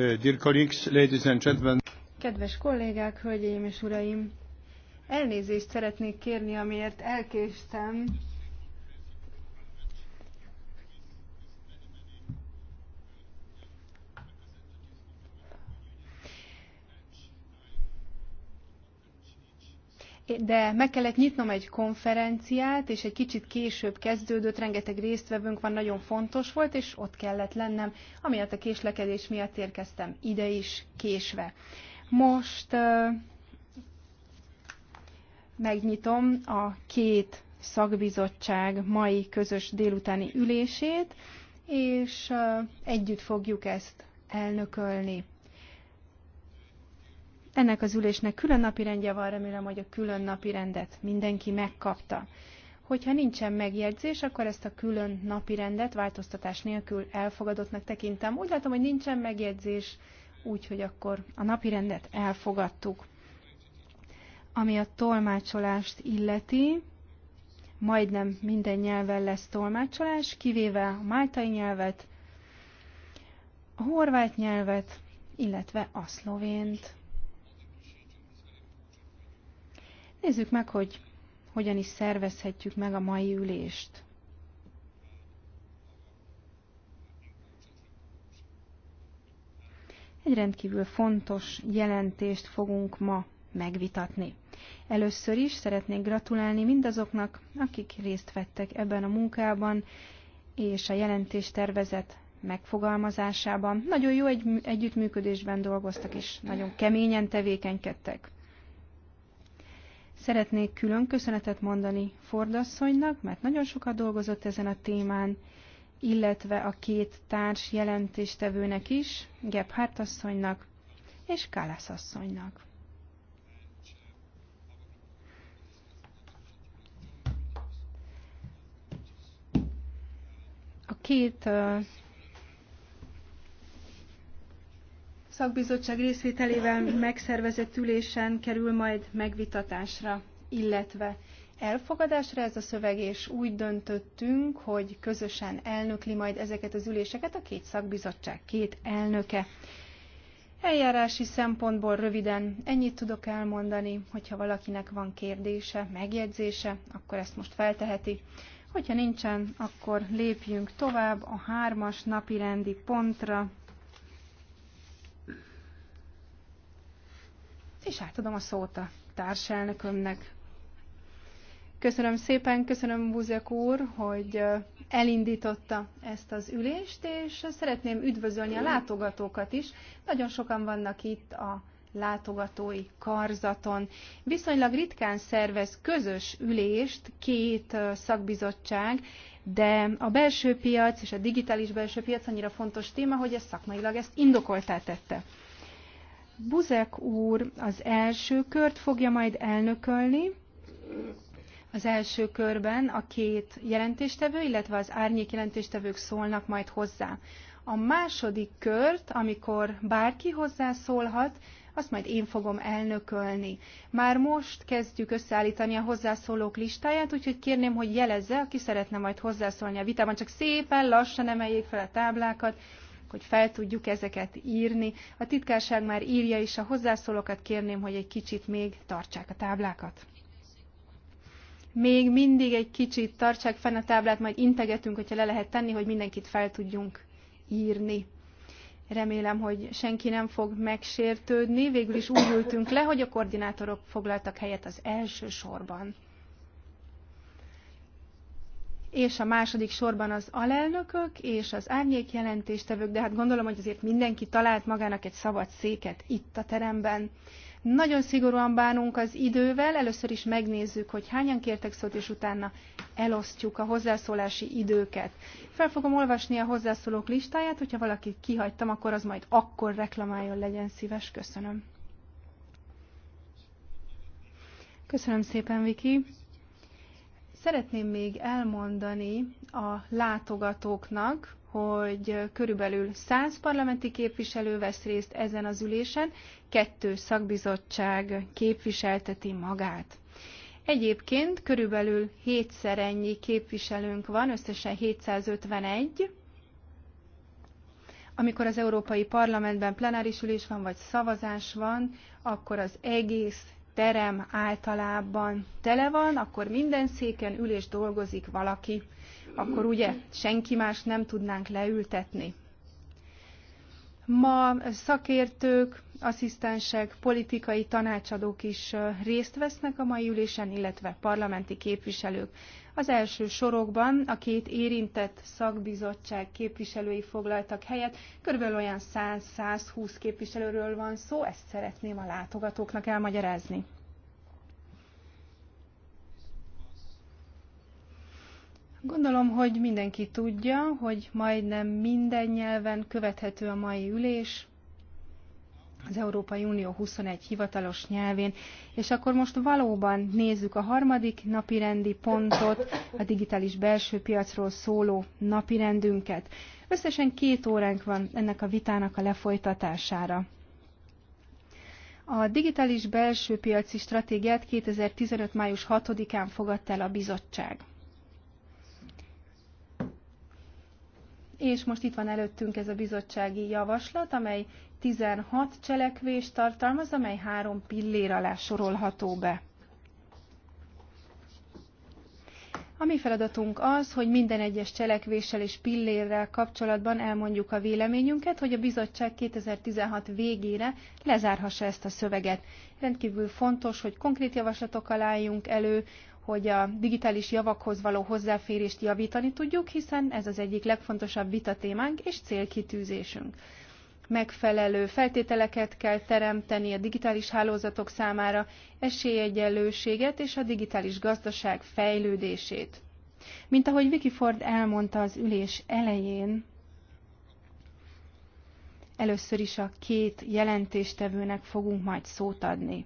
Uh, dear colleagues, ladies and gentlemen. Kedves kollégák, hölgyeim és uraim! Elnézést szeretnék kérni, amiért elkéstem, de meg kellett nyitnom egy konferenciát, és egy kicsit később kezdődött, rengeteg résztvevőnk van, nagyon fontos volt, és ott kellett lennem, amiatt a késlekedés miatt érkeztem ide is késve. Most megnyitom a két szakbizottság mai közös délutáni ülését, és együtt fogjuk ezt elnökölni. Ennek az ülésnek külön napirendje van, remélem, hogy a külön napirendet mindenki megkapta. Hogyha nincsen megjegyzés, akkor ezt a külön napirendet változtatás nélkül elfogadottnak tekintem. Úgy látom, hogy nincsen megjegyzés, úgyhogy akkor a napirendet elfogadtuk. Ami a tolmácsolást illeti, majdnem minden nyelven lesz tolmácsolás, kivéve a máltai nyelvet, a horvát nyelvet, illetve a szlovént. Nézzük meg, hogy hogyan is szervezhetjük meg a mai ülést. Egy rendkívül fontos jelentést fogunk ma megvitatni. Először is szeretnék gratulálni mindazoknak, akik részt vettek ebben a munkában és a jelentés tervezet megfogalmazásában. Nagyon jó egy, együttműködésben dolgoztak, és nagyon keményen tevékenykedtek. Szeretnék külön köszönetet mondani Fordasszonynak, mert nagyon sokat dolgozott ezen a témán, illetve a két társ jelentéstevőnek is, Gebhardt asszonynak és Kálász asszonynak. A két szakbizottság részvételével megszervezett ülésen kerül majd megvitatásra, illetve elfogadásra ez a szöveg, és úgy döntöttünk, hogy közösen elnökli majd ezeket az üléseket a két szakbizottság két elnöke. Eljárási szempontból röviden ennyit tudok elmondani, hogyha valakinek van kérdése, megjegyzése, akkor ezt most felteheti. Hogyha nincsen, akkor lépjünk tovább a hármas napi rendi pontra. és átadom a szót a társelnökömnek. Köszönöm szépen, köszönöm Buzek úr, hogy elindította ezt az ülést, és szeretném üdvözölni a látogatókat is. Nagyon sokan vannak itt a látogatói karzaton. Viszonylag ritkán szervez közös ülést két szakbizottság, de a belső piac és a digitális belső piac annyira fontos téma, hogy ez szakmailag ezt indokoltá tette. Buzek úr az első kört fogja majd elnökölni, az első körben a két jelentéstevő, illetve az árnyék jelentéstevők szólnak majd hozzá. A második kört, amikor bárki hozzászólhat, azt majd én fogom elnökölni. Már most kezdjük összeállítani a hozzászólók listáját, úgyhogy kérném, hogy jelezze, aki szeretne majd hozzászólni a vitában, csak szépen lassan emeljék fel a táblákat, hogy fel tudjuk ezeket írni. A titkárság már írja is a hozzászólókat, kérném, hogy egy kicsit még tartsák a táblákat. Még mindig egy kicsit tartsák fenn a táblát, majd integetünk, hogyha le lehet tenni, hogy mindenkit fel tudjunk írni. Remélem, hogy senki nem fog megsértődni. Végül is úgy ültünk le, hogy a koordinátorok foglaltak helyet az első sorban és a második sorban az alelnökök és az árnyék jelentéstevők, de hát gondolom, hogy azért mindenki talált magának egy szabad széket itt a teremben. Nagyon szigorúan bánunk az idővel, először is megnézzük, hogy hányan kértek szót, és utána elosztjuk a hozzászólási időket. Fel fogom olvasni a hozzászólók listáját, hogyha valakit kihagytam, akkor az majd akkor reklamáljon, legyen szíves. Köszönöm. Köszönöm szépen, Viki. Szeretném még elmondani a látogatóknak, hogy körülbelül 100 parlamenti képviselő vesz részt ezen az ülésen, kettő szakbizottság képviselteti magát. Egyébként körülbelül 7-szer ennyi képviselőnk van, összesen 751. Amikor az Európai Parlamentben plenáris ülés van, vagy szavazás van, akkor az egész terem általában tele van, akkor minden széken ül és dolgozik valaki, akkor ugye senki más nem tudnánk leültetni. Ma szakértők, asszisztensek, politikai tanácsadók is részt vesznek a mai ülésen, illetve parlamenti képviselők. Az első sorokban a két érintett szakbizottság képviselői foglaltak helyet, körülbelül olyan 100-120 képviselőről van szó, ezt szeretném a látogatóknak elmagyarázni. Gondolom, hogy mindenki tudja, hogy majdnem minden nyelven követhető a mai ülés az Európai Unió 21 hivatalos nyelvén. És akkor most valóban nézzük a harmadik napirendi pontot, a digitális belső piacról szóló napirendünket. Összesen két óránk van ennek a vitának a lefolytatására. A digitális belső piaci stratégiát 2015. május 6-án fogadta el a bizottság. És most itt van előttünk ez a bizottsági javaslat, amely 16 cselekvést tartalmaz, amely három pillér alá sorolható be. A mi feladatunk az, hogy minden egyes cselekvéssel és pillérrel kapcsolatban elmondjuk a véleményünket, hogy a bizottság 2016 végére lezárhassa ezt a szöveget. Rendkívül fontos, hogy konkrét javaslatokkal álljunk elő, hogy a digitális javakhoz való hozzáférést javítani tudjuk, hiszen ez az egyik legfontosabb vitatémánk és célkitűzésünk. Megfelelő feltételeket kell teremteni a digitális hálózatok számára, esélyegyenlőséget és a digitális gazdaság fejlődését. Mint ahogy Vicky Ford elmondta az ülés elején, először is a két jelentéstevőnek fogunk majd szót adni.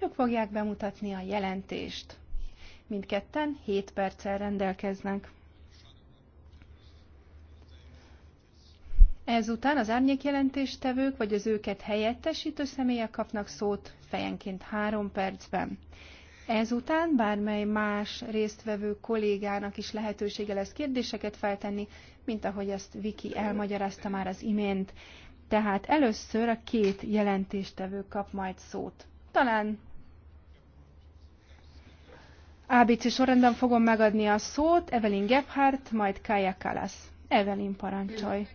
Ők fogják bemutatni a jelentést. Mindketten 7 perccel rendelkeznek. Ezután az árnyékjelentéstevők vagy az őket helyettesítő személyek kapnak szót fejenként 3 percben. Ezután bármely más résztvevő kollégának is lehetősége lesz kérdéseket feltenni, mint ahogy ezt Viki elmagyarázta már az imént. Tehát először a két jelentéstevő kap majd szót. Talán ABC sorrendben fogom megadni a szót, Evelyn Gebhardt, majd Kaja Kalas. Evelyn, parancsolj!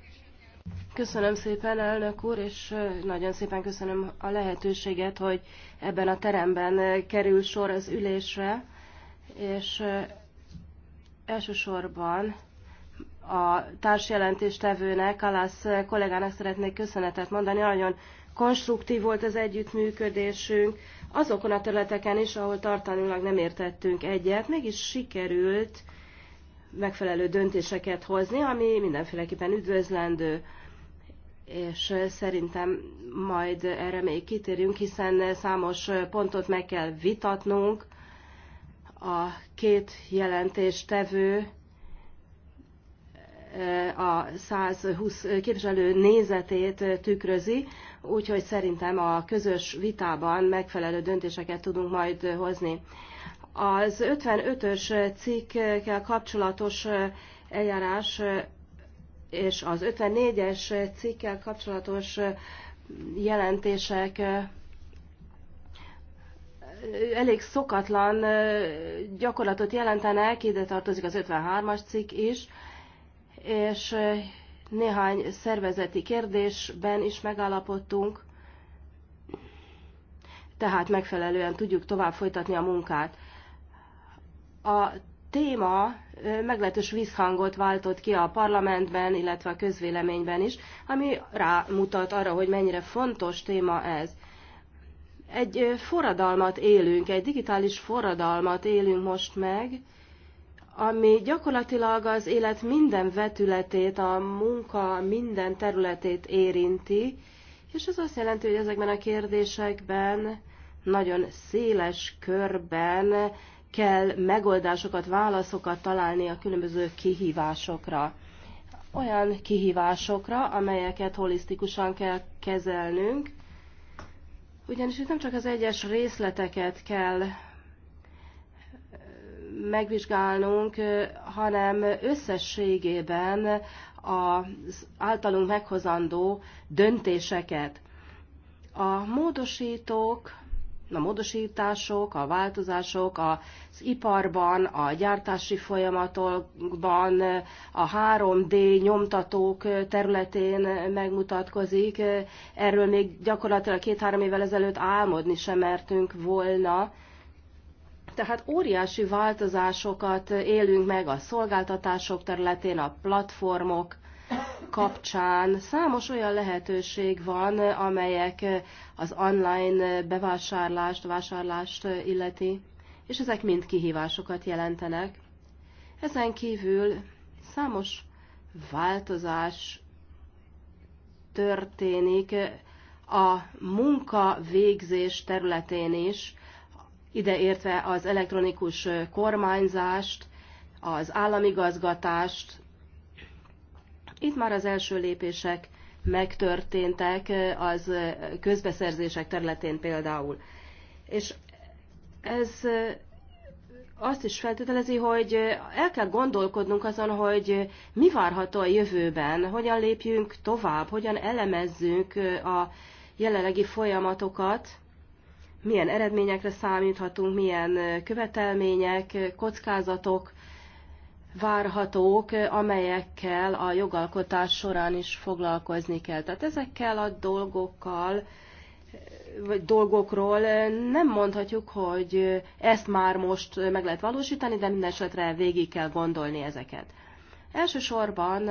Köszönöm szépen, elnök úr, és nagyon szépen köszönöm a lehetőséget, hogy ebben a teremben kerül sor az ülésre, és elsősorban a társjelentéstevőnek, Alász kollégának szeretnék köszönetet mondani, nagyon konstruktív volt az együttműködésünk, azokon a területeken is, ahol tartalmilag nem értettünk egyet, mégis sikerült megfelelő döntéseket hozni, ami mindenféleképpen üdvözlendő, és szerintem majd erre még kitérünk, hiszen számos pontot meg kell vitatnunk, a két jelentéstevő a 120 képviselő nézetét tükrözi, úgyhogy szerintem a közös vitában megfelelő döntéseket tudunk majd hozni. Az 55-ös cikkkel kapcsolatos eljárás és az 54-es cikkkel kapcsolatos jelentések elég szokatlan gyakorlatot jelentenek, ide tartozik az 53-as cikk is, és néhány szervezeti kérdésben is megállapodtunk, tehát megfelelően tudjuk tovább folytatni a munkát. A téma meglehetős visszhangot váltott ki a parlamentben, illetve a közvéleményben is, ami rámutat arra, hogy mennyire fontos téma ez. Egy forradalmat élünk, egy digitális forradalmat élünk most meg, ami gyakorlatilag az élet minden vetületét, a munka minden területét érinti, és ez azt jelenti, hogy ezekben a kérdésekben nagyon széles körben kell megoldásokat, válaszokat találni a különböző kihívásokra. Olyan kihívásokra, amelyeket holisztikusan kell kezelnünk, ugyanis itt nem csak az egyes részleteket kell megvizsgálnunk, hanem összességében az általunk meghozandó döntéseket. A módosítók, a módosítások, a változások az iparban, a gyártási folyamatokban, a 3D nyomtatók területén megmutatkozik. Erről még gyakorlatilag két-három évvel ezelőtt álmodni sem mertünk volna tehát óriási változásokat élünk meg a szolgáltatások területén, a platformok kapcsán. Számos olyan lehetőség van, amelyek az online bevásárlást, vásárlást illeti, és ezek mind kihívásokat jelentenek. Ezen kívül számos változás történik a munka végzés területén is, ideértve az elektronikus kormányzást, az államigazgatást. Itt már az első lépések megtörténtek az közbeszerzések területén például. És ez azt is feltételezi, hogy el kell gondolkodnunk azon, hogy mi várható a jövőben, hogyan lépjünk tovább, hogyan elemezzünk a jelenlegi folyamatokat, milyen eredményekre számíthatunk, milyen követelmények, kockázatok várhatók, amelyekkel a jogalkotás során is foglalkozni kell. Tehát ezekkel a dolgokkal, vagy dolgokról nem mondhatjuk, hogy ezt már most meg lehet valósítani, de minden esetre végig kell gondolni ezeket. Elsősorban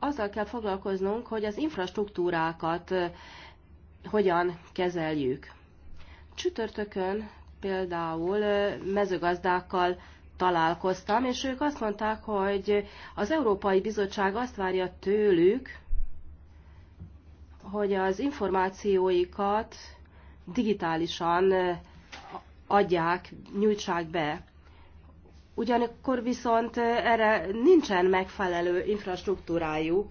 azzal kell foglalkoznunk, hogy az infrastruktúrákat hogyan kezeljük. Csütörtökön például mezőgazdákkal találkoztam, és ők azt mondták, hogy az Európai Bizottság azt várja tőlük, hogy az információikat digitálisan adják, nyújtsák be. Ugyanakkor viszont erre nincsen megfelelő infrastruktúrájuk,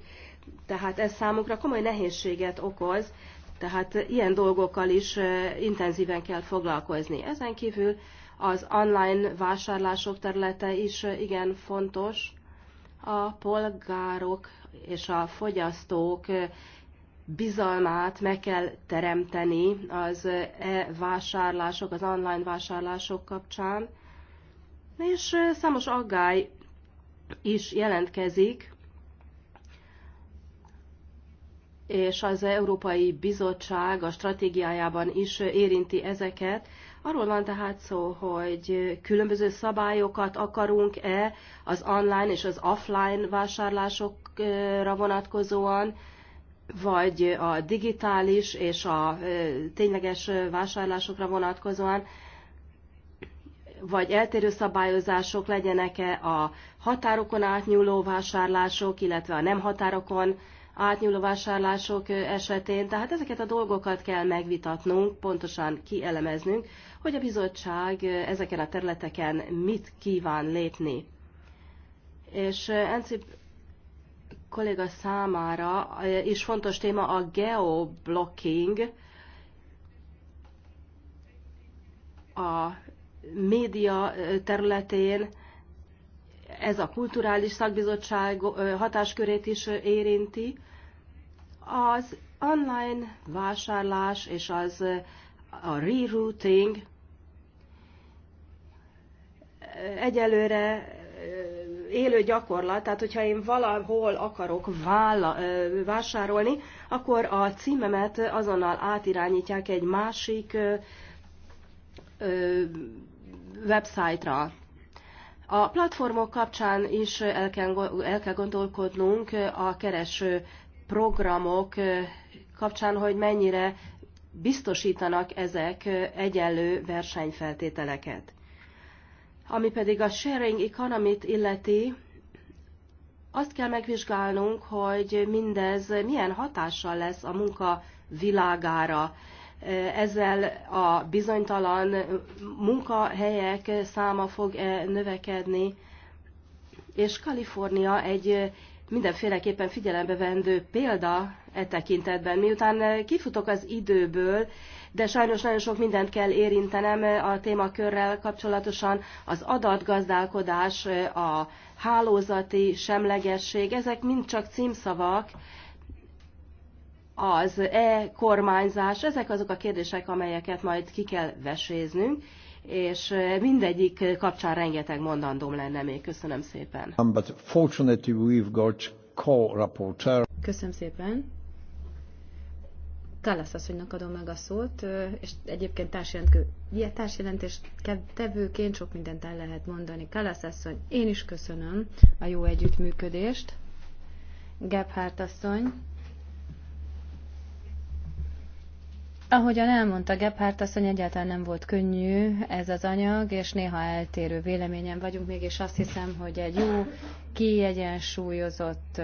tehát ez számukra komoly nehézséget okoz, tehát ilyen dolgokkal is intenzíven kell foglalkozni. Ezen kívül az online vásárlások területe is igen fontos. A polgárok és a fogyasztók bizalmát meg kell teremteni az e-vásárlások, az online vásárlások kapcsán, és számos aggály is jelentkezik és az Európai Bizottság a stratégiájában is érinti ezeket. Arról van tehát szó, hogy különböző szabályokat akarunk-e az online és az offline vásárlásokra vonatkozóan, vagy a digitális és a tényleges vásárlásokra vonatkozóan, vagy eltérő szabályozások legyenek-e a határokon átnyúló vásárlások, illetve a nem határokon átnyúló vásárlások esetén. Tehát ezeket a dolgokat kell megvitatnunk, pontosan kielemeznünk, hogy a bizottság ezeken a területeken mit kíván lépni. És Encip kolléga számára is fontos téma a geoblocking, a média területén, ez a kulturális szakbizottság hatáskörét is érinti. Az online vásárlás és az a rerouting egyelőre élő gyakorlat, tehát hogyha én valahol akarok vála, vásárolni, akkor a címemet azonnal átirányítják egy másik websájtra. A platformok kapcsán is el kell, el kell gondolkodnunk a kereső programok kapcsán, hogy mennyire biztosítanak ezek egyenlő versenyfeltételeket. Ami pedig a sharing economy-t illeti, azt kell megvizsgálnunk, hogy mindez milyen hatással lesz a munka világára, ezzel a bizonytalan munkahelyek száma fog -e növekedni, és Kalifornia egy eh, mindenféleképpen figyelembe vendő példa e tekintetben. Miután eh, kifutok az időből, de sajnos nagyon sok mindent kell érintenem a témakörrel kapcsolatosan, az adatgazdálkodás, a hálózati semlegesség, ezek mind csak címszavak, az e-kormányzás, ezek azok a kérdések, amelyeket majd ki kell veséznünk, és mindegyik kapcsán rengeteg mondandóm lenne még. Köszönöm szépen. Um, but fortunately we've got co Köszönöm szépen. Kallász asszonynak adom meg a szót, és egyébként ilyen társjelentés tevőként sok mindent el lehet mondani. Kallász asszony, én is köszönöm a jó együttműködést. Gebhardt asszony, Ahogyan elmondta Gebhardt asszony, egyáltalán nem volt könnyű ez az anyag, és néha eltérő véleményen vagyunk, mégis azt hiszem, hogy egy jó, kiegyensúlyozott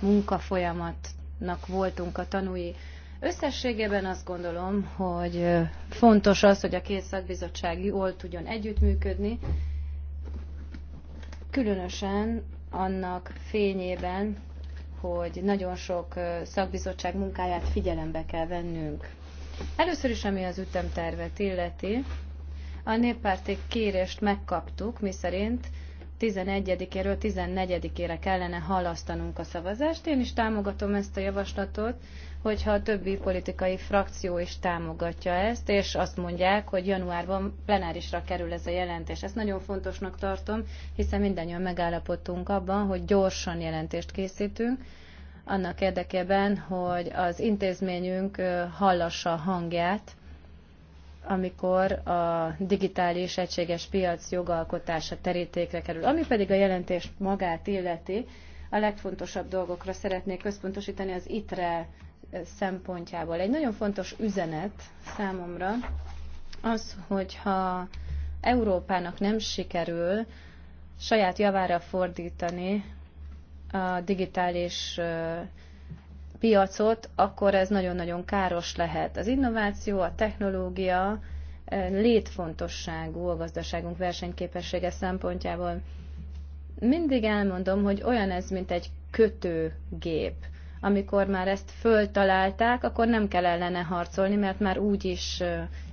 munkafolyamatnak voltunk a tanúi. Összességében azt gondolom, hogy fontos az, hogy a két szakbizottság jól tudjon együttműködni, különösen annak fényében, hogy nagyon sok szakbizottság munkáját figyelembe kell vennünk. Először is, ami az ütemtervet illeti, a néppárti kérést megkaptuk, miszerint 11-éről 14-ére kellene halasztanunk a szavazást. Én is támogatom ezt a javaslatot, hogyha a többi politikai frakció is támogatja ezt, és azt mondják, hogy januárban plenárisra kerül ez a jelentés. Ezt nagyon fontosnak tartom, hiszen mindannyian megállapodtunk abban, hogy gyorsan jelentést készítünk, annak érdekében, hogy az intézményünk hallassa a hangját, amikor a digitális egységes piac jogalkotása terítékre kerül. Ami pedig a jelentés magát illeti, a legfontosabb dolgokra szeretnék központosítani az ITRE szempontjából. Egy nagyon fontos üzenet számomra az, hogyha Európának nem sikerül saját javára fordítani a digitális piacot, akkor ez nagyon-nagyon káros lehet. Az innováció, a technológia létfontosságú a gazdaságunk versenyképessége szempontjából. Mindig elmondom, hogy olyan ez, mint egy kötőgép amikor már ezt föltalálták, akkor nem kell ellene harcolni, mert már úgy is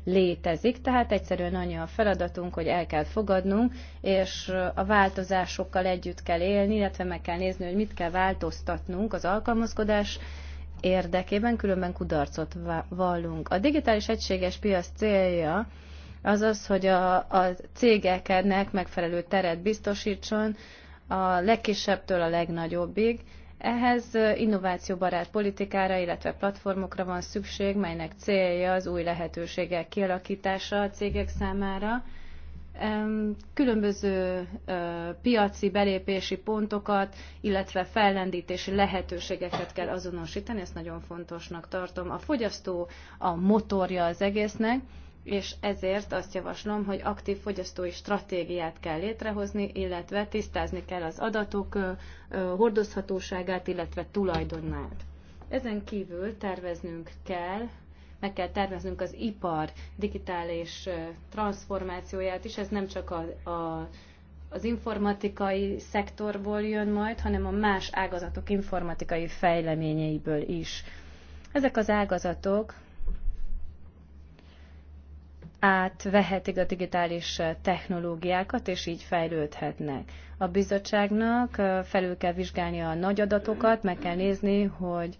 létezik. Tehát egyszerűen annyi a feladatunk, hogy el kell fogadnunk, és a változásokkal együtt kell élni, illetve meg kell nézni, hogy mit kell változtatnunk az alkalmazkodás érdekében, különben kudarcot vallunk. A digitális egységes piac célja az az, hogy a, a cégeknek megfelelő teret biztosítson a legkisebbtől a legnagyobbig, ehhez innovációbarát politikára, illetve platformokra van szükség, melynek célja az új lehetőségek kialakítása a cégek számára. Különböző piaci belépési pontokat, illetve fellendítési lehetőségeket kell azonosítani, ezt nagyon fontosnak tartom. A fogyasztó a motorja az egésznek, és ezért azt javaslom, hogy aktív fogyasztói stratégiát kell létrehozni, illetve tisztázni kell az adatok hordozhatóságát, illetve tulajdonát. Ezen kívül terveznünk kell, meg kell terveznünk az ipar digitális transformációját is, ez nem csak a, a az informatikai szektorból jön majd, hanem a más ágazatok informatikai fejleményeiből is. Ezek az ágazatok átvehetik a digitális technológiákat, és így fejlődhetnek. A bizottságnak felül kell vizsgálni a nagy adatokat, meg kell nézni, hogy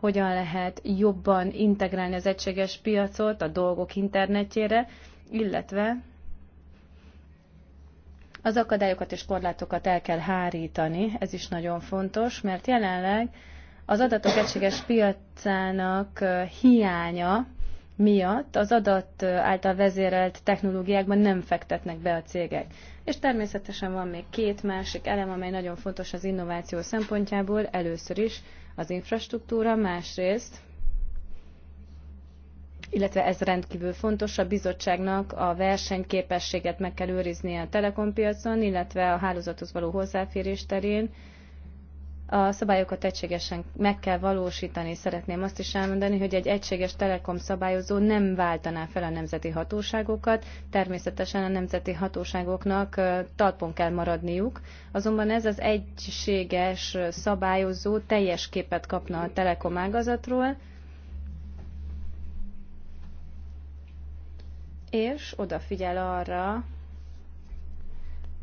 hogyan lehet jobban integrálni az egységes piacot a dolgok internetjére, illetve az akadályokat és korlátokat el kell hárítani, ez is nagyon fontos, mert jelenleg az adatok egységes piacának hiánya miatt az adat által vezérelt technológiákban nem fektetnek be a cégek. És természetesen van még két másik elem, amely nagyon fontos az innováció szempontjából, először is az infrastruktúra, másrészt, illetve ez rendkívül fontos, a bizottságnak a versenyképességet meg kell őriznie a telekompiacon, illetve a hálózathoz való hozzáférés terén, a szabályokat egységesen meg kell valósítani. Szeretném azt is elmondani, hogy egy egységes telekom szabályozó nem váltaná fel a nemzeti hatóságokat. Természetesen a nemzeti hatóságoknak talpon kell maradniuk. Azonban ez az egységes szabályozó teljes képet kapna a telekom ágazatról, és odafigyel arra,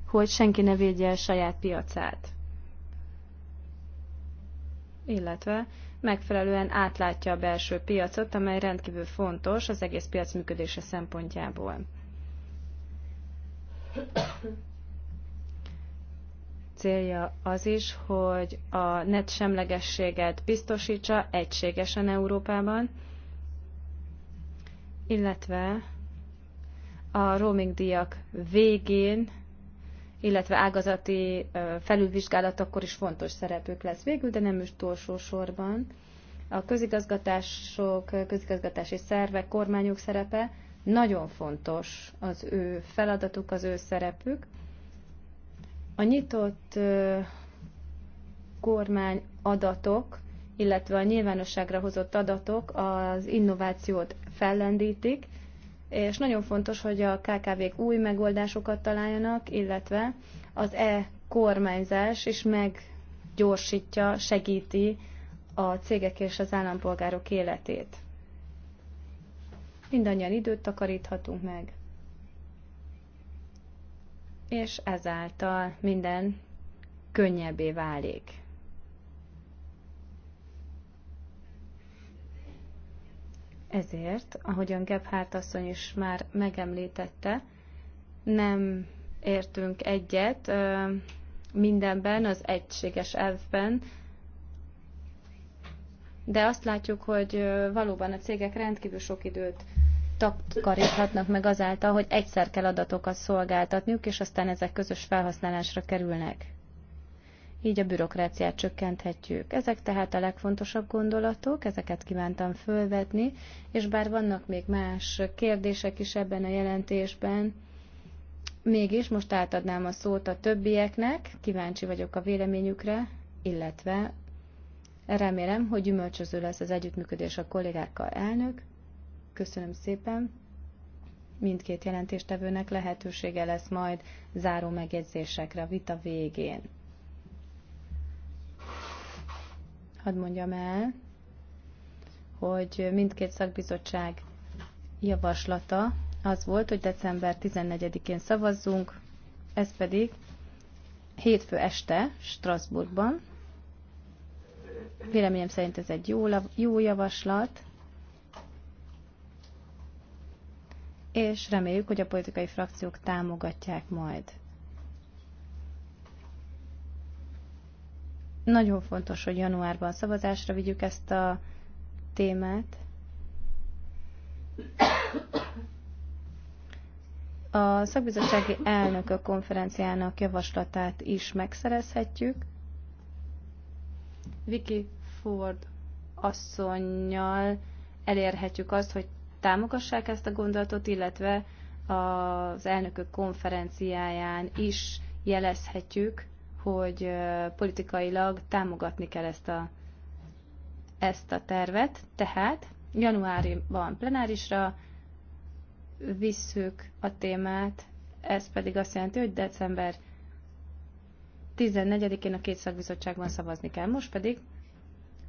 hogy senki ne védje a saját piacát illetve megfelelően átlátja a belső piacot, amely rendkívül fontos az egész piac működése szempontjából. Célja az is, hogy a net semlegességet biztosítsa egységesen Európában, illetve a roaming díjak végén illetve ágazati felülvizsgálatokkor is fontos szerepük lesz végül, de nem is utolsó sorban. A közigazgatások, közigazgatási szervek, kormányok szerepe nagyon fontos az ő feladatuk, az ő szerepük. A nyitott kormány adatok, illetve a nyilvánosságra hozott adatok az innovációt fellendítik, és nagyon fontos, hogy a KKV-k új megoldásokat találjanak, illetve az e-kormányzás is meggyorsítja, segíti a cégek és az állampolgárok életét. Mindannyian időt takaríthatunk meg, és ezáltal minden könnyebbé válik. Ezért, ahogyan Gebhardt asszony is már megemlítette, nem értünk egyet mindenben, az egységes elvben, de azt látjuk, hogy valóban a cégek rendkívül sok időt takaríthatnak meg azáltal, hogy egyszer kell adatokat szolgáltatniuk, és aztán ezek közös felhasználásra kerülnek így a bürokráciát csökkenthetjük. Ezek tehát a legfontosabb gondolatok, ezeket kívántam fölvetni, és bár vannak még más kérdések is ebben a jelentésben, mégis most átadnám a szót a többieknek, kíváncsi vagyok a véleményükre, illetve remélem, hogy gyümölcsöző lesz az együttműködés a kollégákkal elnök. Köszönöm szépen! mindkét jelentéstevőnek lehetősége lesz majd záró megjegyzésekre a vita végén. hadd mondjam el, hogy mindkét szakbizottság javaslata az volt, hogy december 14-én szavazzunk, ez pedig hétfő este Strasbourgban. Véleményem szerint ez egy jó, jó javaslat, és reméljük, hogy a politikai frakciók támogatják majd. Nagyon fontos, hogy januárban szavazásra vigyük ezt a témát. A szakbizottsági elnökök konferenciának javaslatát is megszerezhetjük. Vicky Ford asszonynal elérhetjük azt, hogy támogassák ezt a gondolatot, illetve az elnökök konferenciáján is jelezhetjük hogy politikailag támogatni kell ezt a, ezt a tervet, tehát januárban plenárisra visszük a témát, ez pedig azt jelenti, hogy december 14-én a két szakbizottságban szavazni kell. Most pedig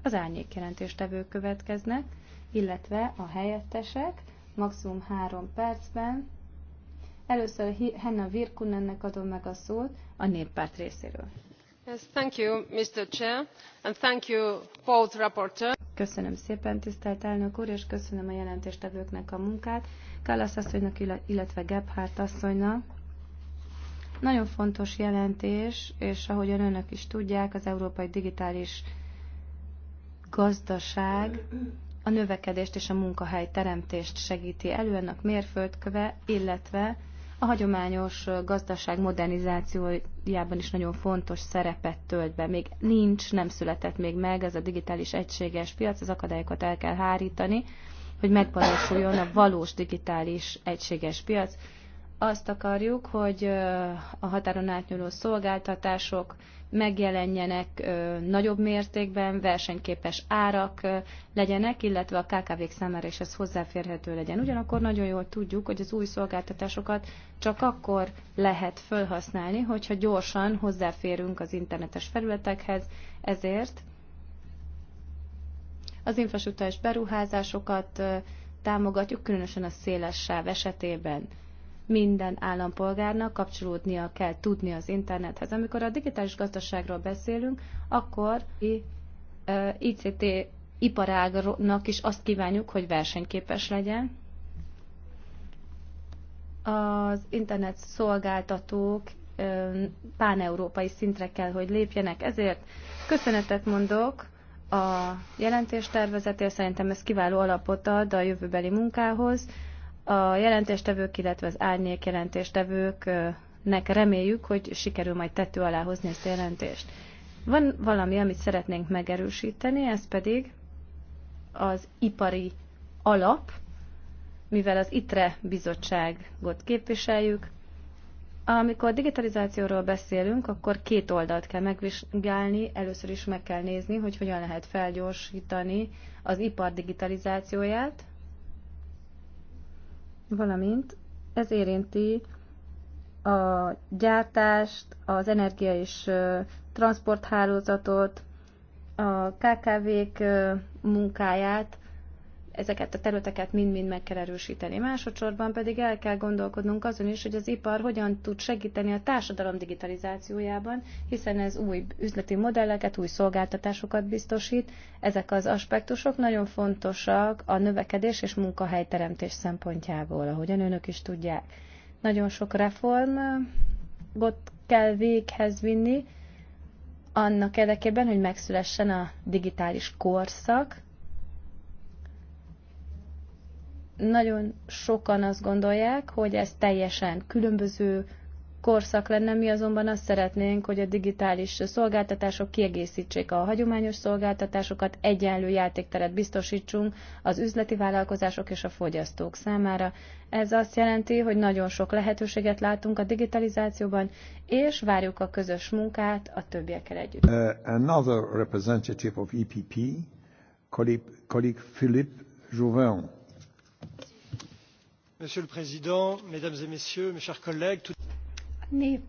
az árnyék jelentéstevők következnek, illetve a helyettesek maximum három percben Először Henna Virkunennek adom meg a szót a néppárt részéről. Yes, thank you, Mr. Chair, and thank you both rapporteur. Köszönöm szépen, tisztelt elnök úr, és köszönöm a jelentéstevőknek a munkát, Kálasz asszonynak, illetve Gebhardt asszonynak. Nagyon fontos jelentés, és ahogyan önök is tudják, az európai digitális gazdaság a növekedést és a munkahely teremtést segíti elő, ennek mérföldköve, illetve a hagyományos gazdaság modernizációjában is nagyon fontos szerepet tölt be. Még nincs, nem született még meg ez a digitális egységes piac, az akadályokat el kell hárítani, hogy megvalósuljon a valós digitális egységes piac, azt akarjuk, hogy a határon átnyúló szolgáltatások megjelenjenek nagyobb mértékben, versenyképes árak legyenek, illetve a KKV-k számára is ez hozzáférhető legyen. Ugyanakkor nagyon jól tudjuk, hogy az új szolgáltatásokat csak akkor lehet felhasználni, hogyha gyorsan hozzáférünk az internetes felületekhez, ezért az infrastruktúrás beruházásokat támogatjuk, különösen a széles sáv esetében minden állampolgárnak kapcsolódnia kell tudni az internethez. Amikor a digitális gazdaságról beszélünk, akkor ICT iparágnak is azt kívánjuk, hogy versenyképes legyen. Az internet szolgáltatók páneurópai szintre kell, hogy lépjenek. Ezért köszönetet mondok a jelentéstervezetért, szerintem ez kiváló alapot ad a jövőbeli munkához. A jelentéstevők, illetve az árnyék jelentéstevőknek reméljük, hogy sikerül majd tető alá hozni ezt a jelentést. Van valami, amit szeretnénk megerősíteni, ez pedig az ipari alap, mivel az ITRE bizottságot képviseljük. Amikor digitalizációról beszélünk, akkor két oldalt kell megvizsgálni, először is meg kell nézni, hogy hogyan lehet felgyorsítani az ipar digitalizációját, valamint ez érinti a gyártást, az energia és transporthálózatot, a KKV-k munkáját, ezeket a területeket mind-mind meg kell erősíteni. Másodszorban pedig el kell gondolkodnunk azon is, hogy az ipar hogyan tud segíteni a társadalom digitalizációjában, hiszen ez új üzleti modelleket, új szolgáltatásokat biztosít. Ezek az aspektusok nagyon fontosak a növekedés és munkahelyteremtés szempontjából, ahogyan önök is tudják. Nagyon sok reformot kell véghez vinni, annak érdekében, hogy megszülessen a digitális korszak, Nagyon sokan azt gondolják, hogy ez teljesen különböző korszak lenne, mi azonban azt szeretnénk, hogy a digitális szolgáltatások kiegészítsék a hagyományos szolgáltatásokat, egyenlő játékteret biztosítsunk az üzleti vállalkozások és a fogyasztók számára. Ez azt jelenti, hogy nagyon sok lehetőséget látunk a digitalizációban, és várjuk a közös munkát a többiekkel együtt. Uh, another representative of EPP, colleague, colleague Philippe Jouvin. Monsieur le Président, Mesdames et Messieurs, mes chers collègues. Tout... A, nép,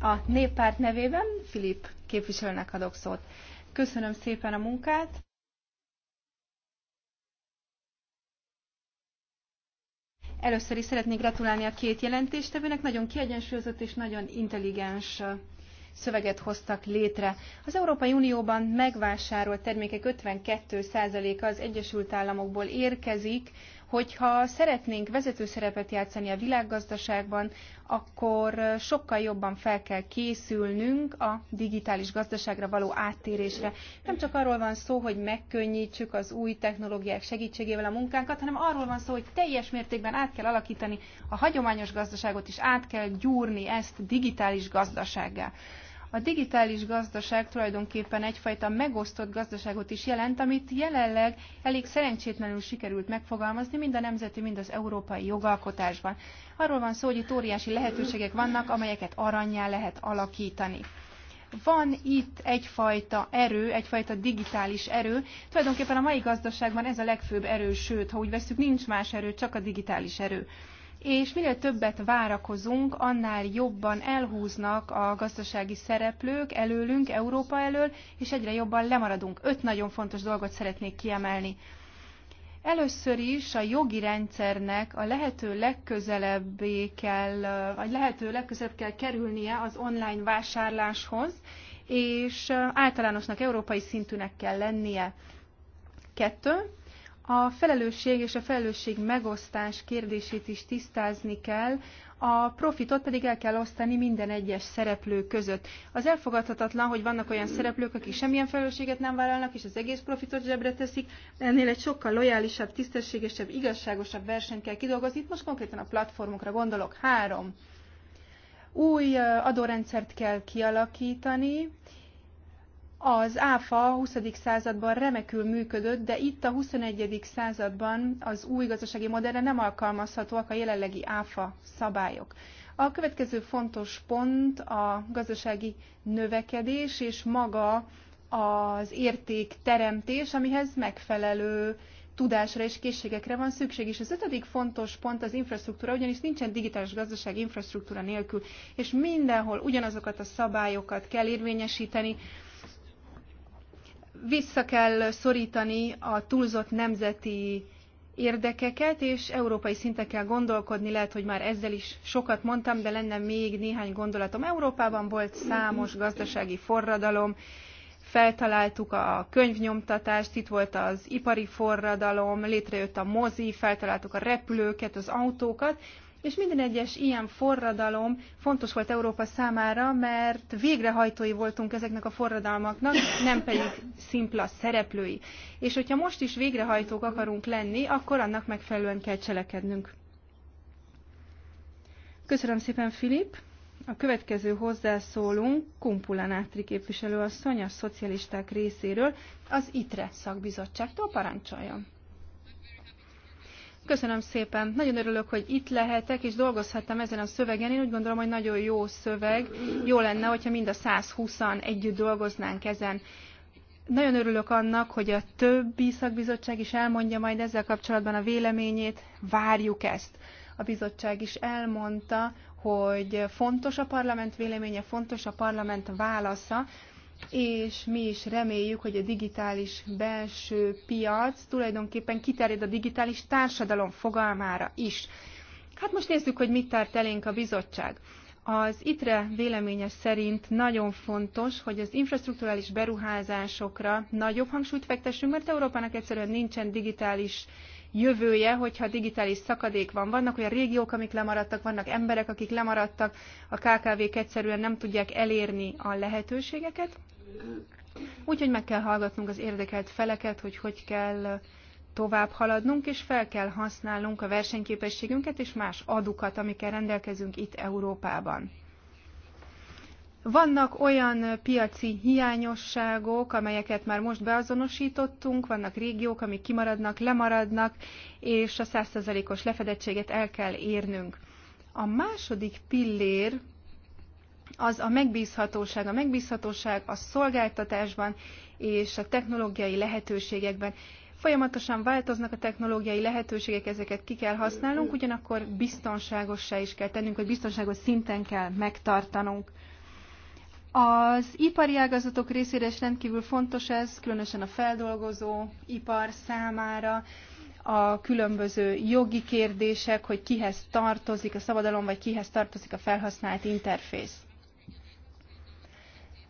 a, néppárt nevében Filip képviselőnek adok szót. Köszönöm szépen a munkát. Először is szeretnék gratulálni a két jelentéstevőnek, nagyon kiegyensúlyozott és nagyon intelligens szöveget hoztak létre. Az Európai Unióban megvásárolt termékek 52%-a az Egyesült Államokból érkezik, Hogyha szeretnénk vezető szerepet játszani a világgazdaságban, akkor sokkal jobban fel kell készülnünk a digitális gazdaságra való áttérésre. Nem csak arról van szó, hogy megkönnyítsük az új technológiák segítségével a munkánkat, hanem arról van szó, hogy teljes mértékben át kell alakítani a hagyományos gazdaságot, és át kell gyúrni ezt digitális gazdasággá. A digitális gazdaság tulajdonképpen egyfajta megosztott gazdaságot is jelent, amit jelenleg elég szerencsétlenül sikerült megfogalmazni mind a nemzeti, mind az európai jogalkotásban. Arról van szó, hogy itt óriási lehetőségek vannak, amelyeket aranyjá lehet alakítani van itt egyfajta erő, egyfajta digitális erő. Tulajdonképpen a mai gazdaságban ez a legfőbb erő, sőt, ha úgy veszük, nincs más erő, csak a digitális erő és minél többet várakozunk, annál jobban elhúznak a gazdasági szereplők előlünk, Európa elől, és egyre jobban lemaradunk. Öt nagyon fontos dolgot szeretnék kiemelni. Először is a jogi rendszernek a lehető legközelebbé kell, vagy lehető legközelebb kell kerülnie az online vásárláshoz, és általánosnak, európai szintűnek kell lennie. Kettő, a felelősség és a felelősség megosztás kérdését is tisztázni kell, a profitot pedig el kell osztani minden egyes szereplő között. Az elfogadhatatlan, hogy vannak olyan szereplők, akik semmilyen felelősséget nem vállalnak, és az egész profitot zsebre teszik. Ennél egy sokkal lojálisabb, tisztességesebb, igazságosabb versenyt kell kidolgozni. Itt most konkrétan a platformokra gondolok. Három. Új adórendszert kell kialakítani, az ÁFA a 20. században remekül működött, de itt a 21. században az új gazdasági modellre nem alkalmazhatóak a jelenlegi ÁFA szabályok. A következő fontos pont a gazdasági növekedés és maga az értékteremtés, amihez megfelelő tudásra és készségekre van szükség. És az ötödik fontos pont az infrastruktúra, ugyanis nincsen digitális gazdaság infrastruktúra nélkül, és mindenhol ugyanazokat a szabályokat kell érvényesíteni, vissza kell szorítani a túlzott nemzeti érdekeket, és európai szinten kell gondolkodni, lehet, hogy már ezzel is sokat mondtam, de lenne még néhány gondolatom. Európában volt számos gazdasági forradalom, feltaláltuk a könyvnyomtatást, itt volt az ipari forradalom, létrejött a mozi, feltaláltuk a repülőket, az autókat, és minden egyes ilyen forradalom fontos volt Európa számára, mert végrehajtói voltunk ezeknek a forradalmaknak, nem pedig szimpla szereplői. És hogyha most is végrehajtók akarunk lenni, akkor annak megfelelően kell cselekednünk. Köszönöm szépen, Filip! A következő hozzászólunk Kumpula Nátri képviselőasszony a szocialisták részéről az ITRE szakbizottságtól parancsoljon. Köszönöm szépen. Nagyon örülök, hogy itt lehetek, és dolgozhattam ezen a szövegen. Én úgy gondolom, hogy nagyon jó szöveg. Jó lenne, hogyha mind a 120-an együtt dolgoznánk ezen. Nagyon örülök annak, hogy a többi szakbizottság is elmondja majd ezzel kapcsolatban a véleményét. Várjuk ezt. A bizottság is elmondta, hogy fontos a parlament véleménye, fontos a parlament válasza, és mi is reméljük, hogy a digitális belső piac tulajdonképpen kiterjed a digitális társadalom fogalmára is. Hát most nézzük, hogy mit tart elénk a bizottság. Az ITRE véleménye szerint nagyon fontos, hogy az infrastruktúrális beruházásokra nagyobb hangsúlyt fektessünk, mert Európának egyszerűen nincsen digitális jövője, hogyha digitális szakadék van. Vannak olyan régiók, amik lemaradtak, vannak emberek, akik lemaradtak, a KKV-k egyszerűen nem tudják elérni a lehetőségeket. Úgyhogy meg kell hallgatnunk az érdekelt feleket, hogy hogy kell tovább haladnunk, és fel kell használnunk a versenyképességünket és más adukat, amikkel rendelkezünk itt Európában. Vannak olyan piaci hiányosságok, amelyeket már most beazonosítottunk, vannak régiók, amik kimaradnak, lemaradnak, és a 100%-os lefedettséget el kell érnünk. A második pillér az a megbízhatóság. A megbízhatóság a szolgáltatásban és a technológiai lehetőségekben. Folyamatosan változnak a technológiai lehetőségek, ezeket ki kell használnunk, ugyanakkor biztonságossá is kell tennünk, hogy biztonságos szinten kell megtartanunk. Az ipari ágazatok részére is rendkívül fontos ez, különösen a feldolgozó ipar számára, a különböző jogi kérdések, hogy kihez tartozik a szabadalom, vagy kihez tartozik a felhasznált interfész.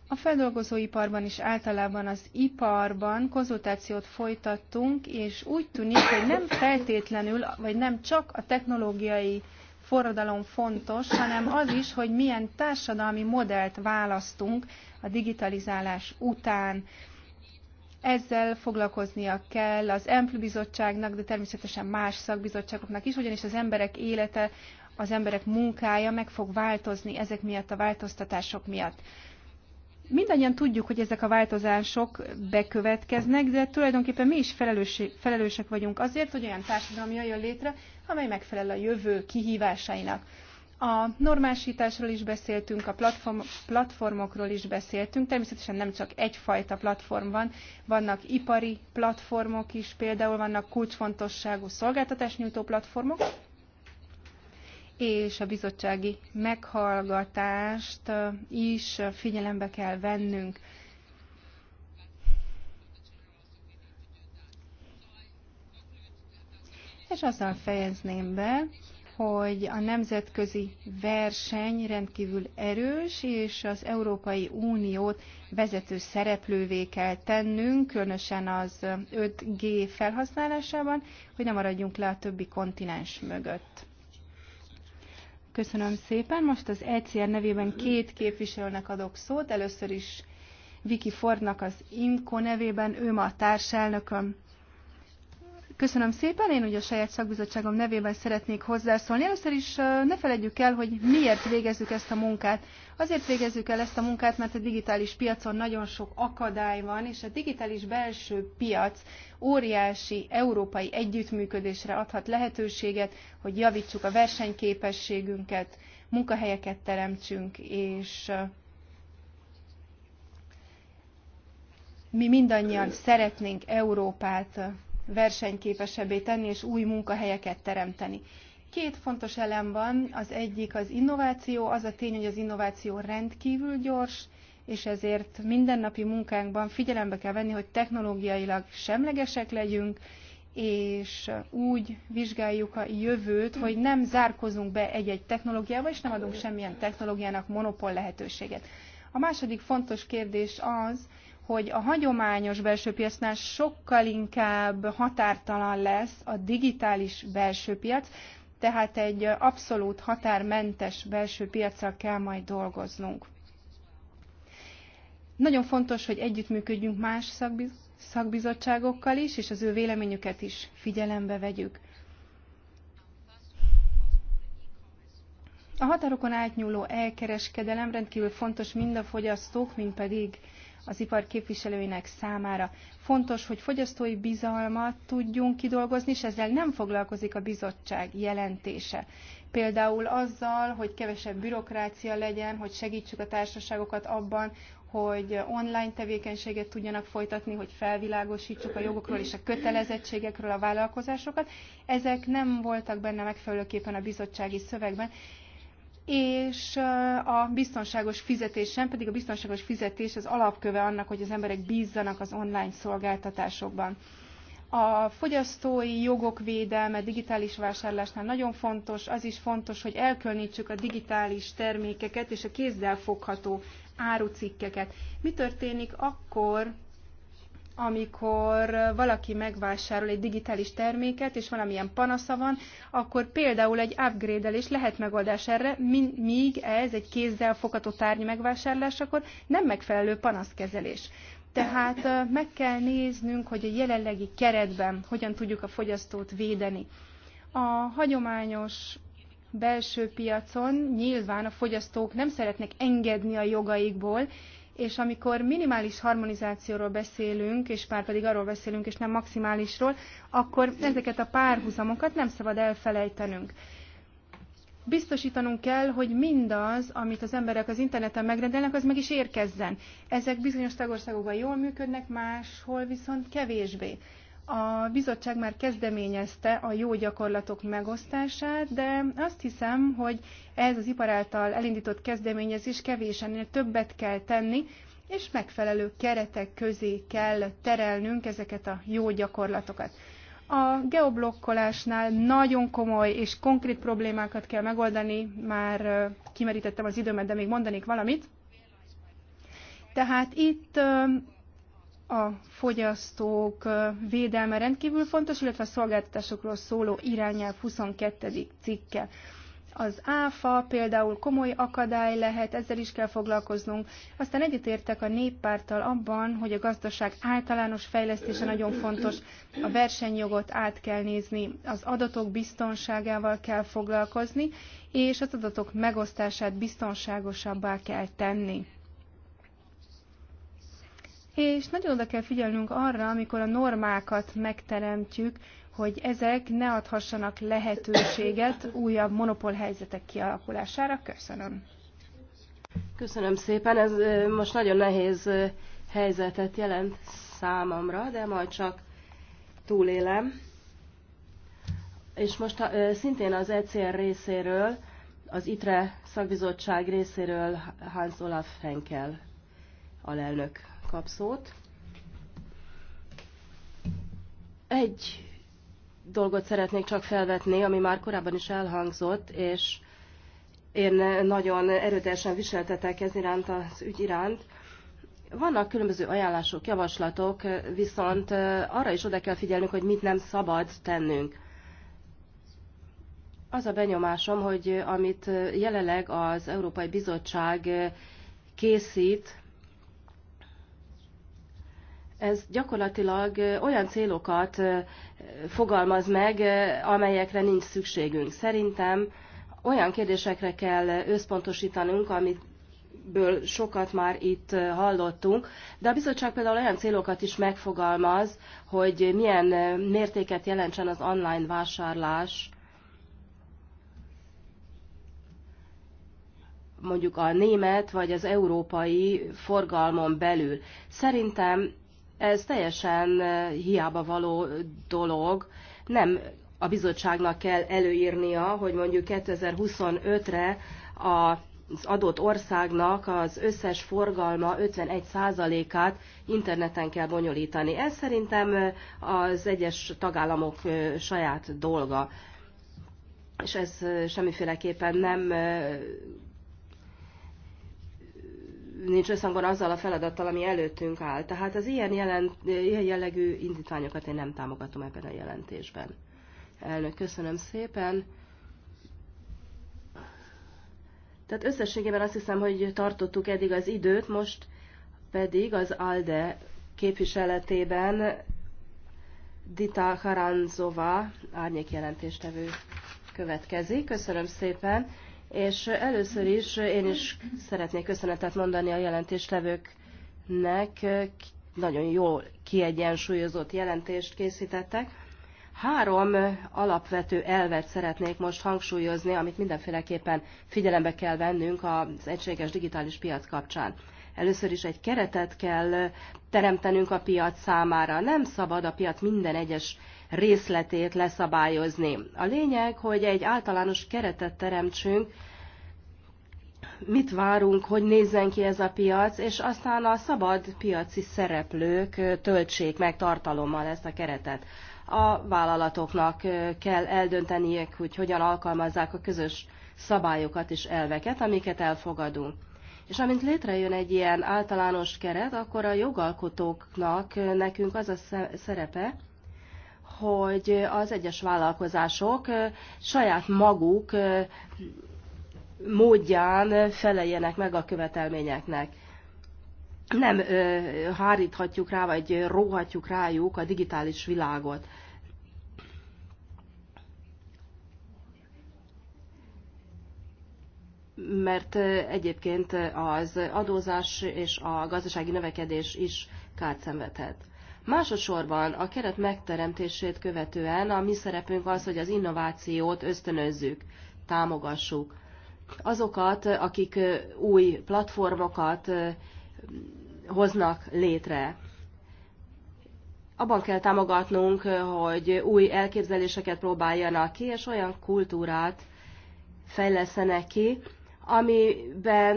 A feldolgozóiparban is általában az iparban konzultációt folytattunk, és úgy tűnik, hogy nem feltétlenül, vagy nem csak a technológiai forradalom fontos, hanem az is, hogy milyen társadalmi modellt választunk a digitalizálás után. Ezzel foglalkoznia kell az EMPLU bizottságnak, de természetesen más szakbizottságoknak is, ugyanis az emberek élete, az emberek munkája meg fog változni ezek miatt a változtatások miatt. Mindannyian tudjuk, hogy ezek a változások bekövetkeznek, de tulajdonképpen mi is felelősek vagyunk azért, hogy olyan társadalom jöjjön létre, amely megfelel a jövő kihívásainak. A normásításról is beszéltünk, a platform, platformokról is beszéltünk, természetesen nem csak egyfajta platform van, vannak ipari platformok is, például vannak kulcsfontosságú szolgáltatásnyújtó platformok, és a bizottsági meghallgatást is figyelembe kell vennünk. és azzal fejezném be, hogy a nemzetközi verseny rendkívül erős, és az Európai Uniót vezető szereplővé kell tennünk, különösen az 5G felhasználásában, hogy ne maradjunk le a többi kontinens mögött. Köszönöm szépen. Most az ECR nevében két képviselőnek adok szót. Először is Viki Fordnak az IMCO nevében, ő ma a társelnököm. Köszönöm szépen, én ugye a saját szakbizottságom nevében szeretnék hozzászólni. Először is ne feledjük el, hogy miért végezzük ezt a munkát. Azért végezzük el ezt a munkát, mert a digitális piacon nagyon sok akadály van, és a digitális belső piac óriási európai együttműködésre adhat lehetőséget, hogy javítsuk a versenyképességünket, munkahelyeket teremtsünk, és mi mindannyian szeretnénk Európát versenyképesebbé tenni és új munkahelyeket teremteni. Két fontos elem van, az egyik az innováció, az a tény, hogy az innováció rendkívül gyors, és ezért mindennapi munkánkban figyelembe kell venni, hogy technológiailag semlegesek legyünk, és úgy vizsgáljuk a jövőt, hogy nem zárkozunk be egy-egy technológiába, és nem adunk semmilyen technológiának monopól lehetőséget. A második fontos kérdés az, hogy a hagyományos belső piacnál sokkal inkább határtalan lesz a digitális belső piac, tehát egy abszolút határmentes belső piacsal kell majd dolgoznunk. Nagyon fontos, hogy együttműködjünk más szakbizottságokkal is, és az ő véleményüket is figyelembe vegyük. A határokon átnyúló elkereskedelem rendkívül fontos mind a fogyasztók, mind pedig az ipar képviselőinek számára. Fontos, hogy fogyasztói bizalmat tudjunk kidolgozni, és ezzel nem foglalkozik a bizottság jelentése. Például azzal, hogy kevesebb bürokrácia legyen, hogy segítsük a társaságokat abban, hogy online tevékenységet tudjanak folytatni, hogy felvilágosítsuk a jogokról és a kötelezettségekről a vállalkozásokat. Ezek nem voltak benne megfelelőképpen a bizottsági szövegben, és a biztonságos fizetés sem, pedig a biztonságos fizetés az alapköve annak, hogy az emberek bízzanak az online szolgáltatásokban. A fogyasztói jogok védelme digitális vásárlásnál nagyon fontos, az is fontos, hogy elkülönítsük a digitális termékeket és a kézzel fogható árucikkeket. Mi történik akkor, amikor valaki megvásárol egy digitális terméket, és valamilyen panasza van, akkor például egy upgrade-elés lehet megoldás erre, míg ez egy kézzel fogható tárgy megvásárlásakor nem megfelelő panaszkezelés. Tehát meg kell néznünk, hogy a jelenlegi keretben hogyan tudjuk a fogyasztót védeni. A hagyományos belső piacon nyilván a fogyasztók nem szeretnek engedni a jogaikból, és amikor minimális harmonizációról beszélünk, és pár pedig arról beszélünk, és nem maximálisról, akkor ezeket a párhuzamokat nem szabad elfelejtenünk. Biztosítanunk kell, hogy mindaz, amit az emberek az interneten megrendelnek, az meg is érkezzen. Ezek bizonyos tagországokban jól működnek, máshol viszont kevésbé. A bizottság már kezdeményezte a jó gyakorlatok megosztását, de azt hiszem, hogy ez az ipar által elindított kezdeményezés kevésenél többet kell tenni, és megfelelő keretek közé kell terelnünk ezeket a jó gyakorlatokat. A geoblokkolásnál nagyon komoly és konkrét problémákat kell megoldani, már kimerítettem az időmet, de még mondanék valamit. Tehát itt a fogyasztók védelme rendkívül fontos, illetve a szolgáltatásokról szóló irányelv 22. cikke. Az áfa például komoly akadály lehet, ezzel is kell foglalkoznunk. Aztán egyetértek a néppárttal abban, hogy a gazdaság általános fejlesztése nagyon fontos, a versenyjogot át kell nézni, az adatok biztonságával kell foglalkozni, és az adatok megosztását biztonságosabbá kell tenni és nagyon oda kell figyelnünk arra, amikor a normákat megteremtjük, hogy ezek ne adhassanak lehetőséget újabb monopolhelyzetek kialakulására. Köszönöm. Köszönöm szépen. Ez most nagyon nehéz helyzetet jelent számomra, de majd csak túlélem. És most szintén az ECR részéről, az ITRE szakbizottság részéről Hans Olaf Henkel alelnök kap szót. Egy dolgot szeretnék csak felvetni, ami már korábban is elhangzott, és én nagyon erőteljesen viseltetek ez iránt az ügy iránt. Vannak különböző ajánlások, javaslatok, viszont arra is oda kell figyelnünk, hogy mit nem szabad tennünk. Az a benyomásom, hogy amit jelenleg az Európai Bizottság készít, ez gyakorlatilag olyan célokat fogalmaz meg, amelyekre nincs szükségünk. Szerintem olyan kérdésekre kell összpontosítanunk, amit ből sokat már itt hallottunk, de a bizottság például olyan célokat is megfogalmaz, hogy milyen mértéket jelentsen az online vásárlás, mondjuk a német vagy az európai forgalmon belül. Szerintem ez teljesen hiába való dolog. Nem a bizottságnak kell előírnia, hogy mondjuk 2025-re az adott országnak az összes forgalma 51%-át interneten kell bonyolítani. Ez szerintem az egyes tagállamok saját dolga, és ez semmiféleképpen nem nincs összhangban azzal a feladattal, ami előttünk áll. Tehát az ilyen, jelent, ilyen jellegű indítványokat én nem támogatom ebben a jelentésben. Elnök, köszönöm szépen. Tehát összességében azt hiszem, hogy tartottuk eddig az időt, most pedig az ALDE képviseletében Dita Haranzova árnyékjelentéstevő következik. Köszönöm szépen és először is én is szeretnék köszönetet mondani a jelentéstevőknek, nagyon jól kiegyensúlyozott jelentést készítettek. Három alapvető elvet szeretnék most hangsúlyozni, amit mindenféleképpen figyelembe kell vennünk az egységes digitális piac kapcsán. Először is egy keretet kell teremtenünk a piac számára. Nem szabad a piac minden egyes részletét leszabályozni. A lényeg, hogy egy általános keretet teremtsünk, mit várunk, hogy nézzen ki ez a piac, és aztán a szabad piaci szereplők töltsék meg tartalommal ezt a keretet. A vállalatoknak kell eldönteniek, hogy hogyan alkalmazzák a közös szabályokat és elveket, amiket elfogadunk. És amint létrejön egy ilyen általános keret, akkor a jogalkotóknak nekünk az a szerepe, hogy az egyes vállalkozások saját maguk módján feleljenek meg a követelményeknek. Nem háríthatjuk rá, vagy róhatjuk rájuk a digitális világot. mert egyébként az adózás és a gazdasági növekedés is kárt szenvedhet. Másodszorban a keret megteremtését követően a mi szerepünk az, hogy az innovációt ösztönözzük, támogassuk. Azokat, akik új platformokat hoznak létre. Abban kell támogatnunk, hogy új elképzeléseket próbáljanak ki, és olyan kultúrát fejlesztenek ki, amiben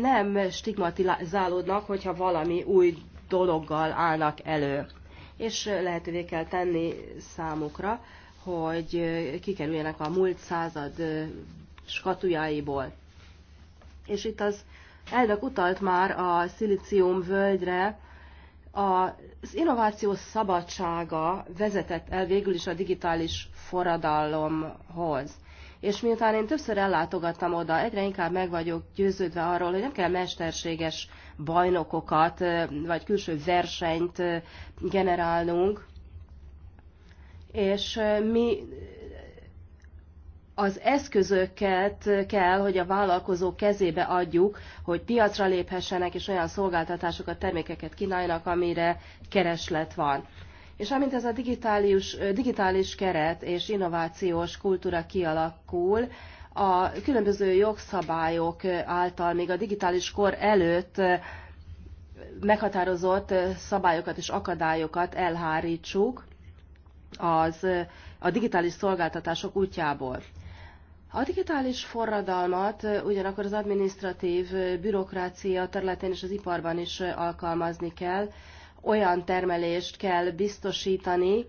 nem stigmatizálódnak, hogyha valami új dologgal állnak elő. És lehetővé kell tenni számukra, hogy kikerüljenek a múlt század skatujáiból. És itt az elnök utalt már a szilícium völgyre, az innováció szabadsága vezetett el végül is a digitális forradalomhoz. És miután én többször ellátogattam oda, egyre inkább meg vagyok győződve arról, hogy nem kell mesterséges bajnokokat, vagy külső versenyt generálnunk. És mi az eszközöket kell, hogy a vállalkozók kezébe adjuk, hogy piacra léphessenek, és olyan szolgáltatásokat, termékeket kínáljanak, amire kereslet van. És amint ez a digitális, digitális keret és innovációs kultúra kialakul, a különböző jogszabályok által még a digitális kor előtt meghatározott szabályokat és akadályokat elhárítsuk az, a digitális szolgáltatások útjából. A digitális forradalmat ugyanakkor az administratív bürokrácia területén és az iparban is alkalmazni kell. Olyan termelést kell biztosítani,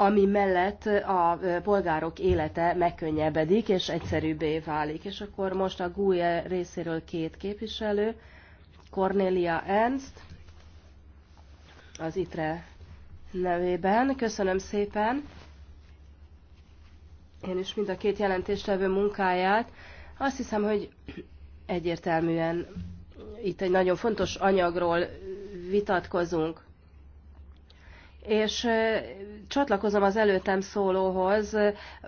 ami mellett a polgárok élete megkönnyebbedik és egyszerűbbé válik. És akkor most a GUE részéről két képviselő, Cornelia Ernst, az ITRE nevében. Köszönöm szépen én is mind a két jelentéstevő munkáját. Azt hiszem, hogy egyértelműen itt egy nagyon fontos anyagról vitatkozunk és csatlakozom az előttem szólóhoz,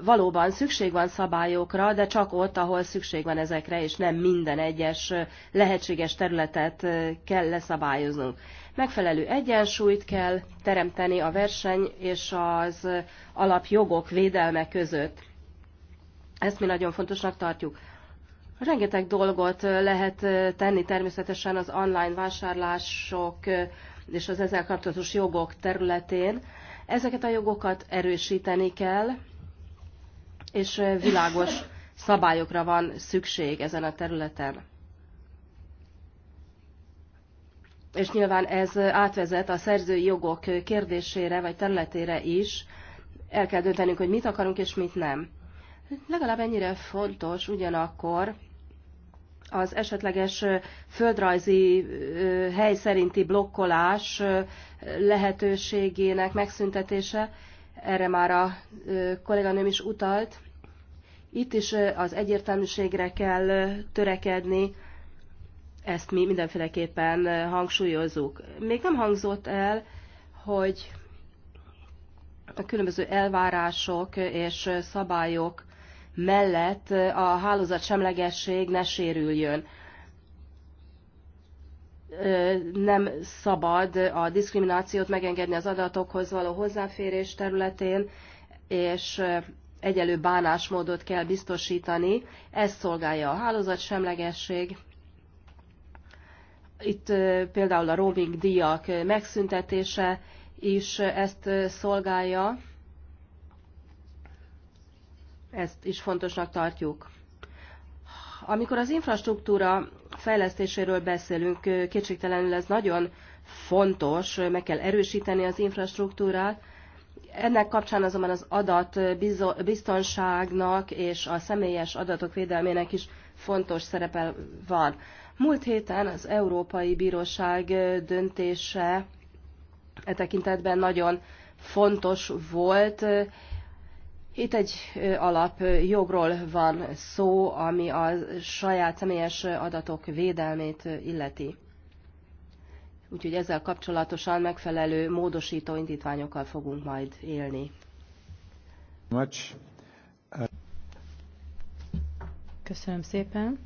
valóban szükség van szabályokra, de csak ott, ahol szükség van ezekre, és nem minden egyes lehetséges területet kell leszabályoznunk. Megfelelő egyensúlyt kell teremteni a verseny és az alapjogok védelme között. Ezt mi nagyon fontosnak tartjuk. Rengeteg dolgot lehet tenni természetesen az online vásárlások és az ezzel kapcsolatos jogok területén. Ezeket a jogokat erősíteni kell, és világos szabályokra van szükség ezen a területen. És nyilván ez átvezet a szerzői jogok kérdésére vagy területére is. El kell döntenünk, hogy mit akarunk és mit nem. Legalább ennyire fontos ugyanakkor az esetleges földrajzi hely szerinti blokkolás lehetőségének megszüntetése, erre már a kolléganőm is utalt. Itt is az egyértelműségre kell törekedni, ezt mi mindenféleképpen hangsúlyozzuk. Még nem hangzott el, hogy a különböző elvárások és szabályok mellett a hálózat semlegesség ne sérüljön. Nem szabad a diszkriminációt megengedni az adatokhoz való hozzáférés területén, és egyelő bánásmódot kell biztosítani. Ez szolgálja a hálózat semlegesség. Itt például a roaming díjak megszüntetése is ezt szolgálja ezt is fontosnak tartjuk. Amikor az infrastruktúra fejlesztéséről beszélünk, kétségtelenül ez nagyon fontos, meg kell erősíteni az infrastruktúrát. Ennek kapcsán azonban az adat biztonságnak és a személyes adatok védelmének is fontos szerepe van. Múlt héten az Európai Bíróság döntése e tekintetben nagyon fontos volt, itt egy alap jogról van szó, ami a saját személyes adatok védelmét illeti. Úgyhogy ezzel kapcsolatosan megfelelő módosító indítványokkal fogunk majd élni. Köszönöm szépen.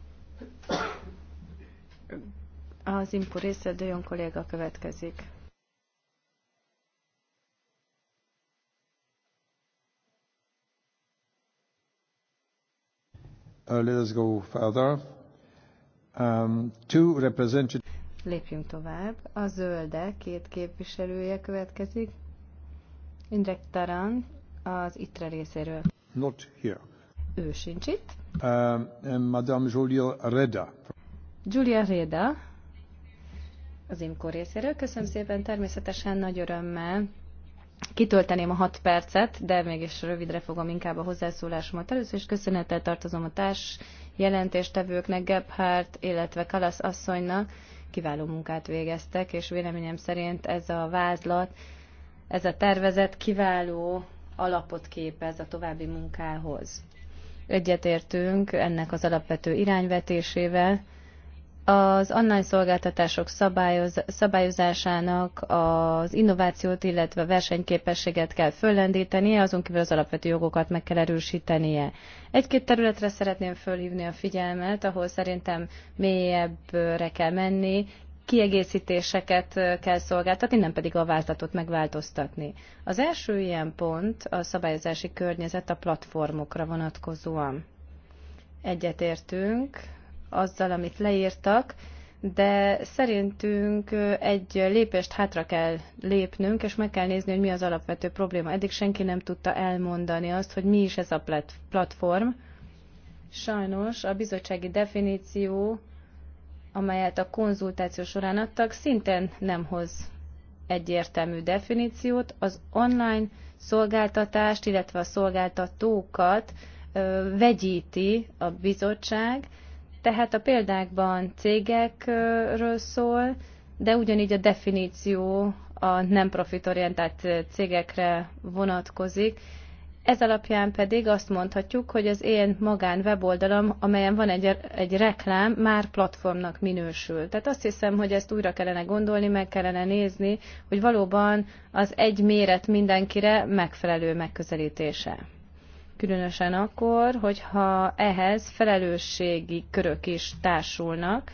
Az impó része kolléga következik. Uh, let us go further. Um, two representatives. Lépjünk tovább. A zölde két képviselője következik. Indrek Taran az ITRE részéről. Not here. Ő sincs itt. Um, Madame Julia Reda. Julia Reda, az IMCO részéről. Köszönöm szépen, természetesen nagy örömmel kitölteném a hat percet, de mégis rövidre fogom inkább a hozzászólásomat. Először is köszönettel tartozom a társ jelentéstevőknek, Gebhardt, illetve Kalasz asszonynak. Kiváló munkát végeztek, és véleményem szerint ez a vázlat, ez a tervezet kiváló alapot képez a további munkához. Egyetértünk ennek az alapvető irányvetésével, az online szolgáltatások szabályoz, szabályozásának az innovációt, illetve versenyképességet kell föllendítenie, azon kívül az alapvető jogokat meg kell erősítenie. Egy-két területre szeretném fölhívni a figyelmet, ahol szerintem mélyebbre kell menni, kiegészítéseket kell szolgáltatni, nem pedig a váltatót megváltoztatni. Az első ilyen pont a szabályozási környezet a platformokra vonatkozóan. Egyetértünk, azzal, amit leírtak, de szerintünk egy lépést hátra kell lépnünk, és meg kell nézni, hogy mi az alapvető probléma. Eddig senki nem tudta elmondani azt, hogy mi is ez a platform. Sajnos a bizottsági definíció, amelyet a konzultáció során adtak, szintén nem hoz egyértelmű definíciót. Az online szolgáltatást, illetve a szolgáltatókat vegyíti a bizottság, tehát a példákban cégekről szól, de ugyanígy a definíció a nem profitorientált cégekre vonatkozik. Ez alapján pedig azt mondhatjuk, hogy az én magán weboldalam, amelyen van egy, egy reklám, már platformnak minősül. Tehát azt hiszem, hogy ezt újra kellene gondolni, meg kellene nézni, hogy valóban az egy méret mindenkire megfelelő megközelítése különösen akkor, hogyha ehhez felelősségi körök is társulnak.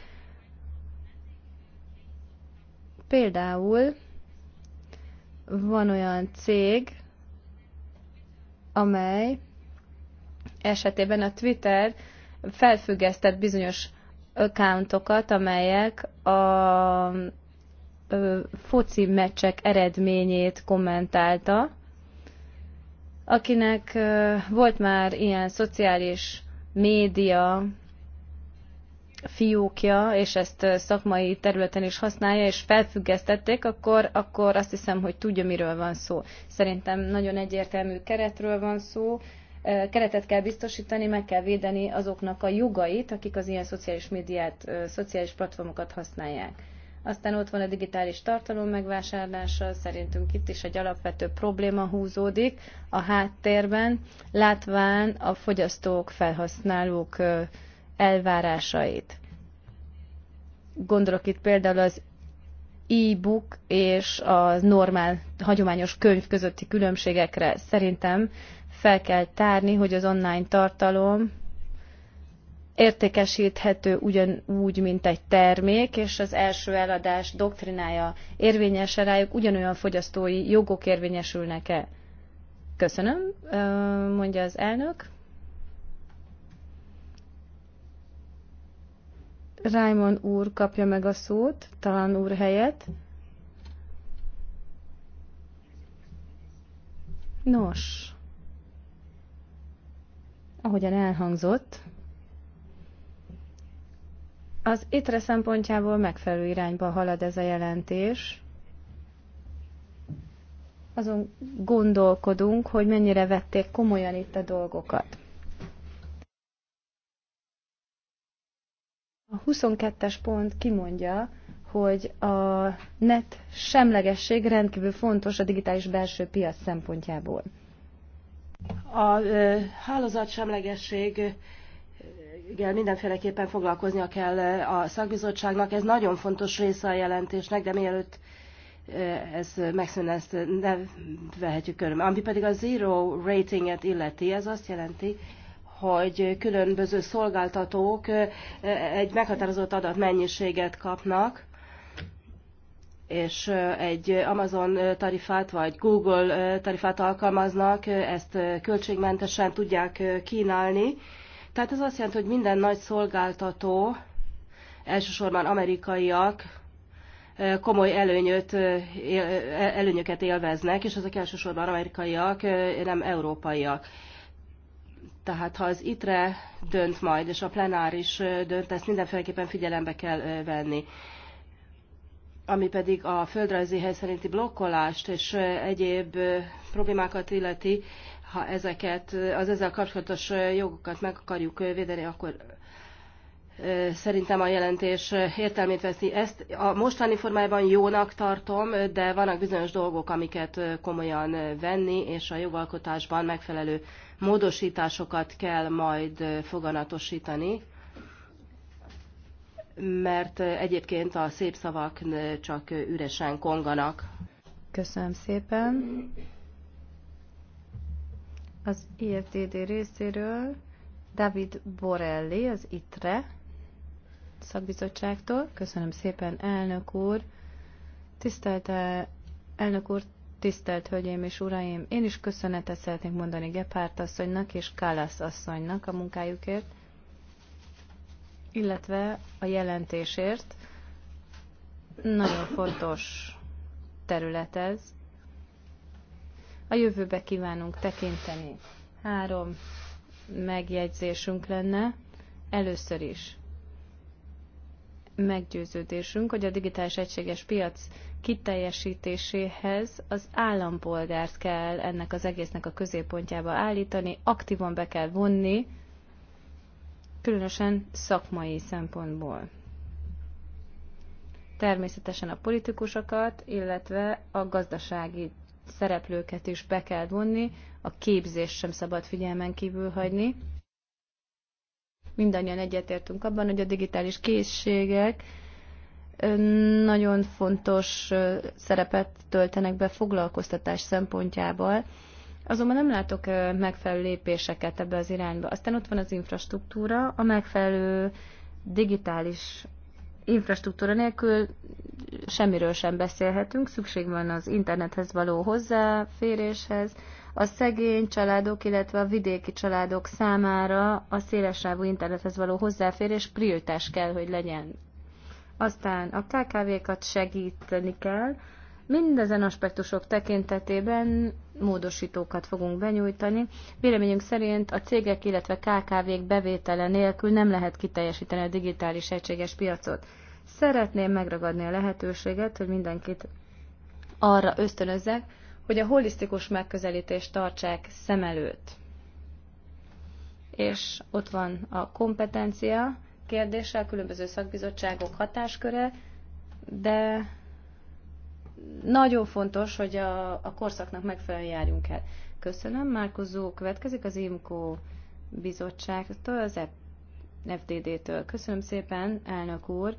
Például van olyan cég, amely esetében a Twitter felfüggesztett bizonyos accountokat, amelyek a foci meccsek eredményét kommentálta, Akinek volt már ilyen szociális média fiókja, és ezt szakmai területen is használja, és felfüggesztették, akkor, akkor azt hiszem, hogy tudja, miről van szó. Szerintem nagyon egyértelmű keretről van szó, keretet kell biztosítani, meg kell védeni azoknak a jogait, akik az ilyen szociális médiát, szociális platformokat használják. Aztán ott van a digitális tartalom megvásárlása, szerintünk itt is egy alapvető probléma húzódik a háttérben, látván a fogyasztók, felhasználók elvárásait. Gondolok itt például az e-book és a normál, hagyományos könyv közötti különbségekre. Szerintem fel kell tárni, hogy az online tartalom értékesíthető ugyanúgy, mint egy termék, és az első eladás doktrinája érvényes rájuk, ugyanolyan fogyasztói jogok érvényesülnek-e? Köszönöm, mondja az elnök. Raymond úr kapja meg a szót, talán úr helyett. Nos, ahogyan elhangzott, az ITRE szempontjából megfelelő irányba halad ez a jelentés. Azon gondolkodunk, hogy mennyire vették komolyan itt a dolgokat. A 22-es pont kimondja, hogy a net semlegesség rendkívül fontos a digitális belső piac szempontjából. A ö, hálózatsemlegesség mindenféleképpen foglalkoznia kell eh, a szakbizottságnak. Ez nagyon fontos része a jelentésnek, de mielőtt eh, ez megszűnne, ezt ne vehetjük körül. Ami pedig a zero ratinget illeti, ez azt jelenti, hogy különböző szolgáltatók eh, egy meghatározott adatmennyiséget kapnak, és egy Amazon tarifát vagy Google tarifát alkalmaznak, ezt költségmentesen tudják kínálni, tehát ez azt jelenti, hogy minden nagy szolgáltató, elsősorban amerikaiak, komoly előnyöt, előnyöket élveznek, és ezek elsősorban amerikaiak, nem európaiak. Tehát ha az ITRE dönt majd, és a plenáris dönt, ezt mindenféleképpen figyelembe kell venni. Ami pedig a földrajzi hely szerinti blokkolást és egyéb problémákat illeti, ha ezeket, az ezzel kapcsolatos jogokat meg akarjuk védeni, akkor szerintem a jelentés értelmét veszi. Ezt a mostani formájában jónak tartom, de vannak bizonyos dolgok, amiket komolyan venni, és a jogalkotásban megfelelő módosításokat kell majd foganatosítani, mert egyébként a szép szavak csak üresen konganak. Köszönöm szépen az IFDD részéről David Borelli, az ITRE szakbizottságtól. Köszönöm szépen, elnök úr. Tisztelt eh, elnök úr, tisztelt hölgyeim és uraim, én is köszönetet szeretnék mondani Gepárt asszonynak és Kálász asszonynak a munkájukért, illetve a jelentésért. Nagyon fontos terület ez, a jövőbe kívánunk tekinteni. Három megjegyzésünk lenne. Először is meggyőződésünk, hogy a digitális egységes piac kiteljesítéséhez az állampolgárt kell ennek az egésznek a középpontjába állítani, aktívan be kell vonni, különösen szakmai szempontból. Természetesen a politikusokat, illetve a gazdasági szereplőket is be kell vonni, a képzés sem szabad figyelmen kívül hagyni. Mindannyian egyetértünk abban, hogy a digitális készségek nagyon fontos szerepet töltenek be foglalkoztatás szempontjából, azonban nem látok megfelelő lépéseket ebbe az irányba. Aztán ott van az infrastruktúra, a megfelelő digitális infrastruktúra nélkül semmiről sem beszélhetünk, szükség van az internethez való hozzáféréshez, a szegény családok, illetve a vidéki családok számára a szélesávú internethez való hozzáférés prioritás kell, hogy legyen. Aztán a KKV-kat segíteni kell, mindezen aspektusok tekintetében módosítókat fogunk benyújtani. Véleményünk szerint a cégek, illetve KKV-k bevétele nélkül nem lehet kiteljesíteni a digitális egységes piacot. Szeretném megragadni a lehetőséget, hogy mindenkit arra ösztönözzek, hogy a holisztikus megközelítést tartsák szem előtt. És ott van a kompetencia kérdése, a különböző szakbizottságok hatásköre, de nagyon fontos, hogy a, a korszaknak megfelelően járjunk el. Köszönöm. Márkozó. következik az IMCO bizottságtól, az FDD-től. Köszönöm szépen, elnök úr.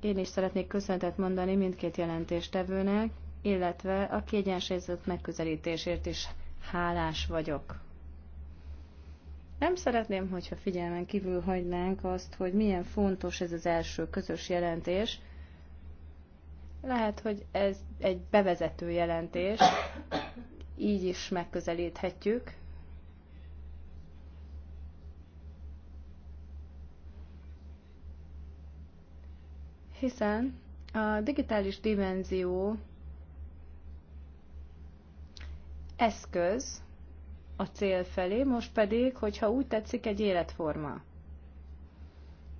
Én is szeretnék köszönetet mondani mindkét jelentéstevőnek, illetve a kiegyensúlyozott megközelítésért is hálás vagyok. Nem szeretném, hogyha figyelmen kívül hagynánk azt, hogy milyen fontos ez az első közös jelentés, lehet, hogy ez egy bevezető jelentés, így is megközelíthetjük. Hiszen a digitális dimenzió eszköz a cél felé, most pedig, hogyha úgy tetszik, egy életforma.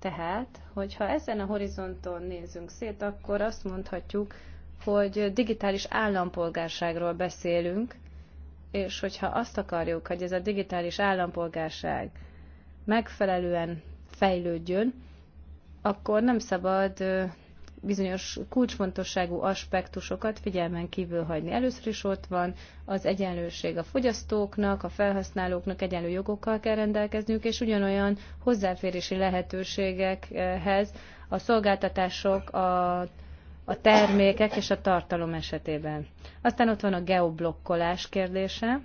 Tehát, hogyha ezen a horizonton nézünk szét, akkor azt mondhatjuk, hogy digitális állampolgárságról beszélünk, és hogyha azt akarjuk, hogy ez a digitális állampolgárság megfelelően fejlődjön, akkor nem szabad bizonyos kulcsfontosságú aspektusokat figyelmen kívül hagyni. Először is ott van az egyenlőség a fogyasztóknak, a felhasználóknak egyenlő jogokkal kell rendelkezniük, és ugyanolyan hozzáférési lehetőségekhez a szolgáltatások, a, a termékek és a tartalom esetében. Aztán ott van a geoblokkolás kérdése.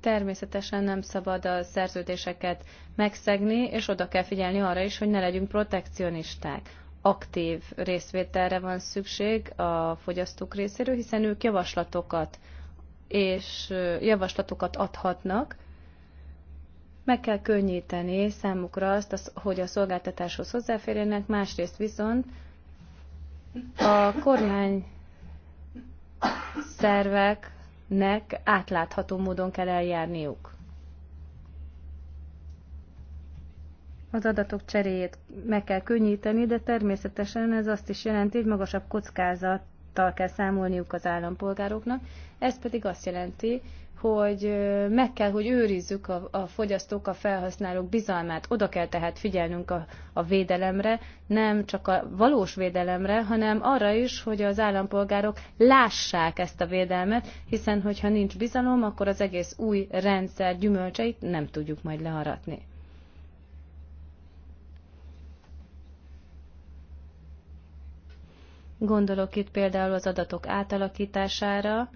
természetesen nem szabad a szerződéseket megszegni, és oda kell figyelni arra is, hogy ne legyünk protekcionisták. Aktív részvételre van szükség a fogyasztók részéről, hiszen ők javaslatokat és javaslatokat adhatnak, meg kell könnyíteni számukra azt, hogy a szolgáltatáshoz hozzáférjenek, másrészt viszont a kormány szervek nek átlátható módon kell eljárniuk. Az adatok cseréjét meg kell könnyíteni, de természetesen ez azt is jelenti, hogy magasabb kockázattal kell számolniuk az állampolgároknak. Ez pedig azt jelenti, hogy meg kell, hogy őrizzük a, a fogyasztók, a felhasználók bizalmát. Oda kell tehát figyelnünk a, a védelemre, nem csak a valós védelemre, hanem arra is, hogy az állampolgárok lássák ezt a védelmet, hiszen hogyha nincs bizalom, akkor az egész új rendszer gyümölcseit nem tudjuk majd leharatni. Gondolok itt például az adatok átalakítására,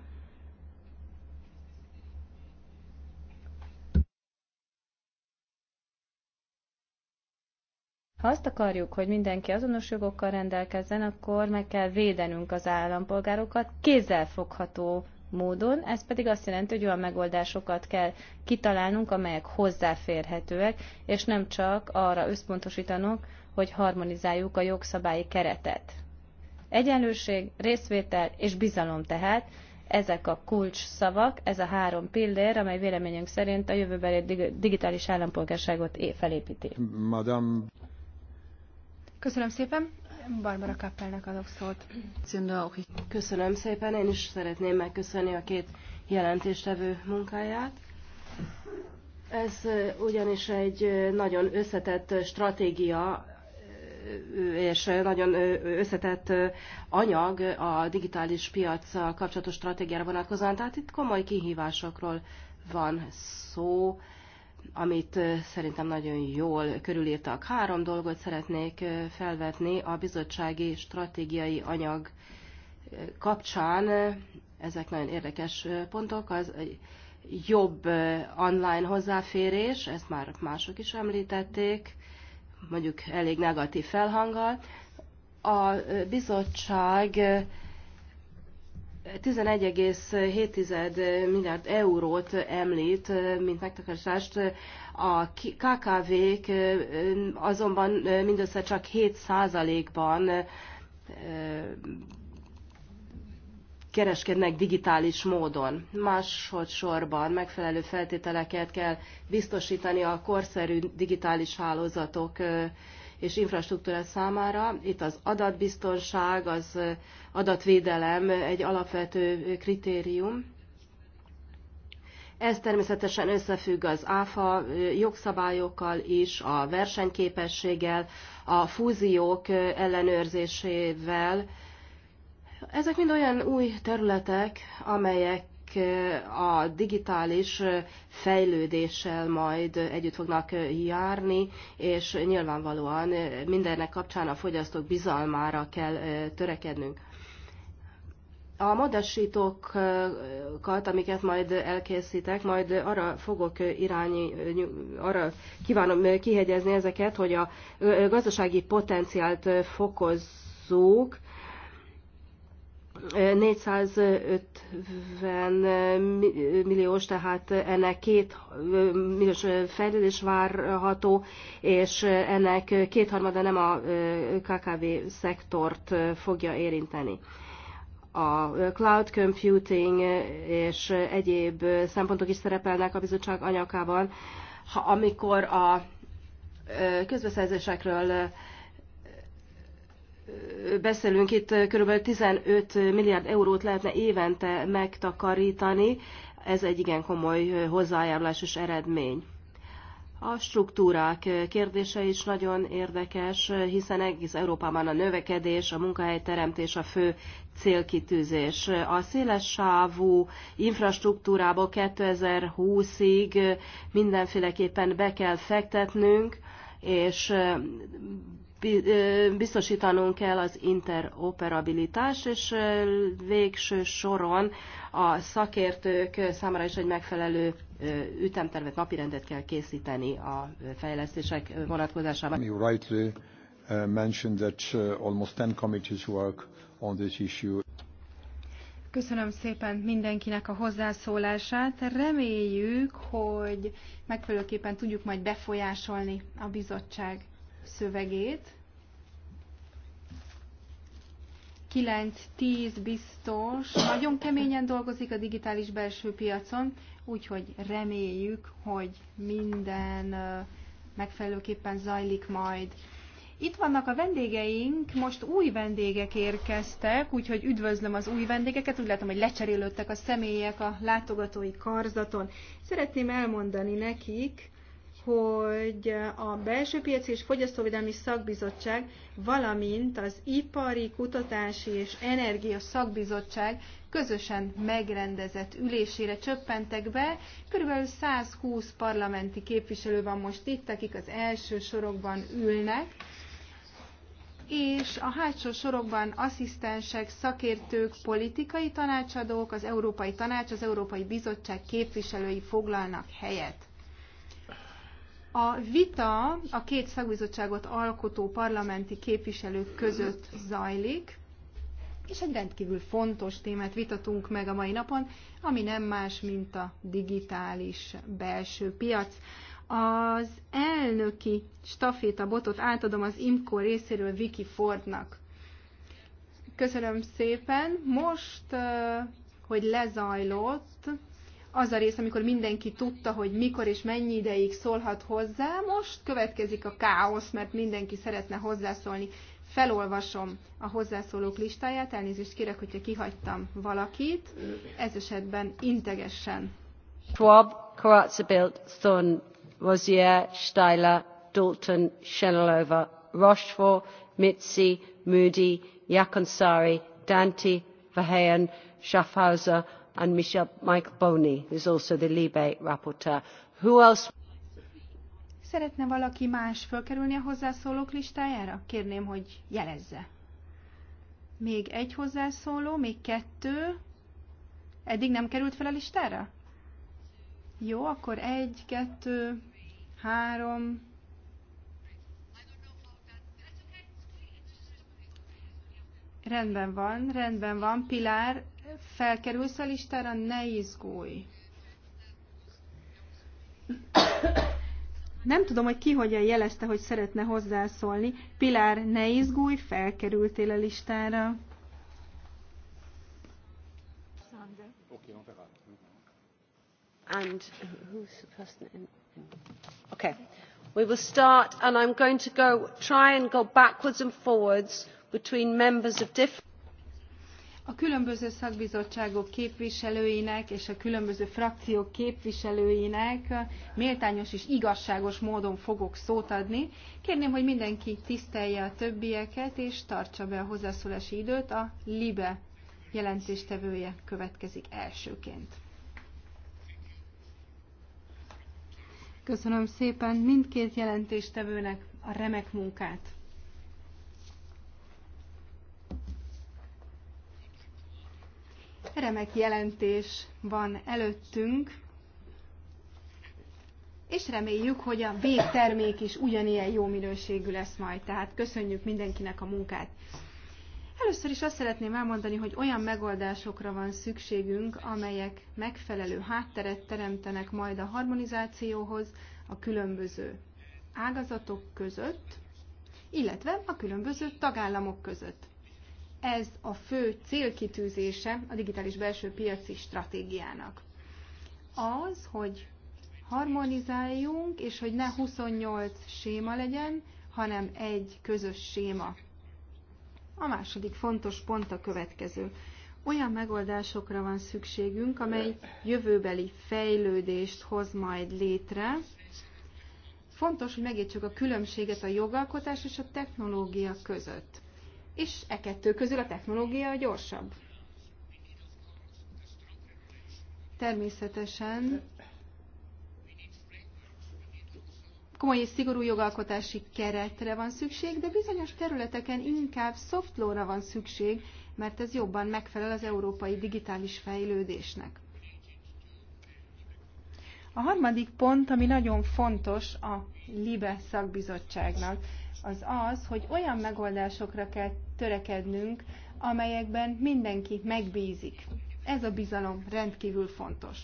Ha azt akarjuk, hogy mindenki azonos jogokkal rendelkezzen, akkor meg kell védenünk az állampolgárokat kézzelfogható módon, ez pedig azt jelenti, hogy olyan megoldásokat kell kitalálnunk, amelyek hozzáférhetőek, és nem csak arra összpontosítanunk, hogy harmonizáljuk a jogszabályi keretet. Egyenlőség, részvétel és bizalom tehát, ezek a kulcs szavak, ez a három pillér, amely véleményünk szerint a jövőbeli digitális állampolgárságot felépíti. Madame Köszönöm szépen. Barbara Kappelnek adok szót. Köszönöm szépen. Én is szeretném megköszönni a két jelentéstevő munkáját. Ez ugyanis egy nagyon összetett stratégia, és nagyon összetett anyag a digitális piac kapcsolatos stratégiára vonatkozóan, tehát itt komoly kihívásokról van szó, amit szerintem nagyon jól körülírtak. Három dolgot szeretnék felvetni a bizottsági stratégiai anyag kapcsán. Ezek nagyon érdekes pontok. Az jobb online hozzáférés, ezt már mások is említették, mondjuk elég negatív felhanggal. A bizottság 11,7 milliárd eurót említ, mint megtakarítást, a KKV-k azonban mindössze csak 7%-ban kereskednek digitális módon. Másodszorban megfelelő feltételeket kell biztosítani a korszerű digitális hálózatok és infrastruktúra számára. Itt az adatbiztonság, az adatvédelem egy alapvető kritérium. Ez természetesen összefügg az ÁFA jogszabályokkal is, a versenyképességgel, a fúziók ellenőrzésével. Ezek mind olyan új területek, amelyek a digitális fejlődéssel majd együtt fognak járni, és nyilvánvalóan mindennek kapcsán a fogyasztók bizalmára kell törekednünk. A modassítókat, amiket majd elkészítek, majd arra fogok irányi, arra kívánom kihegyezni ezeket, hogy a gazdasági potenciált fokozzuk, 450 milliós, tehát ennek két milliós fejlődés várható, és ennek kétharmada nem a KKV szektort fogja érinteni. A cloud computing és egyéb szempontok is szerepelnek a bizottság ha Amikor a közbeszerzésekről beszélünk, itt kb. 15 milliárd eurót lehetne évente megtakarítani, ez egy igen komoly hozzájárulásos eredmény. A struktúrák kérdése is nagyon érdekes, hiszen egész Európában a növekedés, a munkahelyteremtés a fő célkitűzés. A széles sávú infrastruktúrába 2020-ig mindenféleképpen be kell fektetnünk, és biztosítanunk kell az interoperabilitás és végső soron a szakértők számára is egy megfelelő ütemtervet, napirendet kell készíteni a fejlesztések vonatkozásában. You rightly uh, mentioned that uh, almost 10 committees work on this issue. Köszönöm szépen mindenkinek a hozzászólását. Reméljük, hogy megfelelőképpen tudjuk majd befolyásolni a bizottság szövegét. 9-10 biztos, nagyon keményen dolgozik a digitális belső piacon, úgyhogy reméljük, hogy minden megfelelőképpen zajlik majd. Itt vannak a vendégeink, most új vendégek érkeztek, úgyhogy üdvözlöm az új vendégeket, úgy látom, hogy lecserélődtek a személyek a látogatói karzaton. Szeretném elmondani nekik, hogy a Belső Piaci és Fogyasztóvédelmi Szakbizottság, valamint az Ipari Kutatási és Energia Szakbizottság közösen megrendezett ülésére csöppentek be. Körülbelül 120 parlamenti képviselő van most itt, akik az első sorokban ülnek és a hátsó sorokban asszisztensek, szakértők, politikai tanácsadók, az Európai Tanács, az Európai Bizottság képviselői foglalnak helyet. A vita a két szakbizottságot alkotó parlamenti képviselők között zajlik, és egy rendkívül fontos témát vitatunk meg a mai napon, ami nem más, mint a digitális belső piac. Az elnöki staféta botot átadom az IMCO részéről Vicky Fordnak. Köszönöm szépen. Most, hogy lezajlott az a rész, amikor mindenki tudta, hogy mikor és mennyi ideig szólhat hozzá, most következik a káosz, mert mindenki szeretne hozzászólni. Felolvasom a hozzászólók listáját, elnézést kérek, hogyha kihagytam valakit, ez esetben integesen. Schwab, Koratzabilt, Thun, Rozier, Steiler, Dalton, Shenelova, Rochefort, Mitzi, Moody, Yakonsari, Dante, Verheyen, Schaffhauser, and Michel, Mike who is also the Libe rapporteur. Who else? Szeretne valaki más fölkerülni a hozzászólók listájára? Kérném, hogy jelezze. Még egy hozzászóló, még kettő. Eddig nem került fel a listára? Jó, akkor egy, kettő, három. Rendben van, rendben van. Pilár, felkerülsz a listára, ne izgulj. Nem tudom, hogy ki hogyan jelezte, hogy szeretne hozzászólni. Pilár, ne izgulj, felkerültél a listára. And who's the person in? Okay. We will start and I'm going to go try and go backwards and forwards between members of different a különböző szakbizottságok képviselőinek és a különböző frakciók képviselőinek méltányos és igazságos módon fogok szót adni. Kérném, hogy mindenki tisztelje a többieket, és tartsa be a hozzászólási időt. A LIBE jelentéstevője következik elsőként. Köszönöm szépen mindkét jelentéstevőnek a remek munkát! Remek jelentés van előttünk, és reméljük, hogy a végtermék is ugyanilyen jó minőségű lesz majd. Tehát köszönjük mindenkinek a munkát. Először is azt szeretném elmondani, hogy olyan megoldásokra van szükségünk, amelyek megfelelő hátteret teremtenek majd a harmonizációhoz a különböző ágazatok között, illetve a különböző tagállamok között ez a fő célkitűzése a digitális belső piaci stratégiának. Az, hogy harmonizáljunk, és hogy ne 28 séma legyen, hanem egy közös séma. A második fontos pont a következő. Olyan megoldásokra van szükségünk, amely jövőbeli fejlődést hoz majd létre. Fontos, hogy megértsük a különbséget a jogalkotás és a technológia között és e kettő közül a technológia a gyorsabb. Természetesen komoly és szigorú jogalkotási keretre van szükség, de bizonyos területeken inkább soft law-ra van szükség, mert ez jobban megfelel az európai digitális fejlődésnek. A harmadik pont, ami nagyon fontos a LIBE szakbizottságnak az az, hogy olyan megoldásokra kell törekednünk, amelyekben mindenki megbízik. Ez a bizalom rendkívül fontos.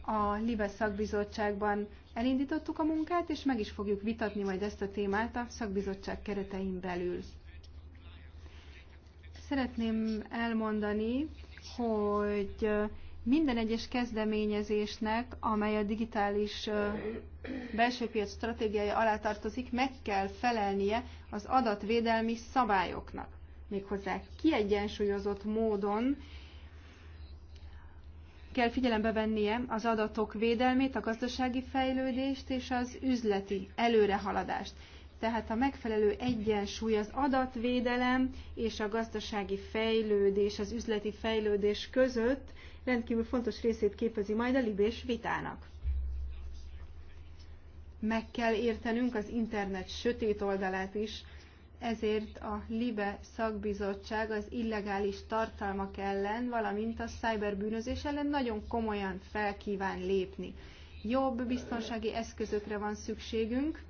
A Libe szakbizottságban elindítottuk a munkát, és meg is fogjuk vitatni majd ezt a témát a szakbizottság keretein belül. Szeretném elmondani, hogy minden egyes kezdeményezésnek, amely a digitális belső piac stratégiája alá tartozik, meg kell felelnie az adatvédelmi szabályoknak. Méghozzá kiegyensúlyozott módon, kell figyelembe vennie az adatok védelmét, a gazdasági fejlődést és az üzleti előrehaladást. Tehát a megfelelő egyensúly az adatvédelem és a gazdasági fejlődés, az üzleti fejlődés között rendkívül fontos részét képezi majd a libés vitának. Meg kell értenünk az internet sötét oldalát is, ezért a LIBE szakbizottság az illegális tartalmak ellen, valamint a szájberbűnözés ellen nagyon komolyan felkíván lépni. Jobb biztonsági eszközökre van szükségünk,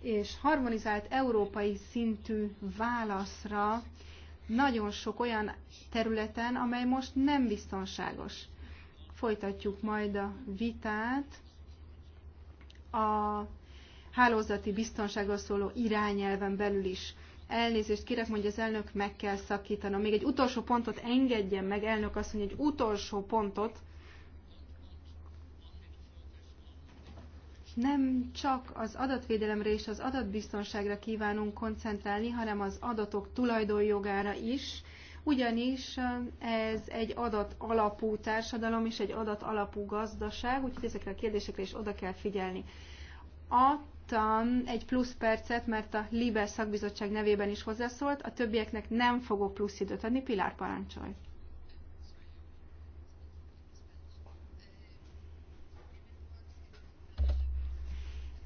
és harmonizált európai szintű válaszra nagyon sok olyan területen, amely most nem biztonságos. Folytatjuk majd a vitát a hálózati biztonságról szóló irányelven belül is. Elnézést kérek, mondja az elnök, meg kell szakítanom. Még egy utolsó pontot engedjen meg, elnök azt mondja, egy utolsó pontot, nem csak az adatvédelemre és az adatbiztonságra kívánunk koncentrálni, hanem az adatok tulajdonjogára is, ugyanis eh, ez egy adat alapú társadalom és egy adat alapú gazdaság, úgyhogy ezekre a kérdésekre is oda kell figyelni. Adtam egy plusz percet, mert a Libe szakbizottság nevében is hozzászólt, a többieknek nem fogok plusz időt adni, Pilár parancsolj.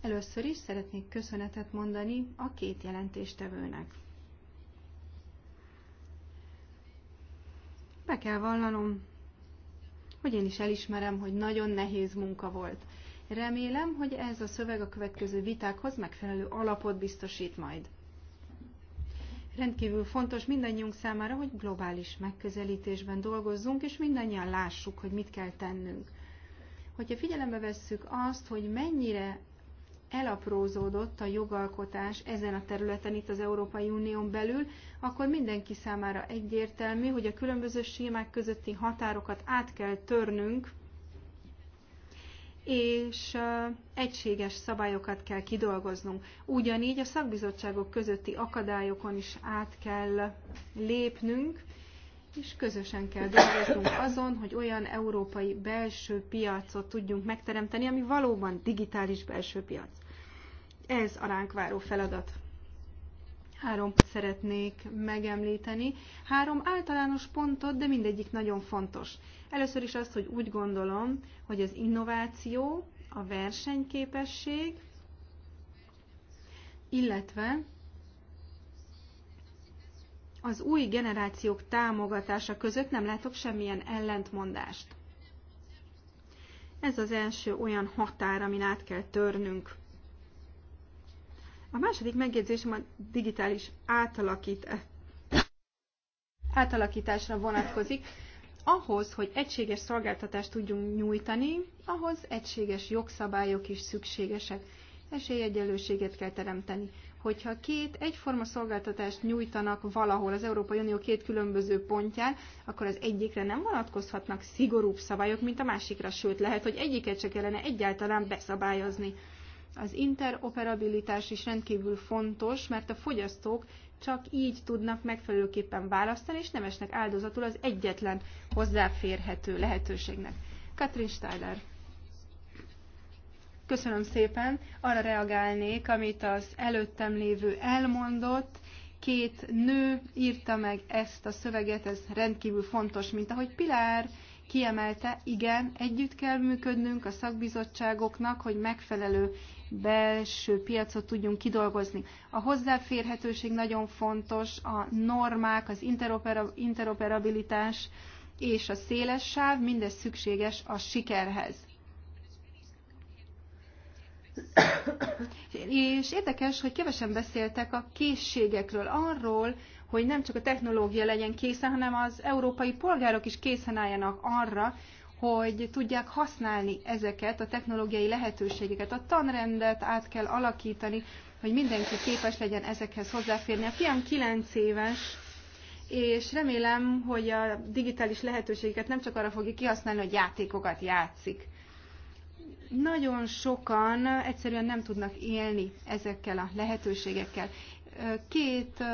Először is szeretnék köszönetet mondani a két jelentéstevőnek. Be kell vallanom, hogy én is elismerem, hogy nagyon nehéz munka volt. Remélem, hogy ez a szöveg a következő vitákhoz megfelelő alapot biztosít majd. Rendkívül fontos mindannyiunk számára, hogy globális megközelítésben dolgozzunk, és mindannyian lássuk, hogy mit kell tennünk. Hogyha figyelembe vesszük azt, hogy mennyire elaprózódott a jogalkotás ezen a területen itt az Európai Unión belül, akkor mindenki számára egyértelmű, hogy a különböző sémák közötti határokat át kell törnünk, és egységes szabályokat kell kidolgoznunk. Ugyanígy a szakbizottságok közötti akadályokon is át kell lépnünk, és közösen kell dolgoznunk azon, hogy olyan európai belső piacot tudjunk megteremteni, ami valóban digitális belső piac. Ez a ránk váró feladat. Három szeretnék megemlíteni. Három általános pontot, de mindegyik nagyon fontos. Először is azt, hogy úgy gondolom, hogy az innováció, a versenyképesség, illetve az új generációk támogatása között nem látok semmilyen ellentmondást. Ez az első olyan határ, amin át kell törnünk. A második megjegyzésem a digitális átalakít, átalakításra vonatkozik. Ahhoz, hogy egységes szolgáltatást tudjunk nyújtani, ahhoz egységes jogszabályok is szükségesek. Esélyegyenlőséget kell teremteni. Hogyha két egyforma szolgáltatást nyújtanak valahol az Európai Unió két különböző pontján, akkor az egyikre nem vonatkozhatnak szigorúbb szabályok, mint a másikra, sőt lehet, hogy egyiket se kellene egyáltalán beszabályozni az interoperabilitás is rendkívül fontos, mert a fogyasztók csak így tudnak megfelelőképpen választani, és nem esnek áldozatul az egyetlen hozzáférhető lehetőségnek. Katrin Steiler. Köszönöm szépen. Arra reagálnék, amit az előttem lévő elmondott. Két nő írta meg ezt a szöveget, ez rendkívül fontos, mint ahogy Pilár kiemelte, igen, együtt kell működnünk a szakbizottságoknak, hogy megfelelő belső piacot tudjunk kidolgozni. A hozzáférhetőség nagyon fontos, a normák, az interoperabilitás és a széles sáv, mindez szükséges a sikerhez. És érdekes, hogy kevesen beszéltek a készségekről, arról, hogy nem csak a technológia legyen készen, hanem az európai polgárok is készen álljanak arra, hogy tudják használni ezeket a technológiai lehetőségeket. A tanrendet át kell alakítani, hogy mindenki képes legyen ezekhez hozzáférni. A fiam 9 éves, és remélem, hogy a digitális lehetőségeket nem csak arra fogja kihasználni, hogy játékokat játszik. Nagyon sokan egyszerűen nem tudnak élni ezekkel a lehetőségekkel. Két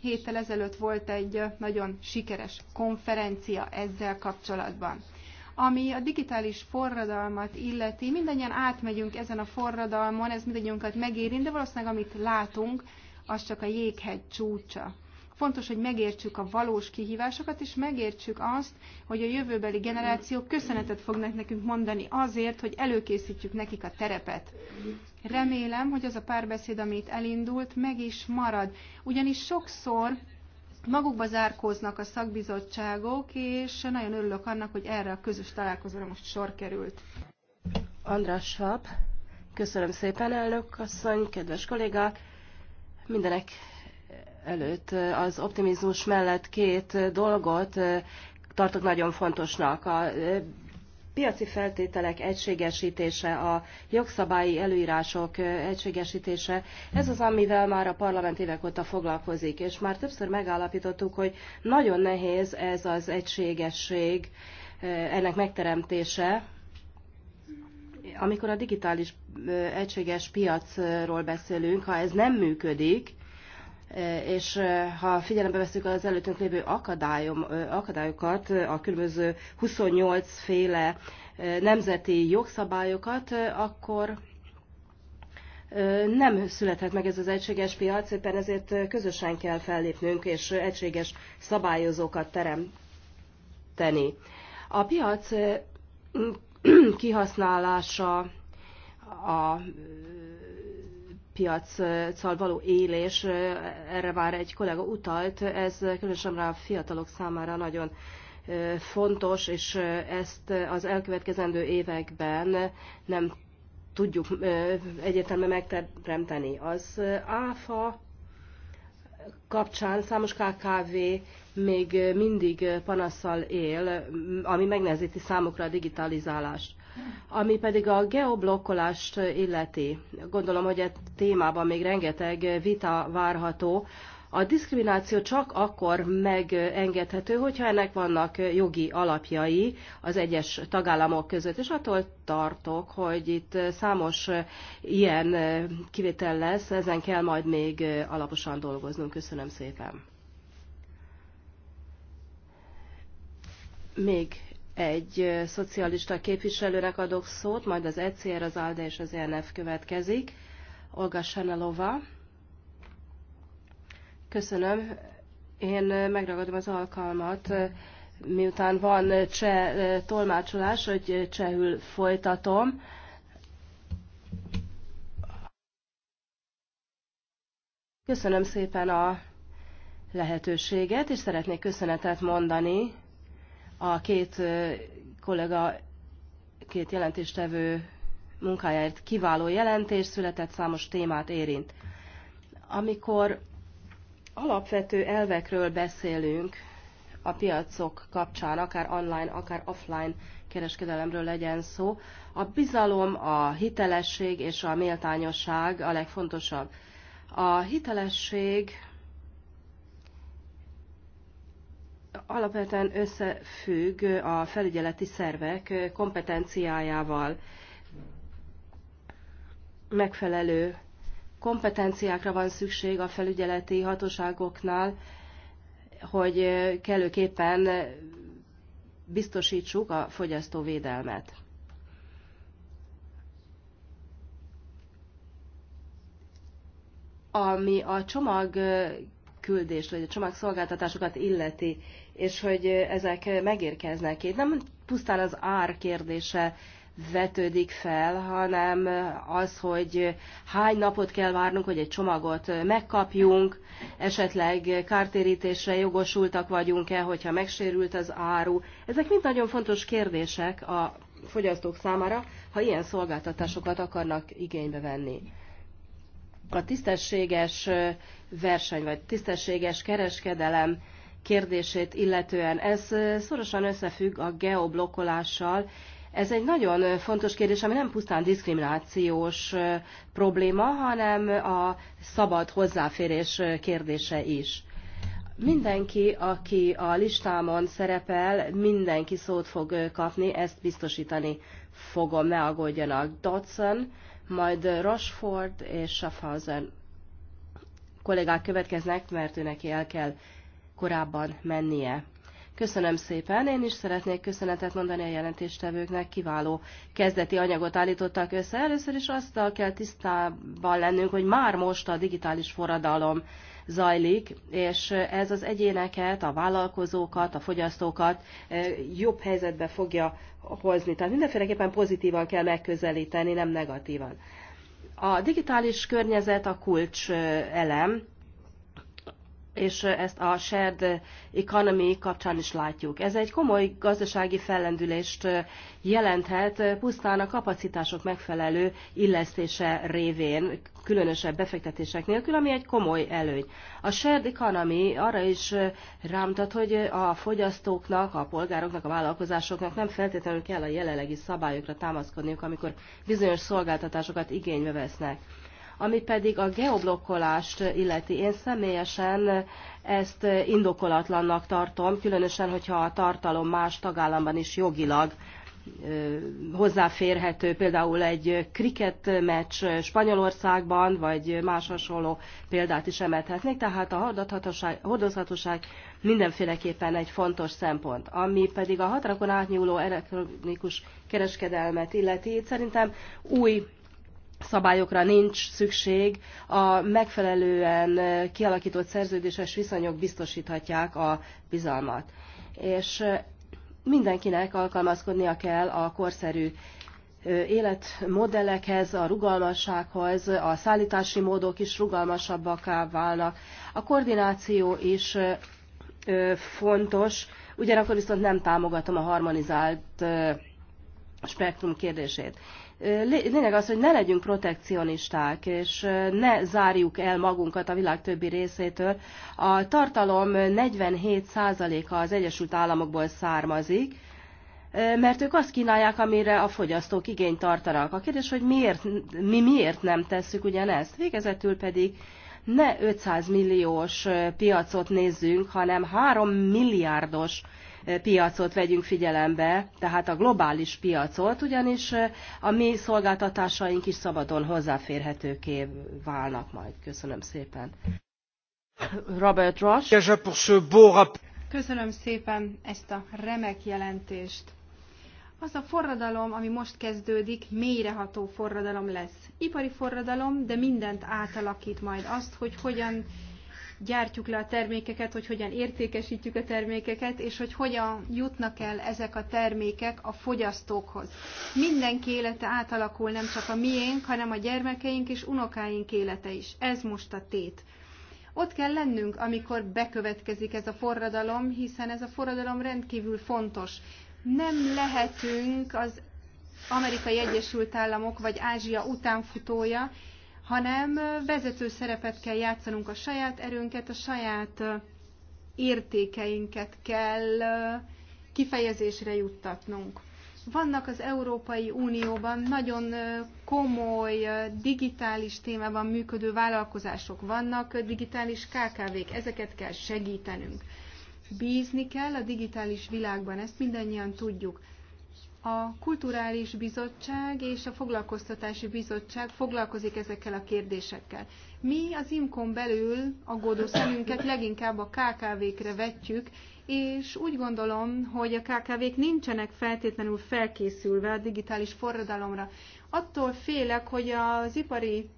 héttel ezelőtt volt egy nagyon sikeres konferencia ezzel kapcsolatban. Ami a digitális forradalmat illeti, mindannyian átmegyünk ezen a forradalmon, ez mindannyiunkat megérint, de valószínűleg amit látunk, az csak a jéghegy csúcsa. Fontos, hogy megértsük a valós kihívásokat, és megértsük azt, hogy a jövőbeli generációk köszönetet fognak nekünk mondani azért, hogy előkészítjük nekik a terepet. Remélem, hogy az a párbeszéd, amit elindult, meg is marad. Ugyanis sokszor magukba zárkóznak a szakbizottságok, és nagyon örülök annak, hogy erre a közös találkozóra most sor került. András Schwab, köszönöm szépen, elnök asszony, kedves kollégák! Mindenek előtt eh, az optimizmus mellett két eh, dolgot eh, tartok nagyon fontosnak. A piaci feltételek egységesítése, a jogszabályi előírások egységesítése, ez az, amivel már a parlament évek óta foglalkozik, és már többször megállapítottuk, hogy nagyon nehéz ez az egységesség, ennek megteremtése, amikor a digitális egységes piacról beszélünk, ha ez nem működik, és ha figyelembe veszük az előttünk lévő akadályokat, a különböző 28 féle nemzeti jogszabályokat, akkor nem születhet meg ez az egységes piac, éppen ezért közösen kell fellépnünk és egységes szabályozókat teremteni. A piac kihasználása a piaccal való élés, erre már egy kollega utalt, ez különösen a fiatalok számára nagyon fontos, és ezt az elkövetkezendő években nem tudjuk egyértelműen megteremteni. Az ÁFA kapcsán számos KKV még mindig panaszsal él, ami megnehezíti számukra a digitalizálást. Ami pedig a geoblokkolást illeti, gondolom, hogy e témában még rengeteg vita várható. A diszkrimináció csak akkor megengedhető, hogyha ennek vannak jogi alapjai az egyes tagállamok között, és attól tartok, hogy itt számos ilyen kivétel lesz, ezen kell majd még alaposan dolgoznunk. Köszönöm szépen. Még egy szocialista képviselőre adok szót, majd az ECR, az ALDE és az ENF következik. Olga Sanalova. Köszönöm. Én megragadom az alkalmat, miután van cseh tolmácsolás, hogy csehül folytatom. Köszönöm szépen a lehetőséget, és szeretnék köszönetet mondani a két kollega, két jelentéstevő munkájáért kiváló jelentés született, számos témát érint. Amikor alapvető elvekről beszélünk a piacok kapcsán, akár online, akár offline kereskedelemről legyen szó, a bizalom, a hitelesség és a méltányosság a legfontosabb. A hitelesség alapvetően összefügg a felügyeleti szervek kompetenciájával. Megfelelő kompetenciákra van szükség a felügyeleti hatóságoknál, hogy kellőképpen biztosítsuk a fogyasztóvédelmet. Ami a csomag küldést, vagy a csomagszolgáltatásokat illeti, és hogy ezek megérkeznek itt. Nem pusztán az ár kérdése vetődik fel, hanem az, hogy hány napot kell várnunk, hogy egy csomagot megkapjunk, esetleg kártérítésre jogosultak vagyunk-e, hogyha megsérült az áru. Ezek mind nagyon fontos kérdések a fogyasztók számára, ha ilyen szolgáltatásokat akarnak igénybe venni. A tisztességes verseny vagy tisztességes kereskedelem kérdését illetően. Ez szorosan összefügg a geoblokkolással. Ez egy nagyon fontos kérdés, ami nem pusztán diszkriminációs probléma, hanem a szabad hozzáférés kérdése is. Mindenki, aki a listámon szerepel, mindenki szót fog kapni, ezt biztosítani fogom, ne aggódjanak. Dodson, majd Rochford és Schaffhausen kollégák következnek, mert őnek el kell korábban mennie. Köszönöm szépen, én is szeretnék köszönetet mondani a jelentéstevőknek, kiváló kezdeti anyagot állítottak össze. Először is azt kell tisztában lennünk, hogy már most a digitális forradalom zajlik, és ez az egyéneket, a vállalkozókat, a fogyasztókat eh, jobb helyzetbe fogja hozni. Tehát mindenféleképpen pozitívan kell megközelíteni, nem negatívan. A digitális környezet a kulcs eh, elem, és ezt a shared economy kapcsán is látjuk. Ez egy komoly gazdasági fellendülést jelenthet pusztán a kapacitások megfelelő illesztése révén, különösebb befektetések nélkül, ami egy komoly előny. A shared economy arra is rámutat, hogy a fogyasztóknak, a polgároknak, a vállalkozásoknak nem feltétlenül kell a jelenlegi szabályokra támaszkodniuk, amikor bizonyos szolgáltatásokat igénybe vesznek. Ami pedig a geoblokkolást illeti, én személyesen ezt indokolatlannak tartom, különösen, hogyha a tartalom más tagállamban is jogilag hozzáférhető például egy kriket meccs Spanyolországban, vagy más hasonló példát is emelhetnék. tehát a hordozhatóság mindenféleképpen egy fontos szempont. Ami pedig a határokon átnyúló elektronikus kereskedelmet illeti, szerintem új szabályokra nincs szükség, a megfelelően eh, kialakított szerződéses viszonyok biztosíthatják a bizalmat. És eh, mindenkinek alkalmazkodnia kell a korszerű eh, életmodellekhez, a rugalmassághoz, a szállítási módok is rugalmasabbaká válnak. A koordináció is fontos, ugyanakkor viszont nem támogatom a harmonizált spektrum kérdését lényeg az, hogy ne legyünk protekcionisták, és ne zárjuk el magunkat a világ többi részétől. A tartalom 47%-a az Egyesült Államokból származik, mert ők azt kínálják, amire a fogyasztók igényt tartanak. A kérdés, hogy miért, mi miért nem tesszük ugyanezt? Végezetül pedig ne 500 milliós piacot nézzünk, hanem 3 milliárdos piacot vegyünk figyelembe, tehát a globális piacot, ugyanis eh, a mi szolgáltatásaink is szabadon hozzáférhetőké válnak majd. Köszönöm szépen. Robert Ross. Köszönöm szépen ezt a remek jelentést. Az a forradalom, ami most kezdődik, mélyreható forradalom lesz. Ipari forradalom, de mindent átalakít majd azt, hogy hogyan gyártjuk le a termékeket, hogy hogyan értékesítjük a termékeket, és hogy hogyan jutnak el ezek a termékek a fogyasztókhoz. Mindenki élete átalakul, nem csak a miénk, hanem a gyermekeink és unokáink élete is. Ez most a tét ott kell lennünk, amikor bekövetkezik ez a forradalom, hiszen ez a forradalom rendkívül fontos. Nem lehetünk az Amerikai Egyesült Államok vagy Ázsia utánfutója, hanem vezető szerepet kell játszanunk a saját erőnket, a saját értékeinket kell kifejezésre juttatnunk. Vannak az Európai Unióban nagyon komoly digitális témában működő vállalkozások, vannak digitális KKV-k, ezeket kell segítenünk. Bízni kell a digitális világban, ezt mindannyian tudjuk a Kulturális Bizottság és a Foglalkoztatási Bizottság foglalkozik ezekkel a kérdésekkel. Mi az IMKON belül aggódó szemünket leginkább a KKV-kre vetjük, és úgy gondolom, hogy a KKV-k nincsenek feltétlenül felkészülve a digitális forradalomra. Attól félek, hogy az ipari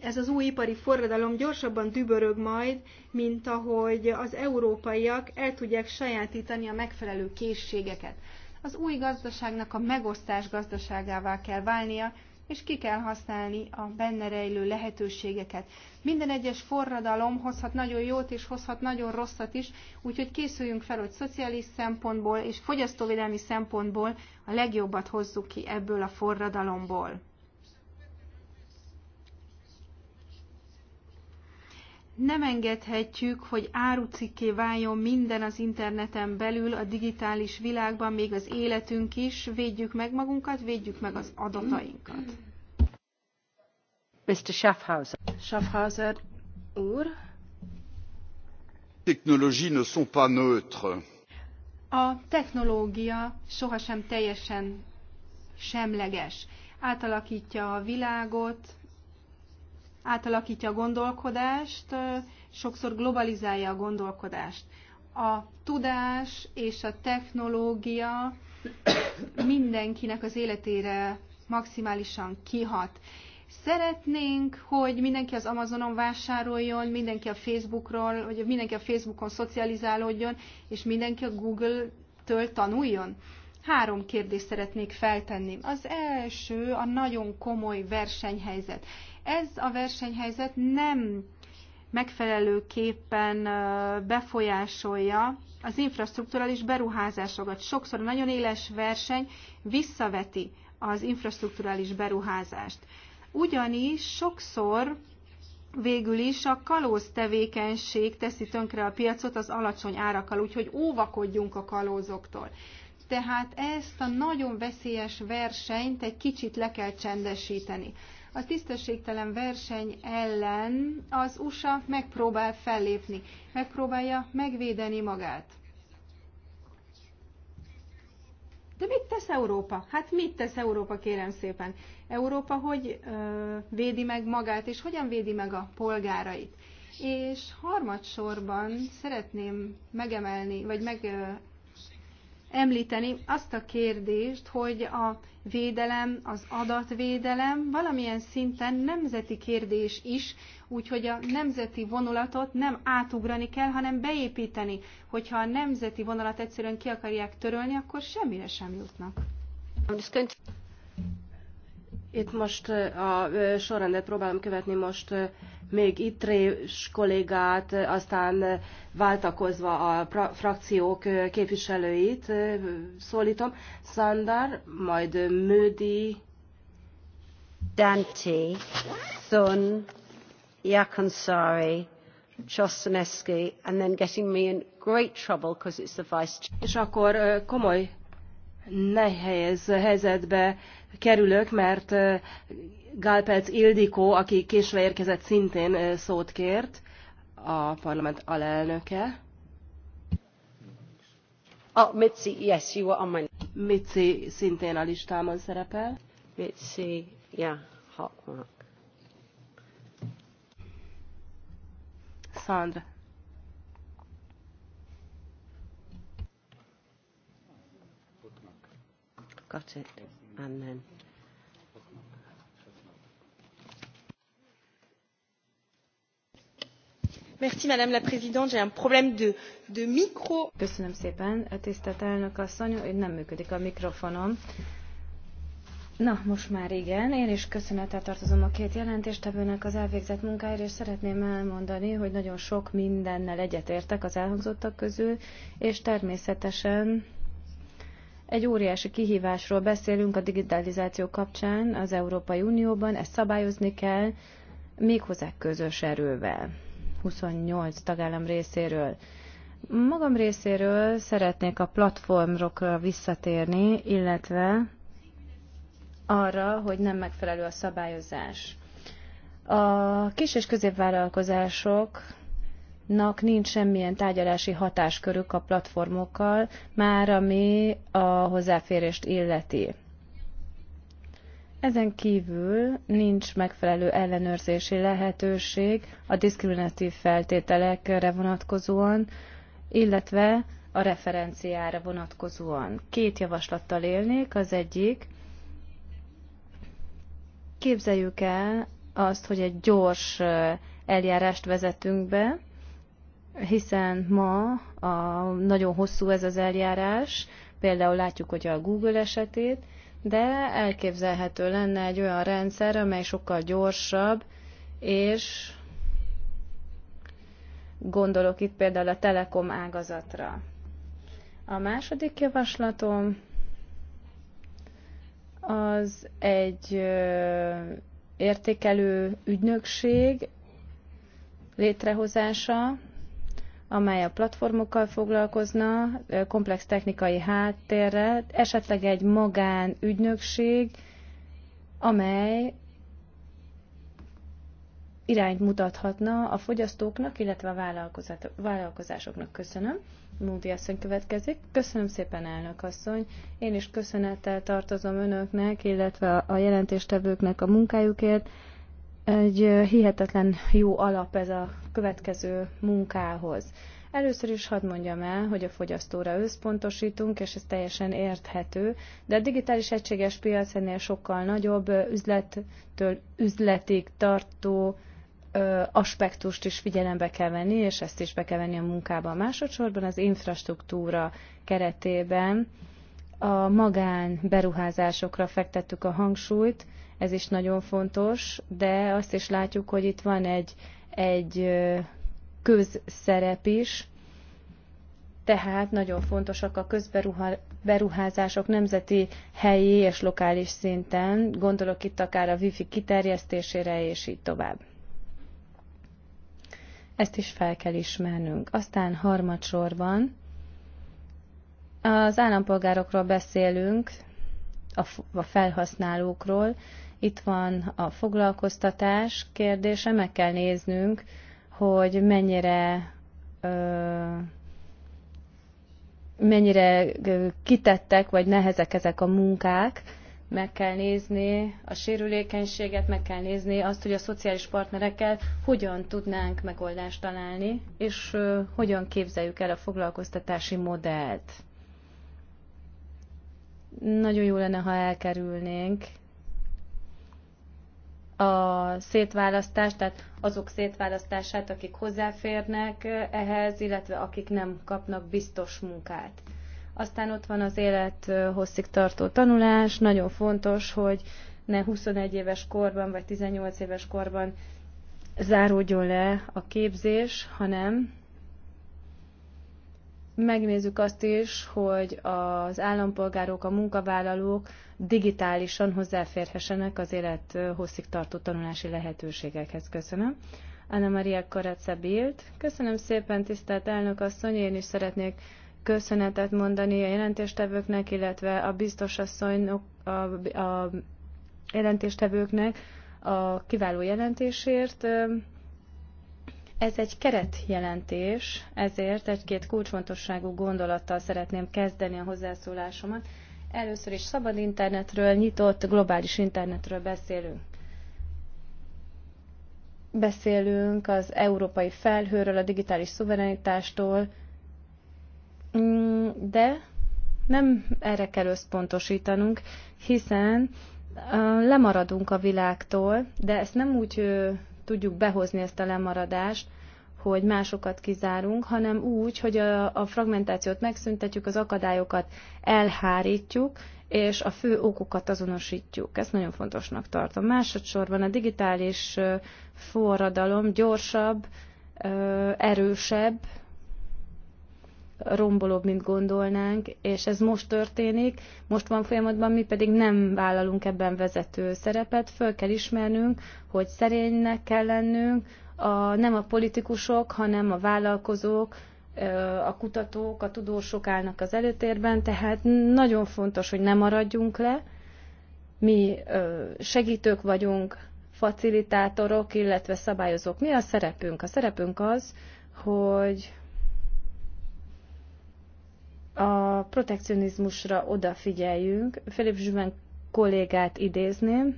ez az új ipari forradalom gyorsabban dübörög majd, mint ahogy az európaiak el tudják sajátítani a megfelelő készségeket az új gazdaságnak a megosztás gazdaságává kell válnia, és ki kell használni a benne rejlő lehetőségeket. Minden egyes forradalom hozhat nagyon jót és hozhat nagyon rosszat is, úgyhogy készüljünk fel, hogy szociális szempontból és fogyasztóvédelmi szempontból a legjobbat hozzuk ki ebből a forradalomból. Nem engedhetjük, hogy árucikké váljon minden az interneten belül, a digitális világban, még az életünk is. Védjük meg magunkat, védjük meg az adatainkat. Mr. Schaffhauser. Schaffhauser úr. Technologies ne sont pas neutres. A technológia sohasem teljesen semleges. Átalakítja a világot, átalakítja a gondolkodást, sokszor globalizálja a gondolkodást. A tudás és a technológia mindenkinek az életére maximálisan kihat. Szeretnénk, hogy mindenki az Amazonon vásároljon, mindenki a Facebookról, hogy mindenki a Facebookon szocializálódjon, és mindenki a Google-től tanuljon? Három kérdést szeretnék feltenni. Az első a nagyon komoly versenyhelyzet. Ez a versenyhelyzet nem megfelelőképpen befolyásolja az infrastruktúrális beruházásokat. Sokszor a nagyon éles verseny visszaveti az infrastruktúrális beruházást. Ugyanis sokszor végül is a kalóz tevékenység teszi tönkre a piacot az alacsony árakkal, úgyhogy óvakodjunk a kalózoktól. Tehát ezt a nagyon veszélyes versenyt egy kicsit le kell csendesíteni a tisztességtelen verseny ellen az USA megpróbál fellépni, megpróbálja megvédeni magát. De mit tesz Európa? Hát mit tesz Európa, kérem szépen? Európa hogy ö, védi meg magát, és hogyan védi meg a polgárait? És harmadsorban szeretném megemelni, vagy meg, említeni azt a kérdést, hogy a védelem, az adatvédelem valamilyen szinten nemzeti kérdés is, úgyhogy a nemzeti vonulatot nem átugrani kell, hanem beépíteni. Hogyha a nemzeti vonalat egyszerűen ki akarják törölni, akkor semmire sem jutnak. Itt most a sorrendet próbálom követni, most még Rés kollégát, aztán váltakozva a frakciók képviselőit szólítom. Sandar, majd Mödi, Dante, Thun, Jakonsari, Csostanescu, and then getting me in great trouble because it's the vice. És akkor komoly nehéz helyzetbe kerülök, mert Gálpelc Ildikó, aki késve érkezett, szintén szót kért, a parlament alelnöke. Oh, Mitzi, yes, you were on my... Mitzi szintén a listámon szerepel. Mitzi, yeah, Hotmark. Sandra. Got it. And then... Madame la Présidente. J'ai un problème de micro. Köszönöm szépen, tisztelt elnök asszony, nem működik a mikrofonom. Na, most már igen. Én is köszönettel tartozom a két jelentéstevőnek az elvégzett munkáért, és szeretném elmondani, hogy nagyon sok mindennel egyetértek az elhangzottak közül, és természetesen egy óriási kihívásról beszélünk a digitalizáció kapcsán az Európai Unióban, ezt szabályozni kell, méghozzá közös erővel. 28 tagállam részéről. Magam részéről szeretnék a platformokra visszatérni, illetve arra, hogy nem megfelelő a szabályozás. A kis- és középvállalkozásoknak nincs semmilyen tárgyalási hatáskörük a platformokkal, már ami a hozzáférést illeti. Ezen kívül nincs megfelelő ellenőrzési lehetőség a diszkriminatív feltételekre vonatkozóan, illetve a referenciára vonatkozóan. Két javaslattal élnék, az egyik, képzeljük el azt, hogy egy gyors eljárást vezetünk be, hiszen ma a, nagyon hosszú ez az eljárás, például látjuk, hogy a Google esetét, de elképzelhető lenne egy olyan rendszer, amely sokkal gyorsabb, és gondolok itt például a telekom ágazatra. A második javaslatom az egy értékelő ügynökség létrehozása, amely a platformokkal foglalkozna, komplex technikai háttérrel, esetleg egy magán ügynökség, amely irányt mutathatna a fogyasztóknak, illetve a vállalkozásoknak. Köszönöm. Múdi asszony következik. Köszönöm szépen, elnök asszony. Én is köszönettel tartozom önöknek, illetve a jelentéstevőknek a munkájukért egy hihetetlen jó alap ez a következő munkához. Először is hadd mondjam el, hogy a fogyasztóra összpontosítunk, és ez teljesen érthető, de a digitális egységes piac ennél sokkal nagyobb üzlettől üzletig tartó ö, aspektust is figyelembe kell venni, és ezt is be kell venni a munkába. Másodszorban az infrastruktúra keretében a magán beruházásokra fektettük a hangsúlyt, ez is nagyon fontos, de azt is látjuk, hogy itt van egy, egy közszerep is, tehát nagyon fontosak a közberuházások nemzeti, helyi és lokális szinten, gondolok itt akár a wifi kiterjesztésére és így tovább. Ezt is fel kell ismernünk. Aztán harmadsorban az állampolgárokról beszélünk, a felhasználókról, itt van a foglalkoztatás kérdése, meg kell néznünk, hogy mennyire mennyire kitettek, vagy nehezek ezek a munkák, meg kell nézni a sérülékenységet, meg kell nézni azt, hogy a szociális partnerekkel hogyan tudnánk megoldást találni, és hogyan képzeljük el a foglalkoztatási modellt. Nagyon jó lenne, ha elkerülnénk a szétválasztást, tehát azok szétválasztását, akik hozzáférnek eh, ehhez, illetve akik nem kapnak biztos munkát. Aztán ott van az élet eh, hosszig tartó tanulás, nagyon fontos, hogy ne 21 éves korban vagy 18 éves korban záródjon le a képzés, hanem megnézzük azt is, hogy az állampolgárok, a munkavállalók digitálisan hozzáférhessenek az élet hosszig tartó tanulási lehetőségekhez. Köszönöm. Anna Maria Karatza Bild. Köszönöm szépen, tisztelt elnök asszony, én is szeretnék köszönetet mondani a jelentéstevőknek, illetve a biztosasszonyok, a, a jelentéstevőknek a kiváló jelentésért. Ez egy keretjelentés, ezért egy-két kulcsfontosságú gondolattal szeretném kezdeni a hozzászólásomat. Először is szabad internetről, nyitott globális internetről beszélünk. Beszélünk az európai felhőről, a digitális szuverenitástól, mm, de nem erre kell összpontosítanunk, hiszen lemaradunk a világtól, de ezt nem úgy tudjuk behozni ezt a lemaradást, hogy másokat kizárunk, hanem úgy, hogy a, a fragmentációt megszüntetjük, az akadályokat elhárítjuk, és a fő okokat azonosítjuk. Ezt nagyon fontosnak tartom. Másodszorban a digitális forradalom gyorsabb, erősebb, rombolóbb, mint gondolnánk, és ez most történik, most van folyamatban, mi pedig nem vállalunk ebben vezető szerepet, föl kell ismernünk, hogy szerénynek kell lennünk, a, nem a politikusok, hanem a vállalkozók, a kutatók, a tudósok állnak az előtérben, tehát nagyon fontos, hogy ne maradjunk le. Mi segítők vagyunk, facilitátorok, illetve szabályozók. Mi a szerepünk? A szerepünk az, hogy a protekcionizmusra odafigyeljünk. Philip Zsüven kollégát idézném,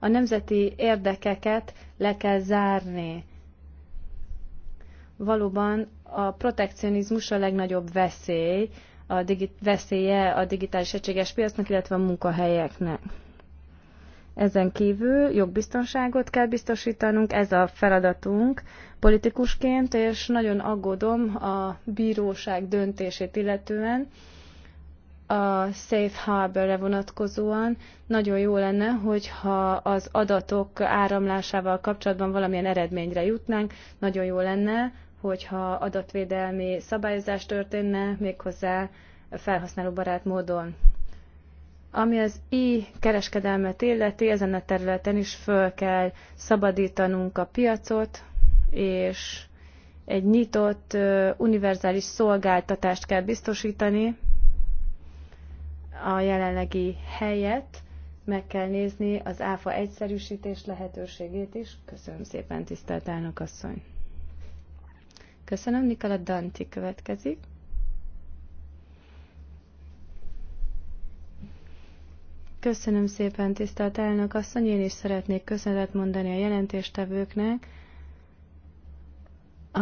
a nemzeti érdekeket le kell zárni. Valóban a protekcionizmus a legnagyobb veszély, a digi- veszélye a digitális egységes piacnak, illetve a munkahelyeknek. Ezen kívül jogbiztonságot kell biztosítanunk, ez a feladatunk politikusként, és nagyon aggódom a bíróság döntését illetően, a Safe Harbor-re vonatkozóan nagyon jó lenne, hogyha az adatok áramlásával kapcsolatban valamilyen eredményre jutnánk, nagyon jó lenne, hogyha adatvédelmi szabályozás történne, méghozzá felhasználóbarát módon. Ami az i-kereskedelmet illeti, ezen a területen is föl kell szabadítanunk a piacot, és egy nyitott, univerzális szolgáltatást kell biztosítani a jelenlegi helyet. Meg kell nézni az áfa egyszerűsítés lehetőségét is. Köszönöm szépen, tisztelt elnök asszony! Köszönöm, Nikola Danti következik. Köszönöm szépen, tisztelt elnök asszony, én is szeretnék köszönetet mondani a jelentéstevőknek a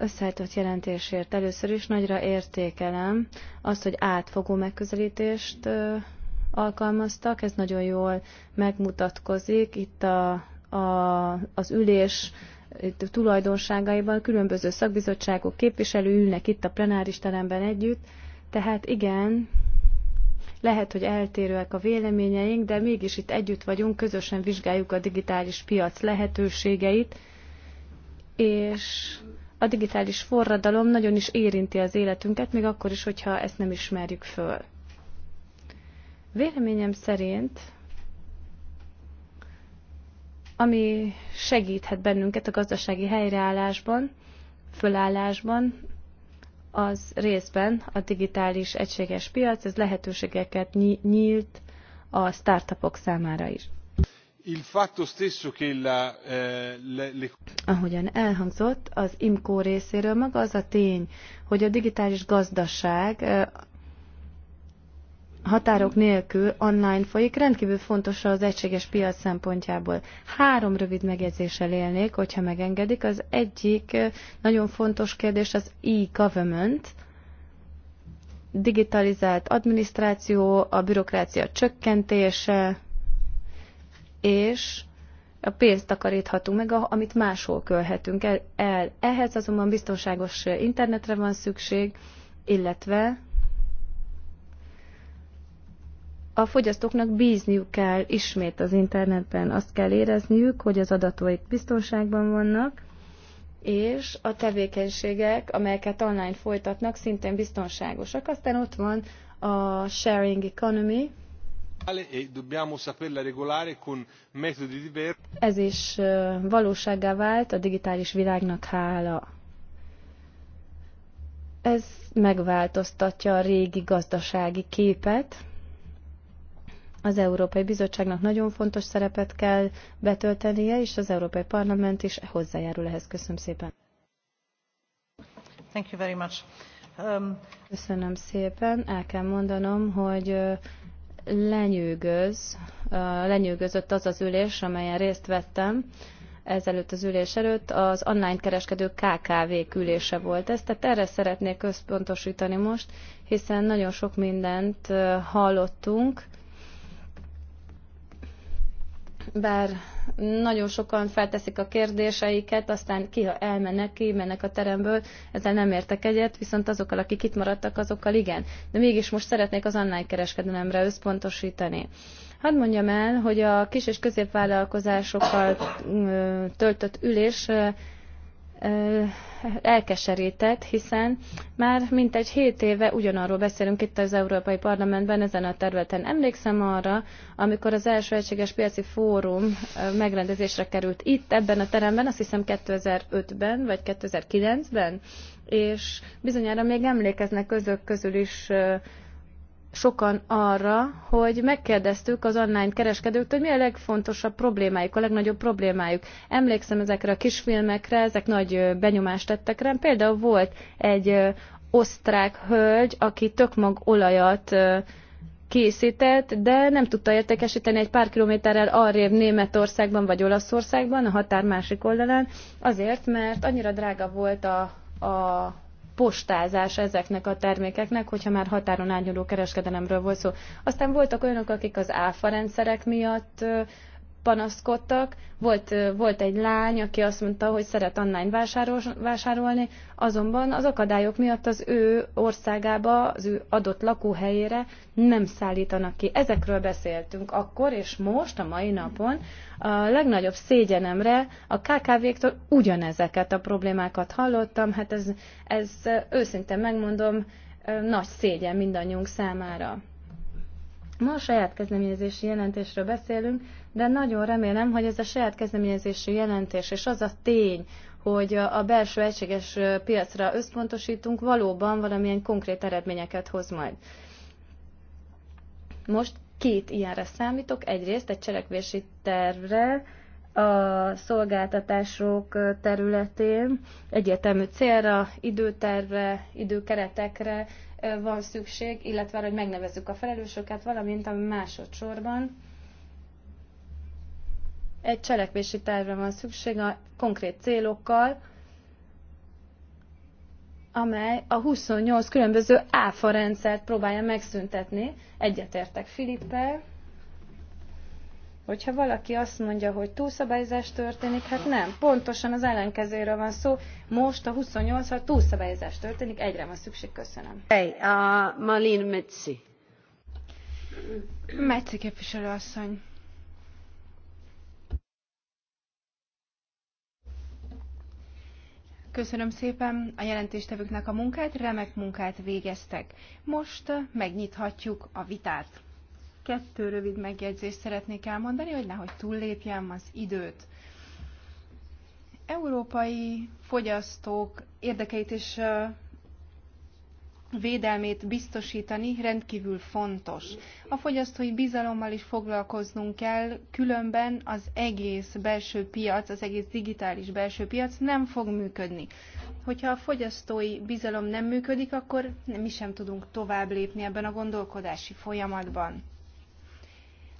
összeállított jelentésért. Először is nagyra értékelem azt, hogy átfogó megközelítést alkalmaztak, ez nagyon jól megmutatkozik itt a, a, az ülés itt a tulajdonságaiban, különböző szakbizottságok képviselő ülnek itt a plenáris teremben együtt, tehát igen, lehet, hogy eltérőek a véleményeink, de mégis itt együtt vagyunk, közösen vizsgáljuk a digitális piac lehetőségeit, és a digitális forradalom nagyon is érinti az életünket, még akkor is, hogyha ezt nem ismerjük föl. Véleményem szerint, ami segíthet bennünket a gazdasági helyreállásban, fölállásban, az részben a digitális egységes piac, ez lehetőségeket nyílt a startupok számára is. Il fatto stesso che la, eh, le, le... Ahogyan elhangzott, az IMCO részéről maga az a tény, hogy a digitális gazdaság eh, határok nélkül online folyik, rendkívül fontos az egységes piac szempontjából. Három rövid megjegyzéssel élnék, hogyha megengedik. Az egyik eh, nagyon fontos kérdés az e-government, digitalizált adminisztráció, a bürokrácia csökkentése, és a pénzt takaríthatunk meg, amit máshol kölhetünk el. Ehhez azonban biztonságos internetre van szükség, illetve a fogyasztóknak bízniuk kell ismét az internetben. Azt kell érezniük, hogy az adataik biztonságban vannak, és a tevékenységek, amelyeket online folytatnak, szintén biztonságosak. Aztán ott van a sharing economy. E Ez is valóságá vált a digitális világnak hála. Ez megváltoztatja a régi gazdasági képet, az Európai Bizottságnak nagyon fontos szerepet kell betöltenie, és az Európai Parlament is hozzájárul ehhez. Köszönöm szépen. Thank you very much. Um... Köszönöm szépen. El kell mondanom, hogy lenyűgöz, lenyűgözött az az ülés, amelyen részt vettem ezelőtt az ülés előtt, az online kereskedő KKV ülése volt ez, tehát erre szeretnék központosítani most, hiszen nagyon sok mindent hallottunk, bár nagyon sokan felteszik a kérdéseiket, aztán ki elmennek, ki mennek a teremből, ezzel nem értek egyet, viszont azokkal, akik itt maradtak, azokkal igen. De mégis most szeretnék az online kereskedelemre összpontosítani. Hadd mondjam el, hogy a kis és középvállalkozásokkal töltött ülés elkeserített, hiszen már mintegy hét éve ugyanarról beszélünk itt az Európai Parlamentben ezen a területen. Emlékszem arra, amikor az első egységes piaci fórum megrendezésre került itt, ebben a teremben, azt hiszem 2005-ben vagy 2009-ben, és bizonyára még emlékeznek közök közül is sokan arra, hogy megkérdeztük az online kereskedőktől, hogy mi a legfontosabb problémájuk, a legnagyobb problémájuk. Emlékszem ezekre a kisfilmekre, ezek nagy benyomást tettek rám. Például volt egy osztrák hölgy, aki mag olajat készített, de nem tudta értékesíteni egy pár kilométerrel arrébb Németországban vagy Olaszországban, a határ másik oldalán, azért, mert annyira drága volt a, a postázás ezeknek a termékeknek, hogyha már határon átnyúló kereskedelemről volt szó. Aztán voltak olyanok, akik az áfa rendszerek miatt panaszkodtak. Volt, volt egy lány, aki azt mondta, hogy szeret online vásárol, vásárolni, azonban az akadályok miatt az ő országába, az ő adott lakóhelyére nem szállítanak ki. Ezekről beszéltünk akkor és most, a mai napon. A legnagyobb szégyenemre a KKV-któl ugyanezeket a problémákat hallottam. Hát ez, ez őszintén megmondom, nagy szégyen mindannyiunk számára. Ma a saját kezdeményezési jelentésről beszélünk, de nagyon remélem, hogy ez a saját kezdeményezésű jelentés és az a tény, hogy a belső egységes piacra összpontosítunk, valóban valamilyen konkrét eredményeket hoz majd. Most két ilyenre számítok. Egyrészt egy cselekvési tervre, a szolgáltatások területén egyértelmű célra, időtervre, időkeretekre van szükség, illetve hogy megnevezzük a felelősöket, valamint a másodszorban egy cselekvési tervre van szükség a konkrét célokkal, amely a 28 különböző áfa rendszert próbálja megszüntetni. Egyetértek Filippel. Hogyha valaki azt mondja, hogy túlszabályozás történik, hát nem. Pontosan az ellenkezőről van szó. Most a 28 ha túlszabályozás történik, egyre van szükség. Köszönöm. Hey, uh, Malin Metzi. Metzi képviselőasszony. Köszönöm szépen a jelentéstevőknek a munkát, remek munkát végeztek. Most uh, megnyithatjuk a vitát. Kettő rövid megjegyzést szeretnék elmondani, hogy nehogy túllépjem az időt. Európai fogyasztók érdekeit is. Uh, védelmét biztosítani rendkívül fontos. A fogyasztói bizalommal is foglalkoznunk kell, különben az egész belső piac, az egész digitális belső piac nem fog működni. Hogyha a fogyasztói bizalom nem működik, akkor mi sem tudunk tovább lépni ebben a gondolkodási folyamatban.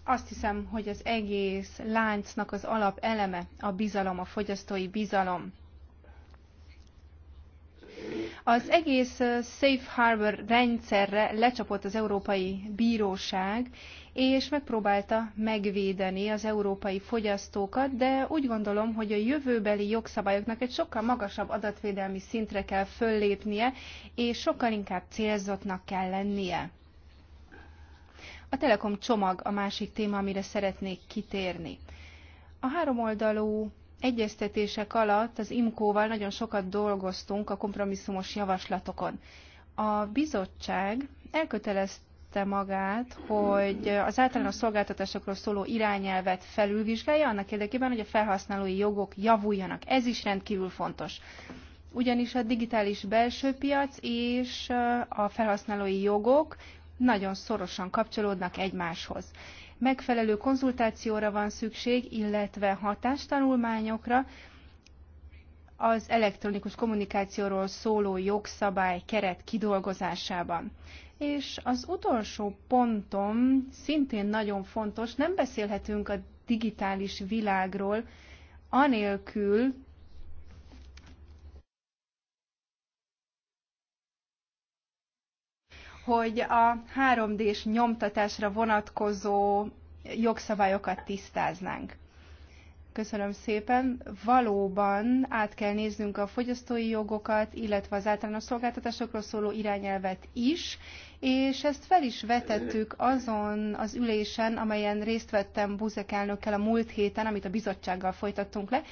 Azt hiszem, hogy az egész láncnak az alapeleme a bizalom, a fogyasztói bizalom az egész Safe Harbor rendszerre lecsapott az Európai Bíróság, és megpróbálta megvédeni az európai fogyasztókat, de úgy gondolom, hogy a jövőbeli jogszabályoknak egy sokkal magasabb adatvédelmi szintre kell föllépnie, és sokkal inkább célzottnak kell lennie. A Telekom csomag a másik téma, amire szeretnék kitérni. A háromoldalú egyeztetések alatt az imco val nagyon sokat dolgoztunk a kompromisszumos javaslatokon. A bizottság elkötelezte magát, hogy az általános szolgáltatásokról szóló irányelvet felülvizsgálja, annak érdekében, hogy a felhasználói jogok javuljanak. Ez is rendkívül fontos ugyanis a digitális belső piac és a felhasználói jogok nagyon szorosan kapcsolódnak egymáshoz megfelelő konzultációra van szükség, illetve hatástanulmányokra, az elektronikus kommunikációról szóló jogszabály keret kidolgozásában. És az utolsó pontom szintén nagyon fontos, nem beszélhetünk a digitális világról, anélkül, hogy a 3D-s nyomtatásra vonatkozó jogszabályokat tisztáznánk. Köszönöm szépen. Valóban át kell néznünk a fogyasztói jogokat, illetve az általános szolgáltatásokról szóló irányelvet is, és ezt fel is vetettük azon az ülésen, amelyen részt vettem Buzek elnökkel a múlt héten, amit a bizottsággal folytattunk le,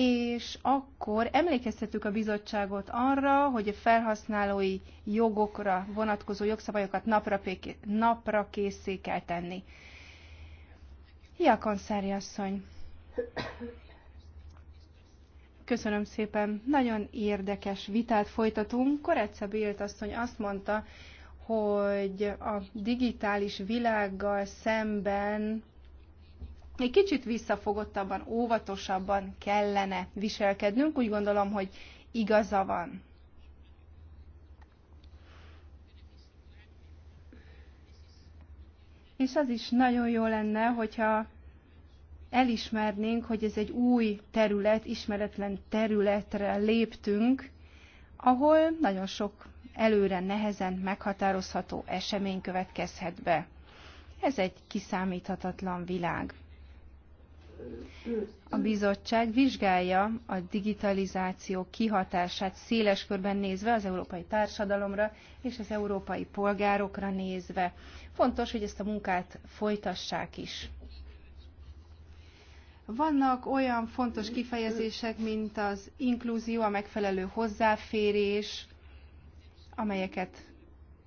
és akkor emlékeztetük a bizottságot arra, hogy a felhasználói jogokra vonatkozó jogszabályokat napra, napra készé kell tenni. Jakonszári asszony. Köszönöm szépen. Nagyon érdekes vitát folytatunk. Koretsa Bélt asszony azt mondta, hogy a digitális világgal szemben egy kicsit visszafogottabban, óvatosabban kellene viselkednünk. Úgy gondolom, hogy igaza van. És az is nagyon jó lenne, hogyha elismernénk, hogy ez egy új terület, ismeretlen területre léptünk, ahol nagyon sok előre nehezen meghatározható esemény következhet be. Ez egy kiszámíthatatlan világ. A bizottság vizsgálja a digitalizáció kihatását széles körben nézve az európai társadalomra és az európai polgárokra nézve. Fontos, hogy ezt a munkát folytassák is. Vannak olyan fontos kifejezések, mint az inkluzió, a megfelelő hozzáférés, amelyeket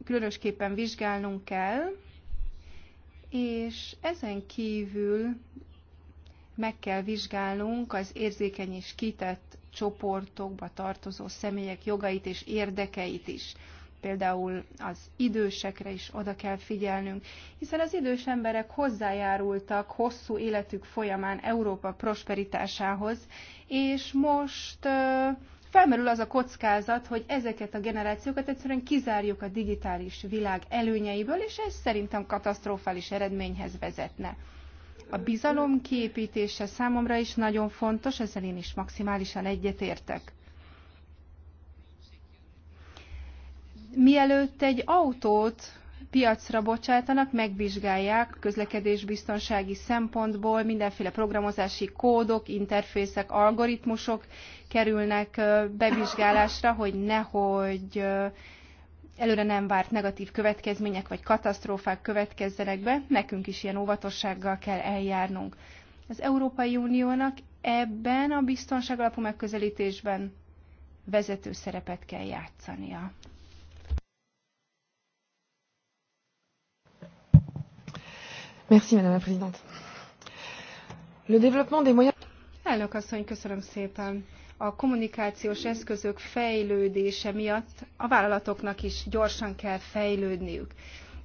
különösképpen vizsgálnunk kell, és ezen kívül meg kell vizsgálnunk az érzékeny és kitett csoportokba tartozó személyek jogait és érdekeit is. Például az idősekre is oda kell figyelnünk, hiszen az idős emberek hozzájárultak hosszú életük folyamán Európa prosperitásához, és most felmerül az a kockázat, hogy ezeket a generációkat egyszerűen kizárjuk a digitális világ előnyeiből, és ez szerintem katasztrofális eredményhez vezetne. A bizalom kiépítése számomra is nagyon fontos, ezzel én is maximálisan egyetértek. Mielőtt egy autót piacra bocsátanak, megvizsgálják közlekedésbiztonsági szempontból, mindenféle programozási kódok, interfészek, algoritmusok kerülnek bevizsgálásra, hogy nehogy előre nem várt negatív következmények vagy katasztrófák következzenek be, nekünk is ilyen óvatossággal kell eljárnunk. Az Európai Uniónak ebben a biztonság alapú megközelítésben vezető szerepet kell játszania. Merci, Madame la Présidente. Le développement des moyens... Elnök asszony, köszönöm szépen a kommunikációs eszközök fejlődése miatt a vállalatoknak is gyorsan kell fejlődniük.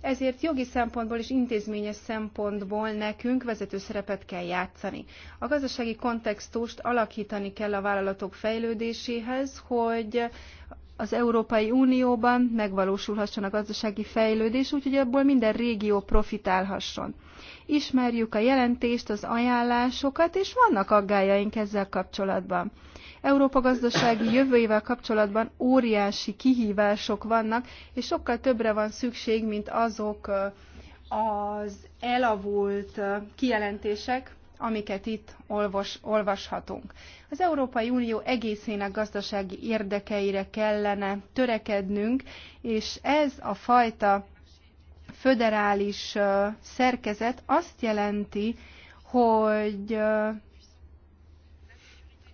Ezért jogi szempontból és intézményes szempontból nekünk vezető szerepet kell játszani. A gazdasági kontextust alakítani kell a vállalatok fejlődéséhez, hogy az Európai Unióban megvalósulhasson a gazdasági fejlődés, úgyhogy ebből minden régió profitálhasson. Ismerjük a jelentést, az ajánlásokat, és vannak aggájaink ezzel kapcsolatban. Európa gazdasági jövőjével kapcsolatban óriási kihívások vannak, és sokkal többre van szükség, mint azok az elavult kijelentések, amiket itt olvas, olvashatunk. Az Európai Unió egészének gazdasági érdekeire kellene törekednünk, és ez a fajta föderális szerkezet azt jelenti, hogy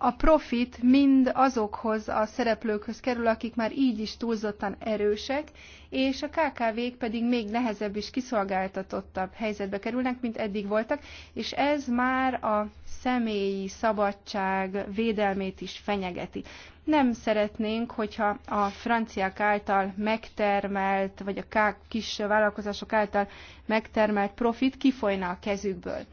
a profit mind azokhoz a szereplőkhöz kerül, akik már így is túlzottan erősek, és a KKV-k pedig még nehezebb és kiszolgáltatottabb helyzetbe kerülnek, mint eddig voltak, és ez már a személyi szabadság védelmét is fenyegeti. Nem szeretnénk, hogyha a franciák által megtermelt, vagy a kis vállalkozások által megtermelt profit kifolyna a kezükből.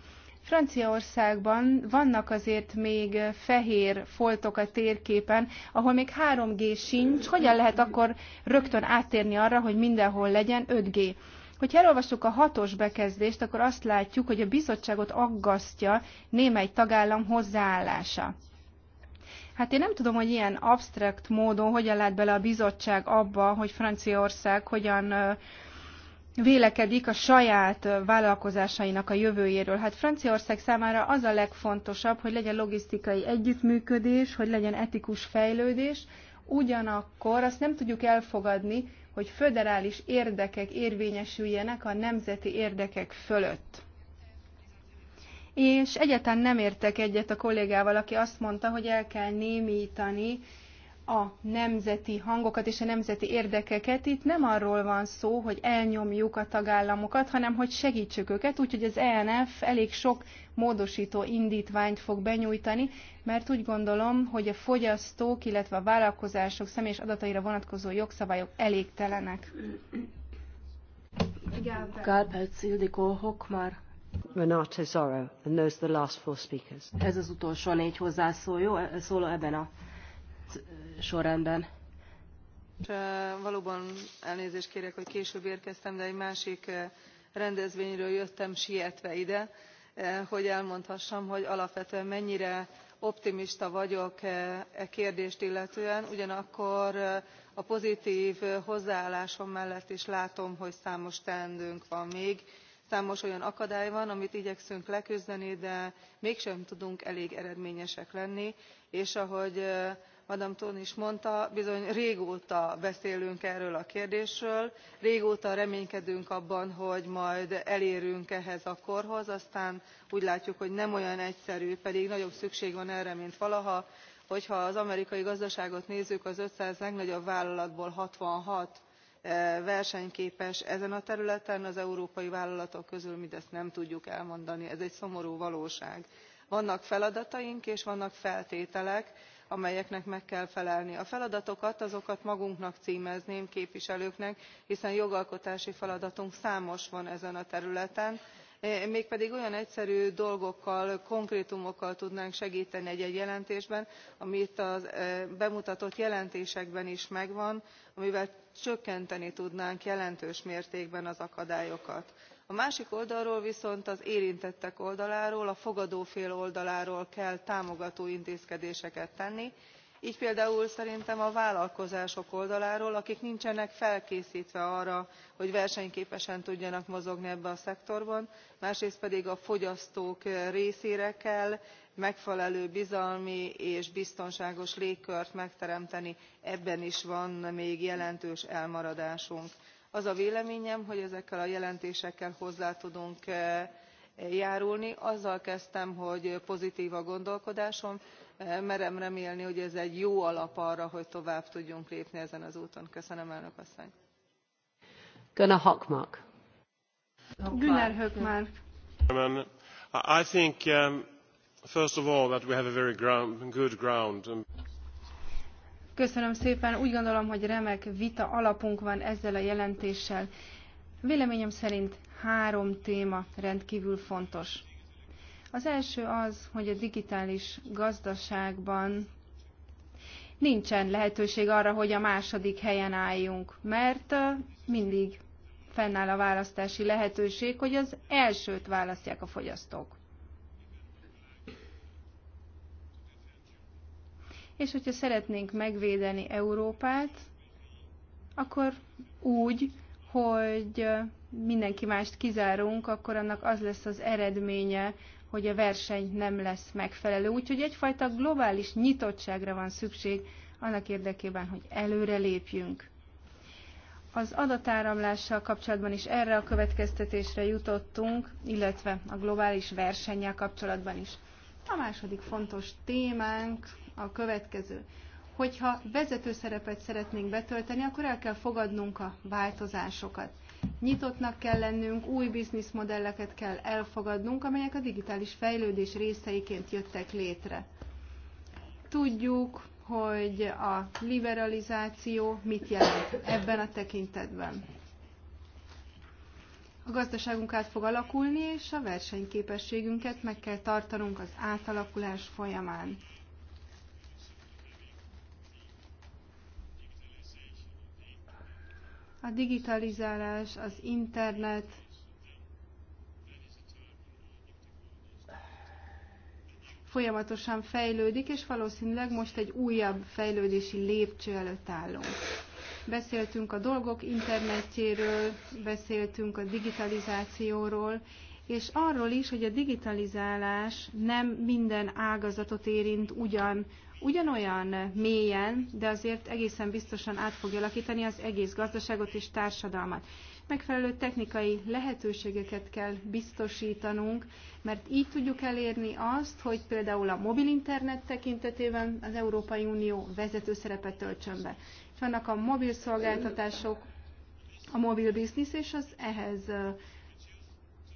Franciaországban vannak azért még fehér foltok a térképen, ahol még 3G sincs, hogyan lehet akkor rögtön áttérni arra, hogy mindenhol legyen 5G? Hogyha elolvassuk a hatos bekezdést, akkor azt látjuk, hogy a bizottságot aggasztja némely tagállam hozzáállása. Hát én nem tudom, hogy ilyen absztrakt módon hogyan lát bele a bizottság abba, hogy Franciaország hogyan vélekedik a saját vállalkozásainak a jövőjéről. Hát Franciaország számára az a legfontosabb, hogy legyen logisztikai együttműködés, hogy legyen etikus fejlődés, ugyanakkor azt nem tudjuk elfogadni, hogy föderális érdekek érvényesüljenek a nemzeti érdekek fölött. És egyáltalán nem értek egyet a kollégával, aki azt mondta, hogy el kell némítani a nemzeti hangokat és a nemzeti érdekeket. Itt nem arról van szó, hogy elnyomjuk a tagállamokat, hanem hogy segítsük őket, úgyhogy az ENF elég sok módosító indítványt fog benyújtani, mert úgy gondolom, hogy a fogyasztók, illetve a vállalkozások személyes adataira vonatkozó jogszabályok elégtelenek. Kárpec Hokmar. Renata Zorro, and those are the last four speakers. Ez az utolsó négy hozzászóló ebben a sorrendben. Valóban elnézést kérek, hogy később érkeztem, de egy másik rendezvényről jöttem sietve ide, hogy elmondhassam, hogy alapvetően mennyire optimista vagyok e kérdést illetően ugyanakkor a pozitív hozzáállásom mellett is látom hogy számos teendőnk van még számos olyan akadály van amit igyekszünk leküzdeni de mégsem tudunk elég eredményesek lenni és ahogy madame thun is mondta bizony régóta beszélünk erről a kérdésről régóta reménykedünk abban hogy majd elérünk ehhez a korhoz aztán úgy látjuk hogy nem olyan egyszerű pedig nagyobb szükség van erre mint valaha hogyha az amerikai gazdaságot nézzük az five hundred legnagyobb vállalatból sixty six eh, versenyképes ezen a területen az európai vállalatok közül mindezt nem tudjuk elmondani ez egy szomorú valóság. vannak feladataink és vannak feltételek amelyeknek meg kell felelni. a feladatokat azokat magunknak cmezném képviselőknek hiszen jogalkotási feladatunk számos van ezen a területen mégpedig olyan egyszerű dolgokkal konkrétumokkal tudnánk segteni egy egy jelentésben ami itt a e, bemutatott jelentésekben is megvan amivel csökkenteni tudnánk jelentős mértékben az akadályokat a másik oldalról viszont az érintettek oldaláról a fogadófél oldaláról kell támogató intézkedéseket tenni gy például szerintem a vállalkozások oldaláról akik nincsenek felkésztve arra hogy versenyképesen tudjanak mozogni ebben a szektorban másrészt pedig a fogyasztók részére kell megfelelő bizalmi és biztonságos légkört megteremteni ebben is van még jelentős elmaradásunk az a véleményem hogy ezekkel a jelentésekkel hozzá tudunk eh, járulni. azzal kezdtem hogy pozitv a gondolkodásom eh, merem remélni hogy ez egy jó alap arra hogy tovább tudjunk lépni ezen az úton. köszönöm elnök asszony! gunnar i think um, first of all that we have a very good ground Köszönöm szépen. Úgy gondolom, hogy remek vita alapunk van ezzel a jelentéssel. Véleményem szerint három téma rendkívül fontos. Az első az, hogy a digitális gazdaságban nincsen lehetőség arra, hogy a második helyen álljunk, mert mindig fennáll a választási lehetőség, hogy az elsőt választják a fogyasztók. és hogyha szeretnénk megvédeni Európát, akkor úgy, hogy mindenki mást kizárunk, akkor annak az lesz az eredménye, hogy a verseny nem lesz megfelelő. Úgyhogy egyfajta globális nyitottságra van szükség annak érdekében, hogy előre lépjünk. Az adatáramlással kapcsolatban is erre a következtetésre jutottunk, illetve a globális versennyel kapcsolatban is. A második fontos témánk a következő. Hogyha vezető szerepet szeretnénk betölteni, akkor el kell fogadnunk a változásokat. Nyitottnak kell lennünk, új bizniszmodelleket kell elfogadnunk, amelyek a digitális fejlődés részeiként jöttek létre. Tudjuk, hogy a liberalizáció mit jelent ebben a tekintetben. A gazdaságunk át fog alakulni, és a versenyképességünket meg kell tartanunk az átalakulás folyamán. a digitalizálás, az internet, folyamatosan fejlődik, és valószínűleg most egy újabb fejlődési lépcső előtt állunk. Beszéltünk a dolgok internetjéről, beszéltünk a digitalizációról, és arról is, hogy a digitalizálás nem minden ágazatot érint ugyan ugyanolyan mélyen, de azért egészen biztosan át fogja alakítani az egész gazdaságot és társadalmat. Megfelelő technikai lehetőségeket kell biztosítanunk, mert így tudjuk elérni azt, hogy például a mobil internet tekintetében az Európai Unió vezető szerepet töltsön be. És vannak a mobil szolgáltatások, a mobil biznisz és az ehhez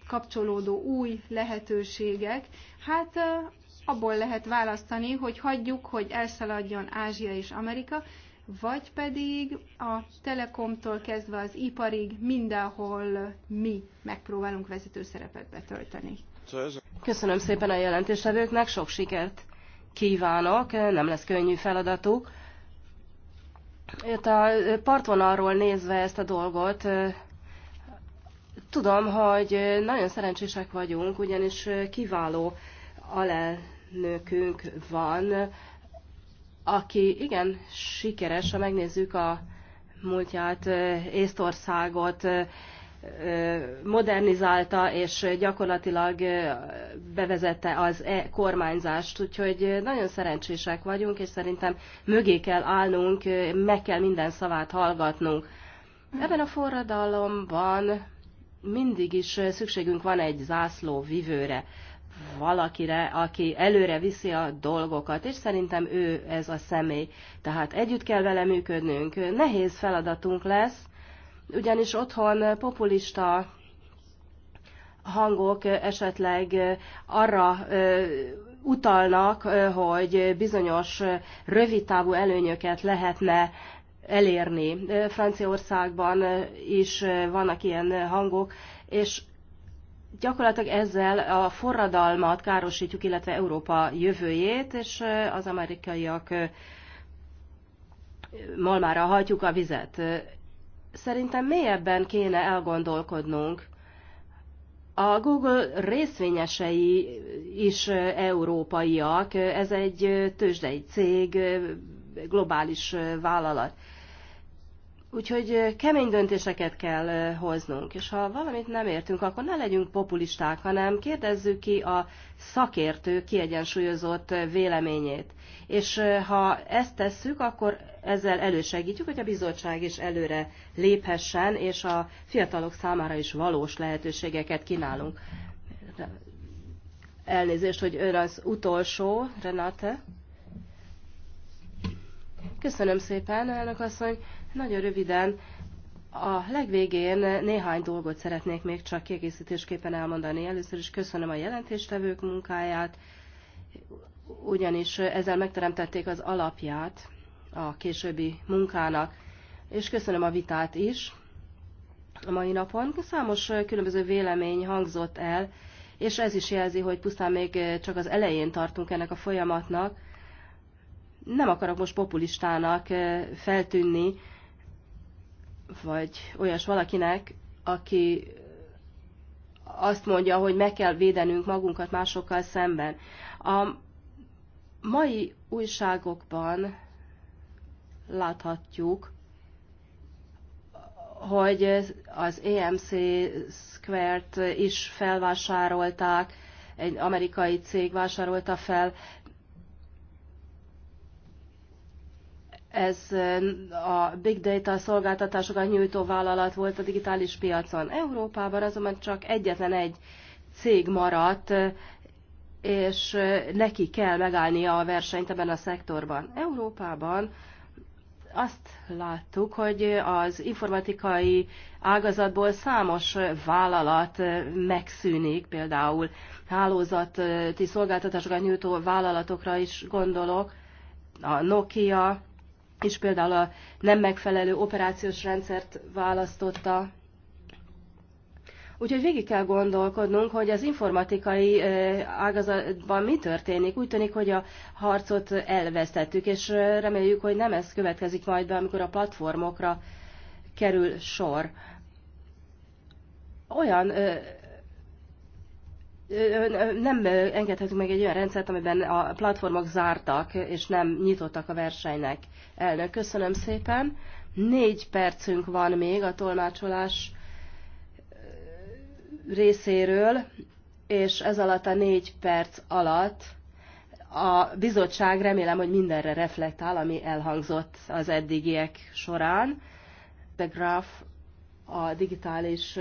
kapcsolódó új lehetőségek. Hát abból lehet választani, hogy hagyjuk, hogy elszaladjon Ázsia és Amerika, vagy pedig a telekomtól kezdve az iparig mindenhol mi megpróbálunk vezető szerepet betölteni. Köszönöm szépen a jelentéstevőknek, sok sikert kívánok, nem lesz könnyű feladatuk. a partvonalról nézve ezt a dolgot, tudom, hogy nagyon szerencsések vagyunk, ugyanis kiváló alel nőkünk van, aki igen sikeres, ha megnézzük a múltját, Észtországot modernizálta, és gyakorlatilag bevezette az e-kormányzást, úgyhogy nagyon szerencsések vagyunk, és szerintem mögé kell állnunk, meg kell minden szavát hallgatnunk. Ebben a forradalomban mindig is szükségünk van egy zászló vivőre, valakire, aki előre viszi a dolgokat, és szerintem ő ez a személy. Tehát együtt kell vele működnünk. Nehéz feladatunk lesz, ugyanis otthon populista hangok esetleg arra utalnak, hogy bizonyos rövidtávú előnyöket lehetne elérni. Franciaországban is vannak ilyen hangok, és gyakorlatilag ezzel a forradalmat károsítjuk, illetve Európa jövőjét, és az amerikaiak malmára hajtjuk a vizet. Szerintem mélyebben kéne elgondolkodnunk. A Google részvényesei is európaiak, ez egy tőzsdei cég, globális vállalat. Úgyhogy kemény döntéseket kell hoznunk, és ha valamit nem értünk, akkor ne legyünk populisták, hanem kérdezzük ki a szakértő kiegyensúlyozott véleményét. És ha ezt tesszük, akkor ezzel elősegítjük, hogy a bizottság is előre léphessen, és a fiatalok számára is valós lehetőségeket kínálunk. Elnézést, hogy ön az utolsó, Renate. Köszönöm szépen, elnök asszony. Nagyon röviden, a legvégén néhány dolgot szeretnék még csak kiegészítésképpen elmondani. Először is köszönöm a jelentéstevők munkáját, ugyanis ezzel megteremtették az alapját a későbbi munkának, és köszönöm a vitát is a mai napon. Számos különböző vélemény hangzott el, és ez is jelzi, hogy pusztán még csak az elején tartunk ennek a folyamatnak. Nem akarok most populistának feltűnni, vagy olyas valakinek, aki azt mondja, hogy meg kell védenünk magunkat másokkal szemben. A mai újságokban láthatjuk, hogy az EMC Squared is felvásárolták, egy amerikai cég vásárolta fel, Ez a big data szolgáltatásokat nyújtó vállalat volt a digitális piacon. Európában azonban csak egyetlen egy cég maradt, és neki kell megállnia a versenyt ebben a szektorban. Európában azt láttuk, hogy az informatikai ágazatból számos vállalat megszűnik, például hálózati szolgáltatásokat nyújtó vállalatokra is gondolok, a Nokia, és például a nem megfelelő operációs rendszert választotta. Úgyhogy végig kell gondolkodnunk, hogy az informatikai ágazatban mi történik. Úgy tűnik, hogy a harcot elvesztettük, és reméljük, hogy nem ez következik majd be, amikor a platformokra kerül sor. Olyan nem engedhetünk meg egy olyan rendszert, amiben a platformok zártak, és nem nyitottak a versenynek. Elnök, köszönöm szépen. Négy percünk van még a tolmácsolás részéről, és ez alatt a négy perc alatt a bizottság remélem, hogy mindenre reflektál, ami elhangzott az eddigiek során. De Graf a digitális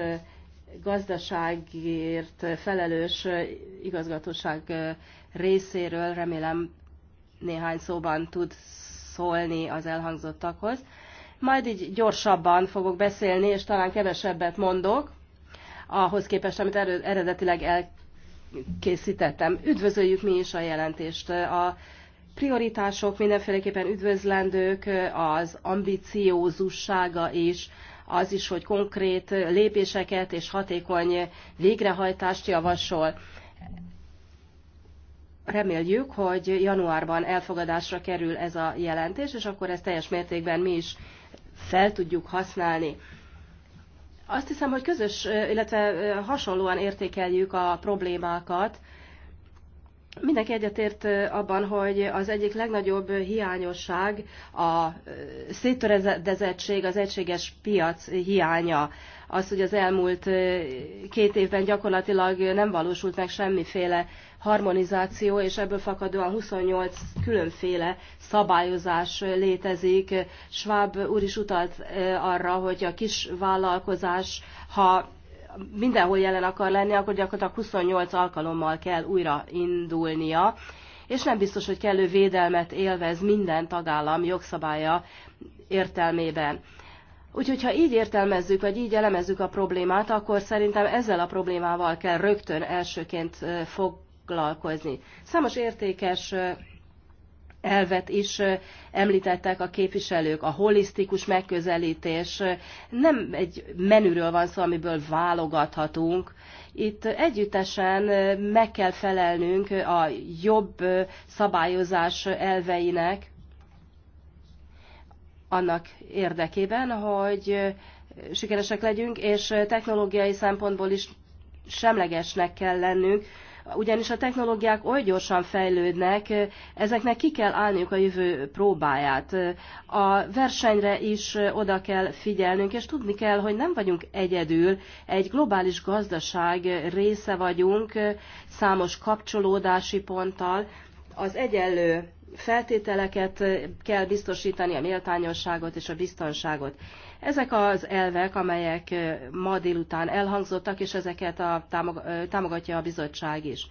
gazdaságért felelős igazgatóság részéről remélem néhány szóban tud szólni az elhangzottakhoz. Majd így gyorsabban fogok beszélni, és talán kevesebbet mondok, ahhoz képest, amit eredetileg elkészítettem. Üdvözöljük mi is a jelentést. A prioritások mindenféleképpen üdvözlendők, az ambiciózussága is, az is, hogy konkrét lépéseket és hatékony végrehajtást javasol. Reméljük, hogy januárban elfogadásra kerül ez a jelentés, és akkor ezt teljes mértékben mi is fel tudjuk használni. Azt hiszem, hogy közös, illetve hasonlóan értékeljük a problémákat, Mindenki egyetért abban, hogy az egyik legnagyobb hiányosság a széttörezettség, az egységes piac hiánya. Az, hogy az elmúlt két évben gyakorlatilag nem valósult meg semmiféle harmonizáció, és ebből fakadóan 28 különféle szabályozás létezik. Schwab úr is utalt arra, hogy a kis vállalkozás, ha mindenhol jelen akar lenni, akkor gyakorlatilag 28 alkalommal kell újra indulnia, és nem biztos, hogy kellő védelmet élvez minden tagállam jogszabálya értelmében. Úgyhogy ha így értelmezzük, vagy így elemezzük a problémát, akkor szerintem ezzel a problémával kell rögtön elsőként foglalkozni. Számos értékes elvet is említettek a képviselők, a holisztikus megközelítés. Nem egy menüről van szó, amiből válogathatunk. Itt együttesen meg kell felelnünk a jobb szabályozás elveinek, annak érdekében, hogy sikeresek legyünk, és technológiai szempontból is semlegesnek kell lennünk, ugyanis a technológiák oly gyorsan fejlődnek, ezeknek ki kell állniuk a jövő próbáját. A versenyre is oda kell figyelnünk, és tudni kell, hogy nem vagyunk egyedül, egy globális gazdaság része vagyunk, számos kapcsolódási ponttal, az egyenlő feltételeket kell biztosítani, a méltányosságot és a biztonságot. Ezek az elvek, amelyek ma délután elhangzottak, és ezeket a, támogatja a bizottság is.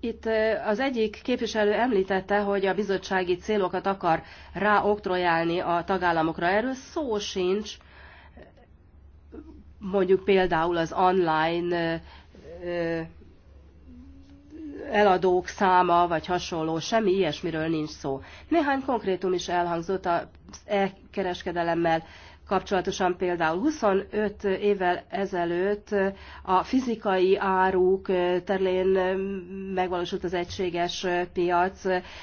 Itt az egyik képviselő említette, hogy a bizottsági célokat akar ráoktrojálni a tagállamokra. Erről szó sincs, mondjuk például az online eladók száma, vagy hasonló, semmi ilyesmiről nincs szó. Néhány konkrétum is elhangzott az e-kereskedelemmel kapcsolatosan például 25 évvel ezelőtt a fizikai áruk terén megvalósult az egységes piac,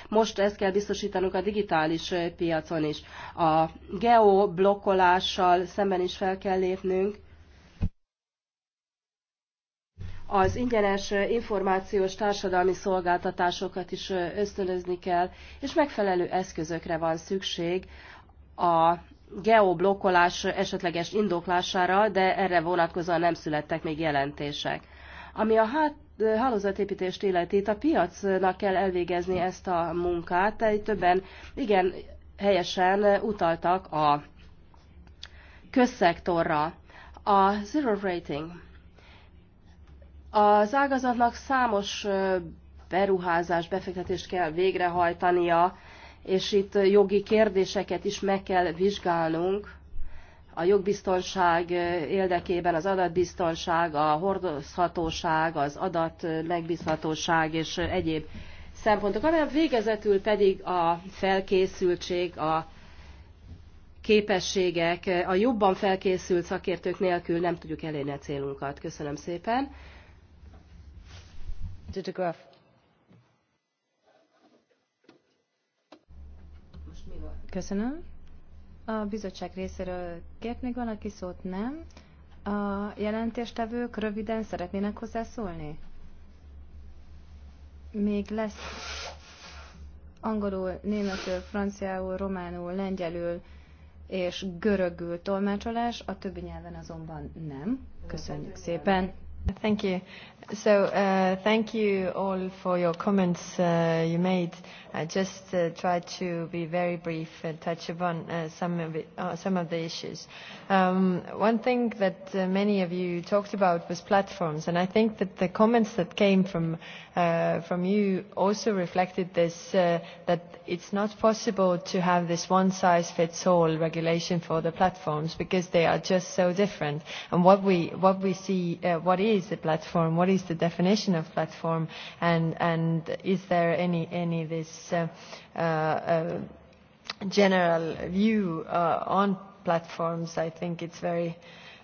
most ezt kell biztosítanunk a digitális piacon is. A geoblokkolással szemben is fel kell lépnünk, az ingyenes információs társadalmi szolgáltatásokat is ösztönözni kell, és megfelelő eszközökre van szükség a geoblokkolás esetleges indoklására, de erre vonatkozóan nem születtek még jelentések. Ami a hát, hálózatépítést illeti, a piacnak kell elvégezni ezt a munkát, tehát többen igen helyesen utaltak a közszektorra. A zero rating az ágazatnak számos beruházás, befektetést kell végrehajtania, és itt jogi kérdéseket is meg kell vizsgálnunk. A jogbiztonság érdekében az adatbiztonság, a hordozhatóság, az adat megbízhatóság és egyéb szempontok, amely végezetül pedig a felkészültség, a képességek, a jobban felkészült szakértők nélkül nem tudjuk elérni a célunkat. Köszönöm szépen. Köszönöm. A bizottság részéről kért még valaki szót? Nem. A jelentéstevők röviden szeretnének hozzászólni? Még lesz angolul, németül, franciául, románul, lengyelül és görögül tolmácsolás, a többi nyelven azonban nem. Köszönjük szépen! Thank you. So uh, thank you all for your comments uh, you made. I just uh, try to be very brief and touch upon uh, some, of it, uh, some of the issues. Um, one thing that uh, many of you talked about was platforms, and I think that the comments that came from, uh, from you also reflected this, uh, that it's not possible to have this one-size-fits-all regulation for the platforms because they are just so different. And what we, what we see, uh, what is a platform, what is the definition of platform, and, and is there any, any of this this uh, uh, uh, general view uh, on platforms, I think it's very uh,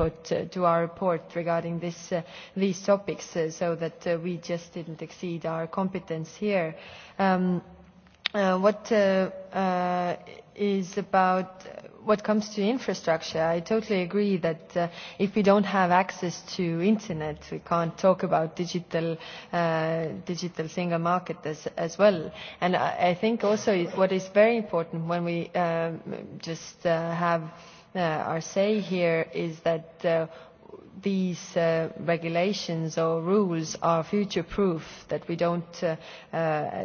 input uh, to our report regarding this, uh, these topics uh, so that uh, we just didn't exceed our competence here. Um, uh, what uh, uh, is about uh, what comes to infrastructure, I totally agree that uh, if we don't have access to internet, we can't talk about digital uh, digital single market as, as well. And I, I think also what is very important when we um, just uh, have Uh, are saying here is that uh, these uh, regulations or rules are future proof that we don't uh, uh,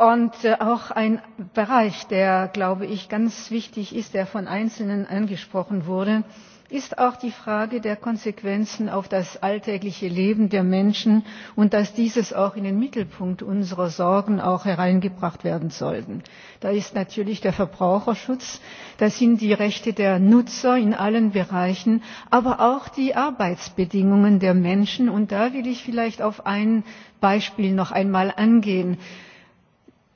und auch ein bereich der glaube ich ganz wichtig ist der von einzelnen angesprochen wurde ist auch die frage der konsequenzen auf das alltägliche leben der menschen und dass dieses auch in den mittelpunkt unserer sorgen hereingebracht werden sollte. da ist natürlich der verbraucherschutz da sind die rechte der nutzer in allen bereichen aber auch die arbeitsbedingungen der menschen und da will ich vielleicht auf ein beispiel noch einmal eingehen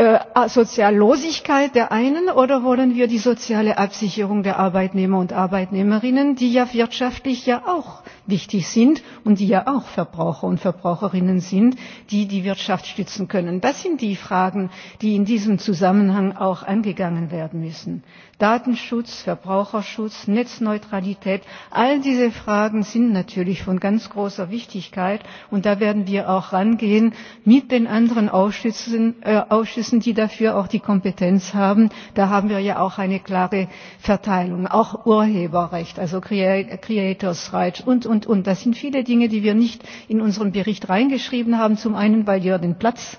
Äh, soziallosigkeit der einen oder wollen wir die soziale absicherung der arbeitnehmer und arbeitnehmerinnen die ja wirtschaftlich ja auch wichtig sind und die ja auch verbraucher und verbraucherinnen sind die die wirtschaft stützen können? das sind die fragen die in diesem zusammenhang auch angegangen werden müssen. Datenschutz, Verbraucherschutz, Netzneutralität, all diese Fragen sind natürlich von ganz großer Wichtigkeit und da werden wir auch rangehen mit den anderen Ausschüssen, äh, Ausschüssen die dafür auch die Kompetenz haben. Da haben wir ja auch eine klare Verteilung, auch Urheberrecht, also Creators Rights und, und, und. Das sind viele Dinge, die wir nicht in unseren Bericht reingeschrieben haben. Zum einen, weil wir den Platz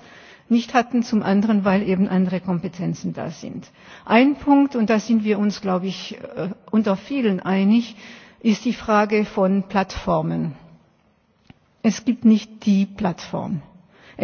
nicht hatten, zum anderen, weil eben andere Kompetenzen da sind. Ein Punkt, und da sind wir uns, glaube ich, äh, unter vielen einig, ist die Frage von Plattformen. Es gibt nicht die Plattform.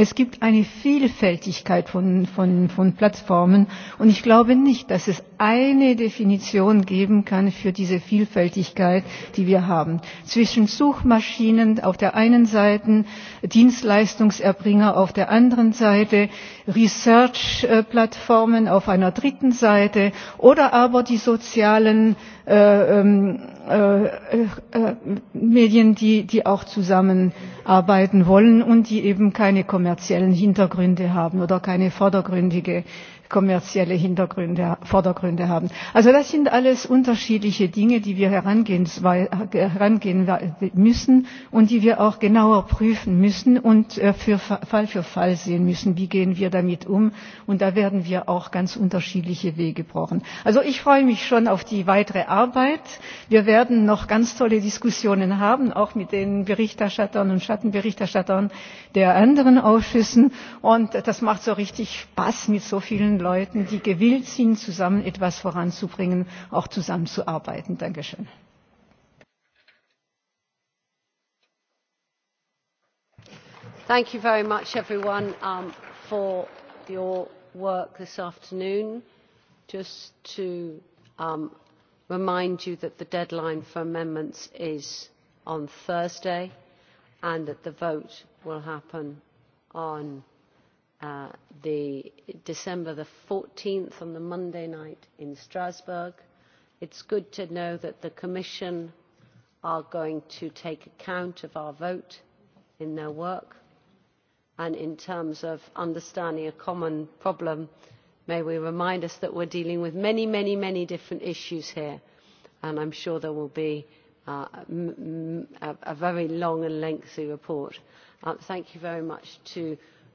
Es gibt eine Vielfältigkeit von, von, von Plattformen und ich glaube nicht, dass es eine Definition geben kann für diese Vielfältigkeit, die wir haben. Zwischen Suchmaschinen auf der einen Seite, Dienstleistungserbringer auf der anderen Seite, research äh, plattformen auf einer dritten seite oder aber die sozialen äh, ähm, äh, äh, medien die, die auch zusammenarbeiten wollen und die eben keine kommerziellen hintergründe haben oder keine vordergründige äh, kommerzielle Hintergründe, Vordergründe haben. Also das sind alles unterschiedliche Dinge, die wir herangehen, herangehen müssen und die wir auch genauer prüfen müssen und äh, für Fall für Fall sehen müssen, wie gehen wir damit um. Und da werden wir auch ganz unterschiedliche Wege brauchen. Also ich freue mich schon auf die weitere Arbeit. Wir werden noch ganz tolle Diskussionen haben, auch mit den Berichterstattern und Schattenberichterstattern der anderen Ausschüssen. Und das macht so richtig Spaß mit so vielen Leuten, die gewillt sind, zusammen etwas voranzubringen, auch zusammenzuarbeiten. Dankeschön. Thank you very much, everyone, um, for your work this afternoon. Just to um, remind you that the deadline for amendments is on Thursday and that the vote will happen on the December the 14th on the Monday night in Strasbourg. It's good to know that the Commission are going to take account of our vote in their work and in terms of understanding a common problem may we remind us that we are dealing with many many many different issues here and i am sure there will be uh, a very long and lengthy report. Uh, thank you very much to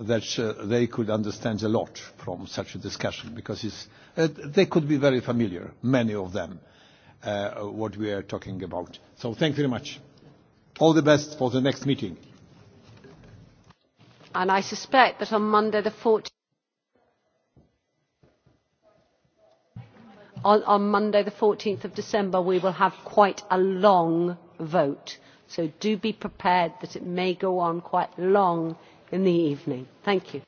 that uh, they could understand a lot from such a discussion because it's, uh, they could be very familiar, many of them, uh, what we are talking about. So thank you very much. All the best for the next meeting. And I suspect that on Monday the 14th, on, on Monday the 14th of December we will have quite a long vote. So do be prepared that it may go on quite long in the evening. thank you.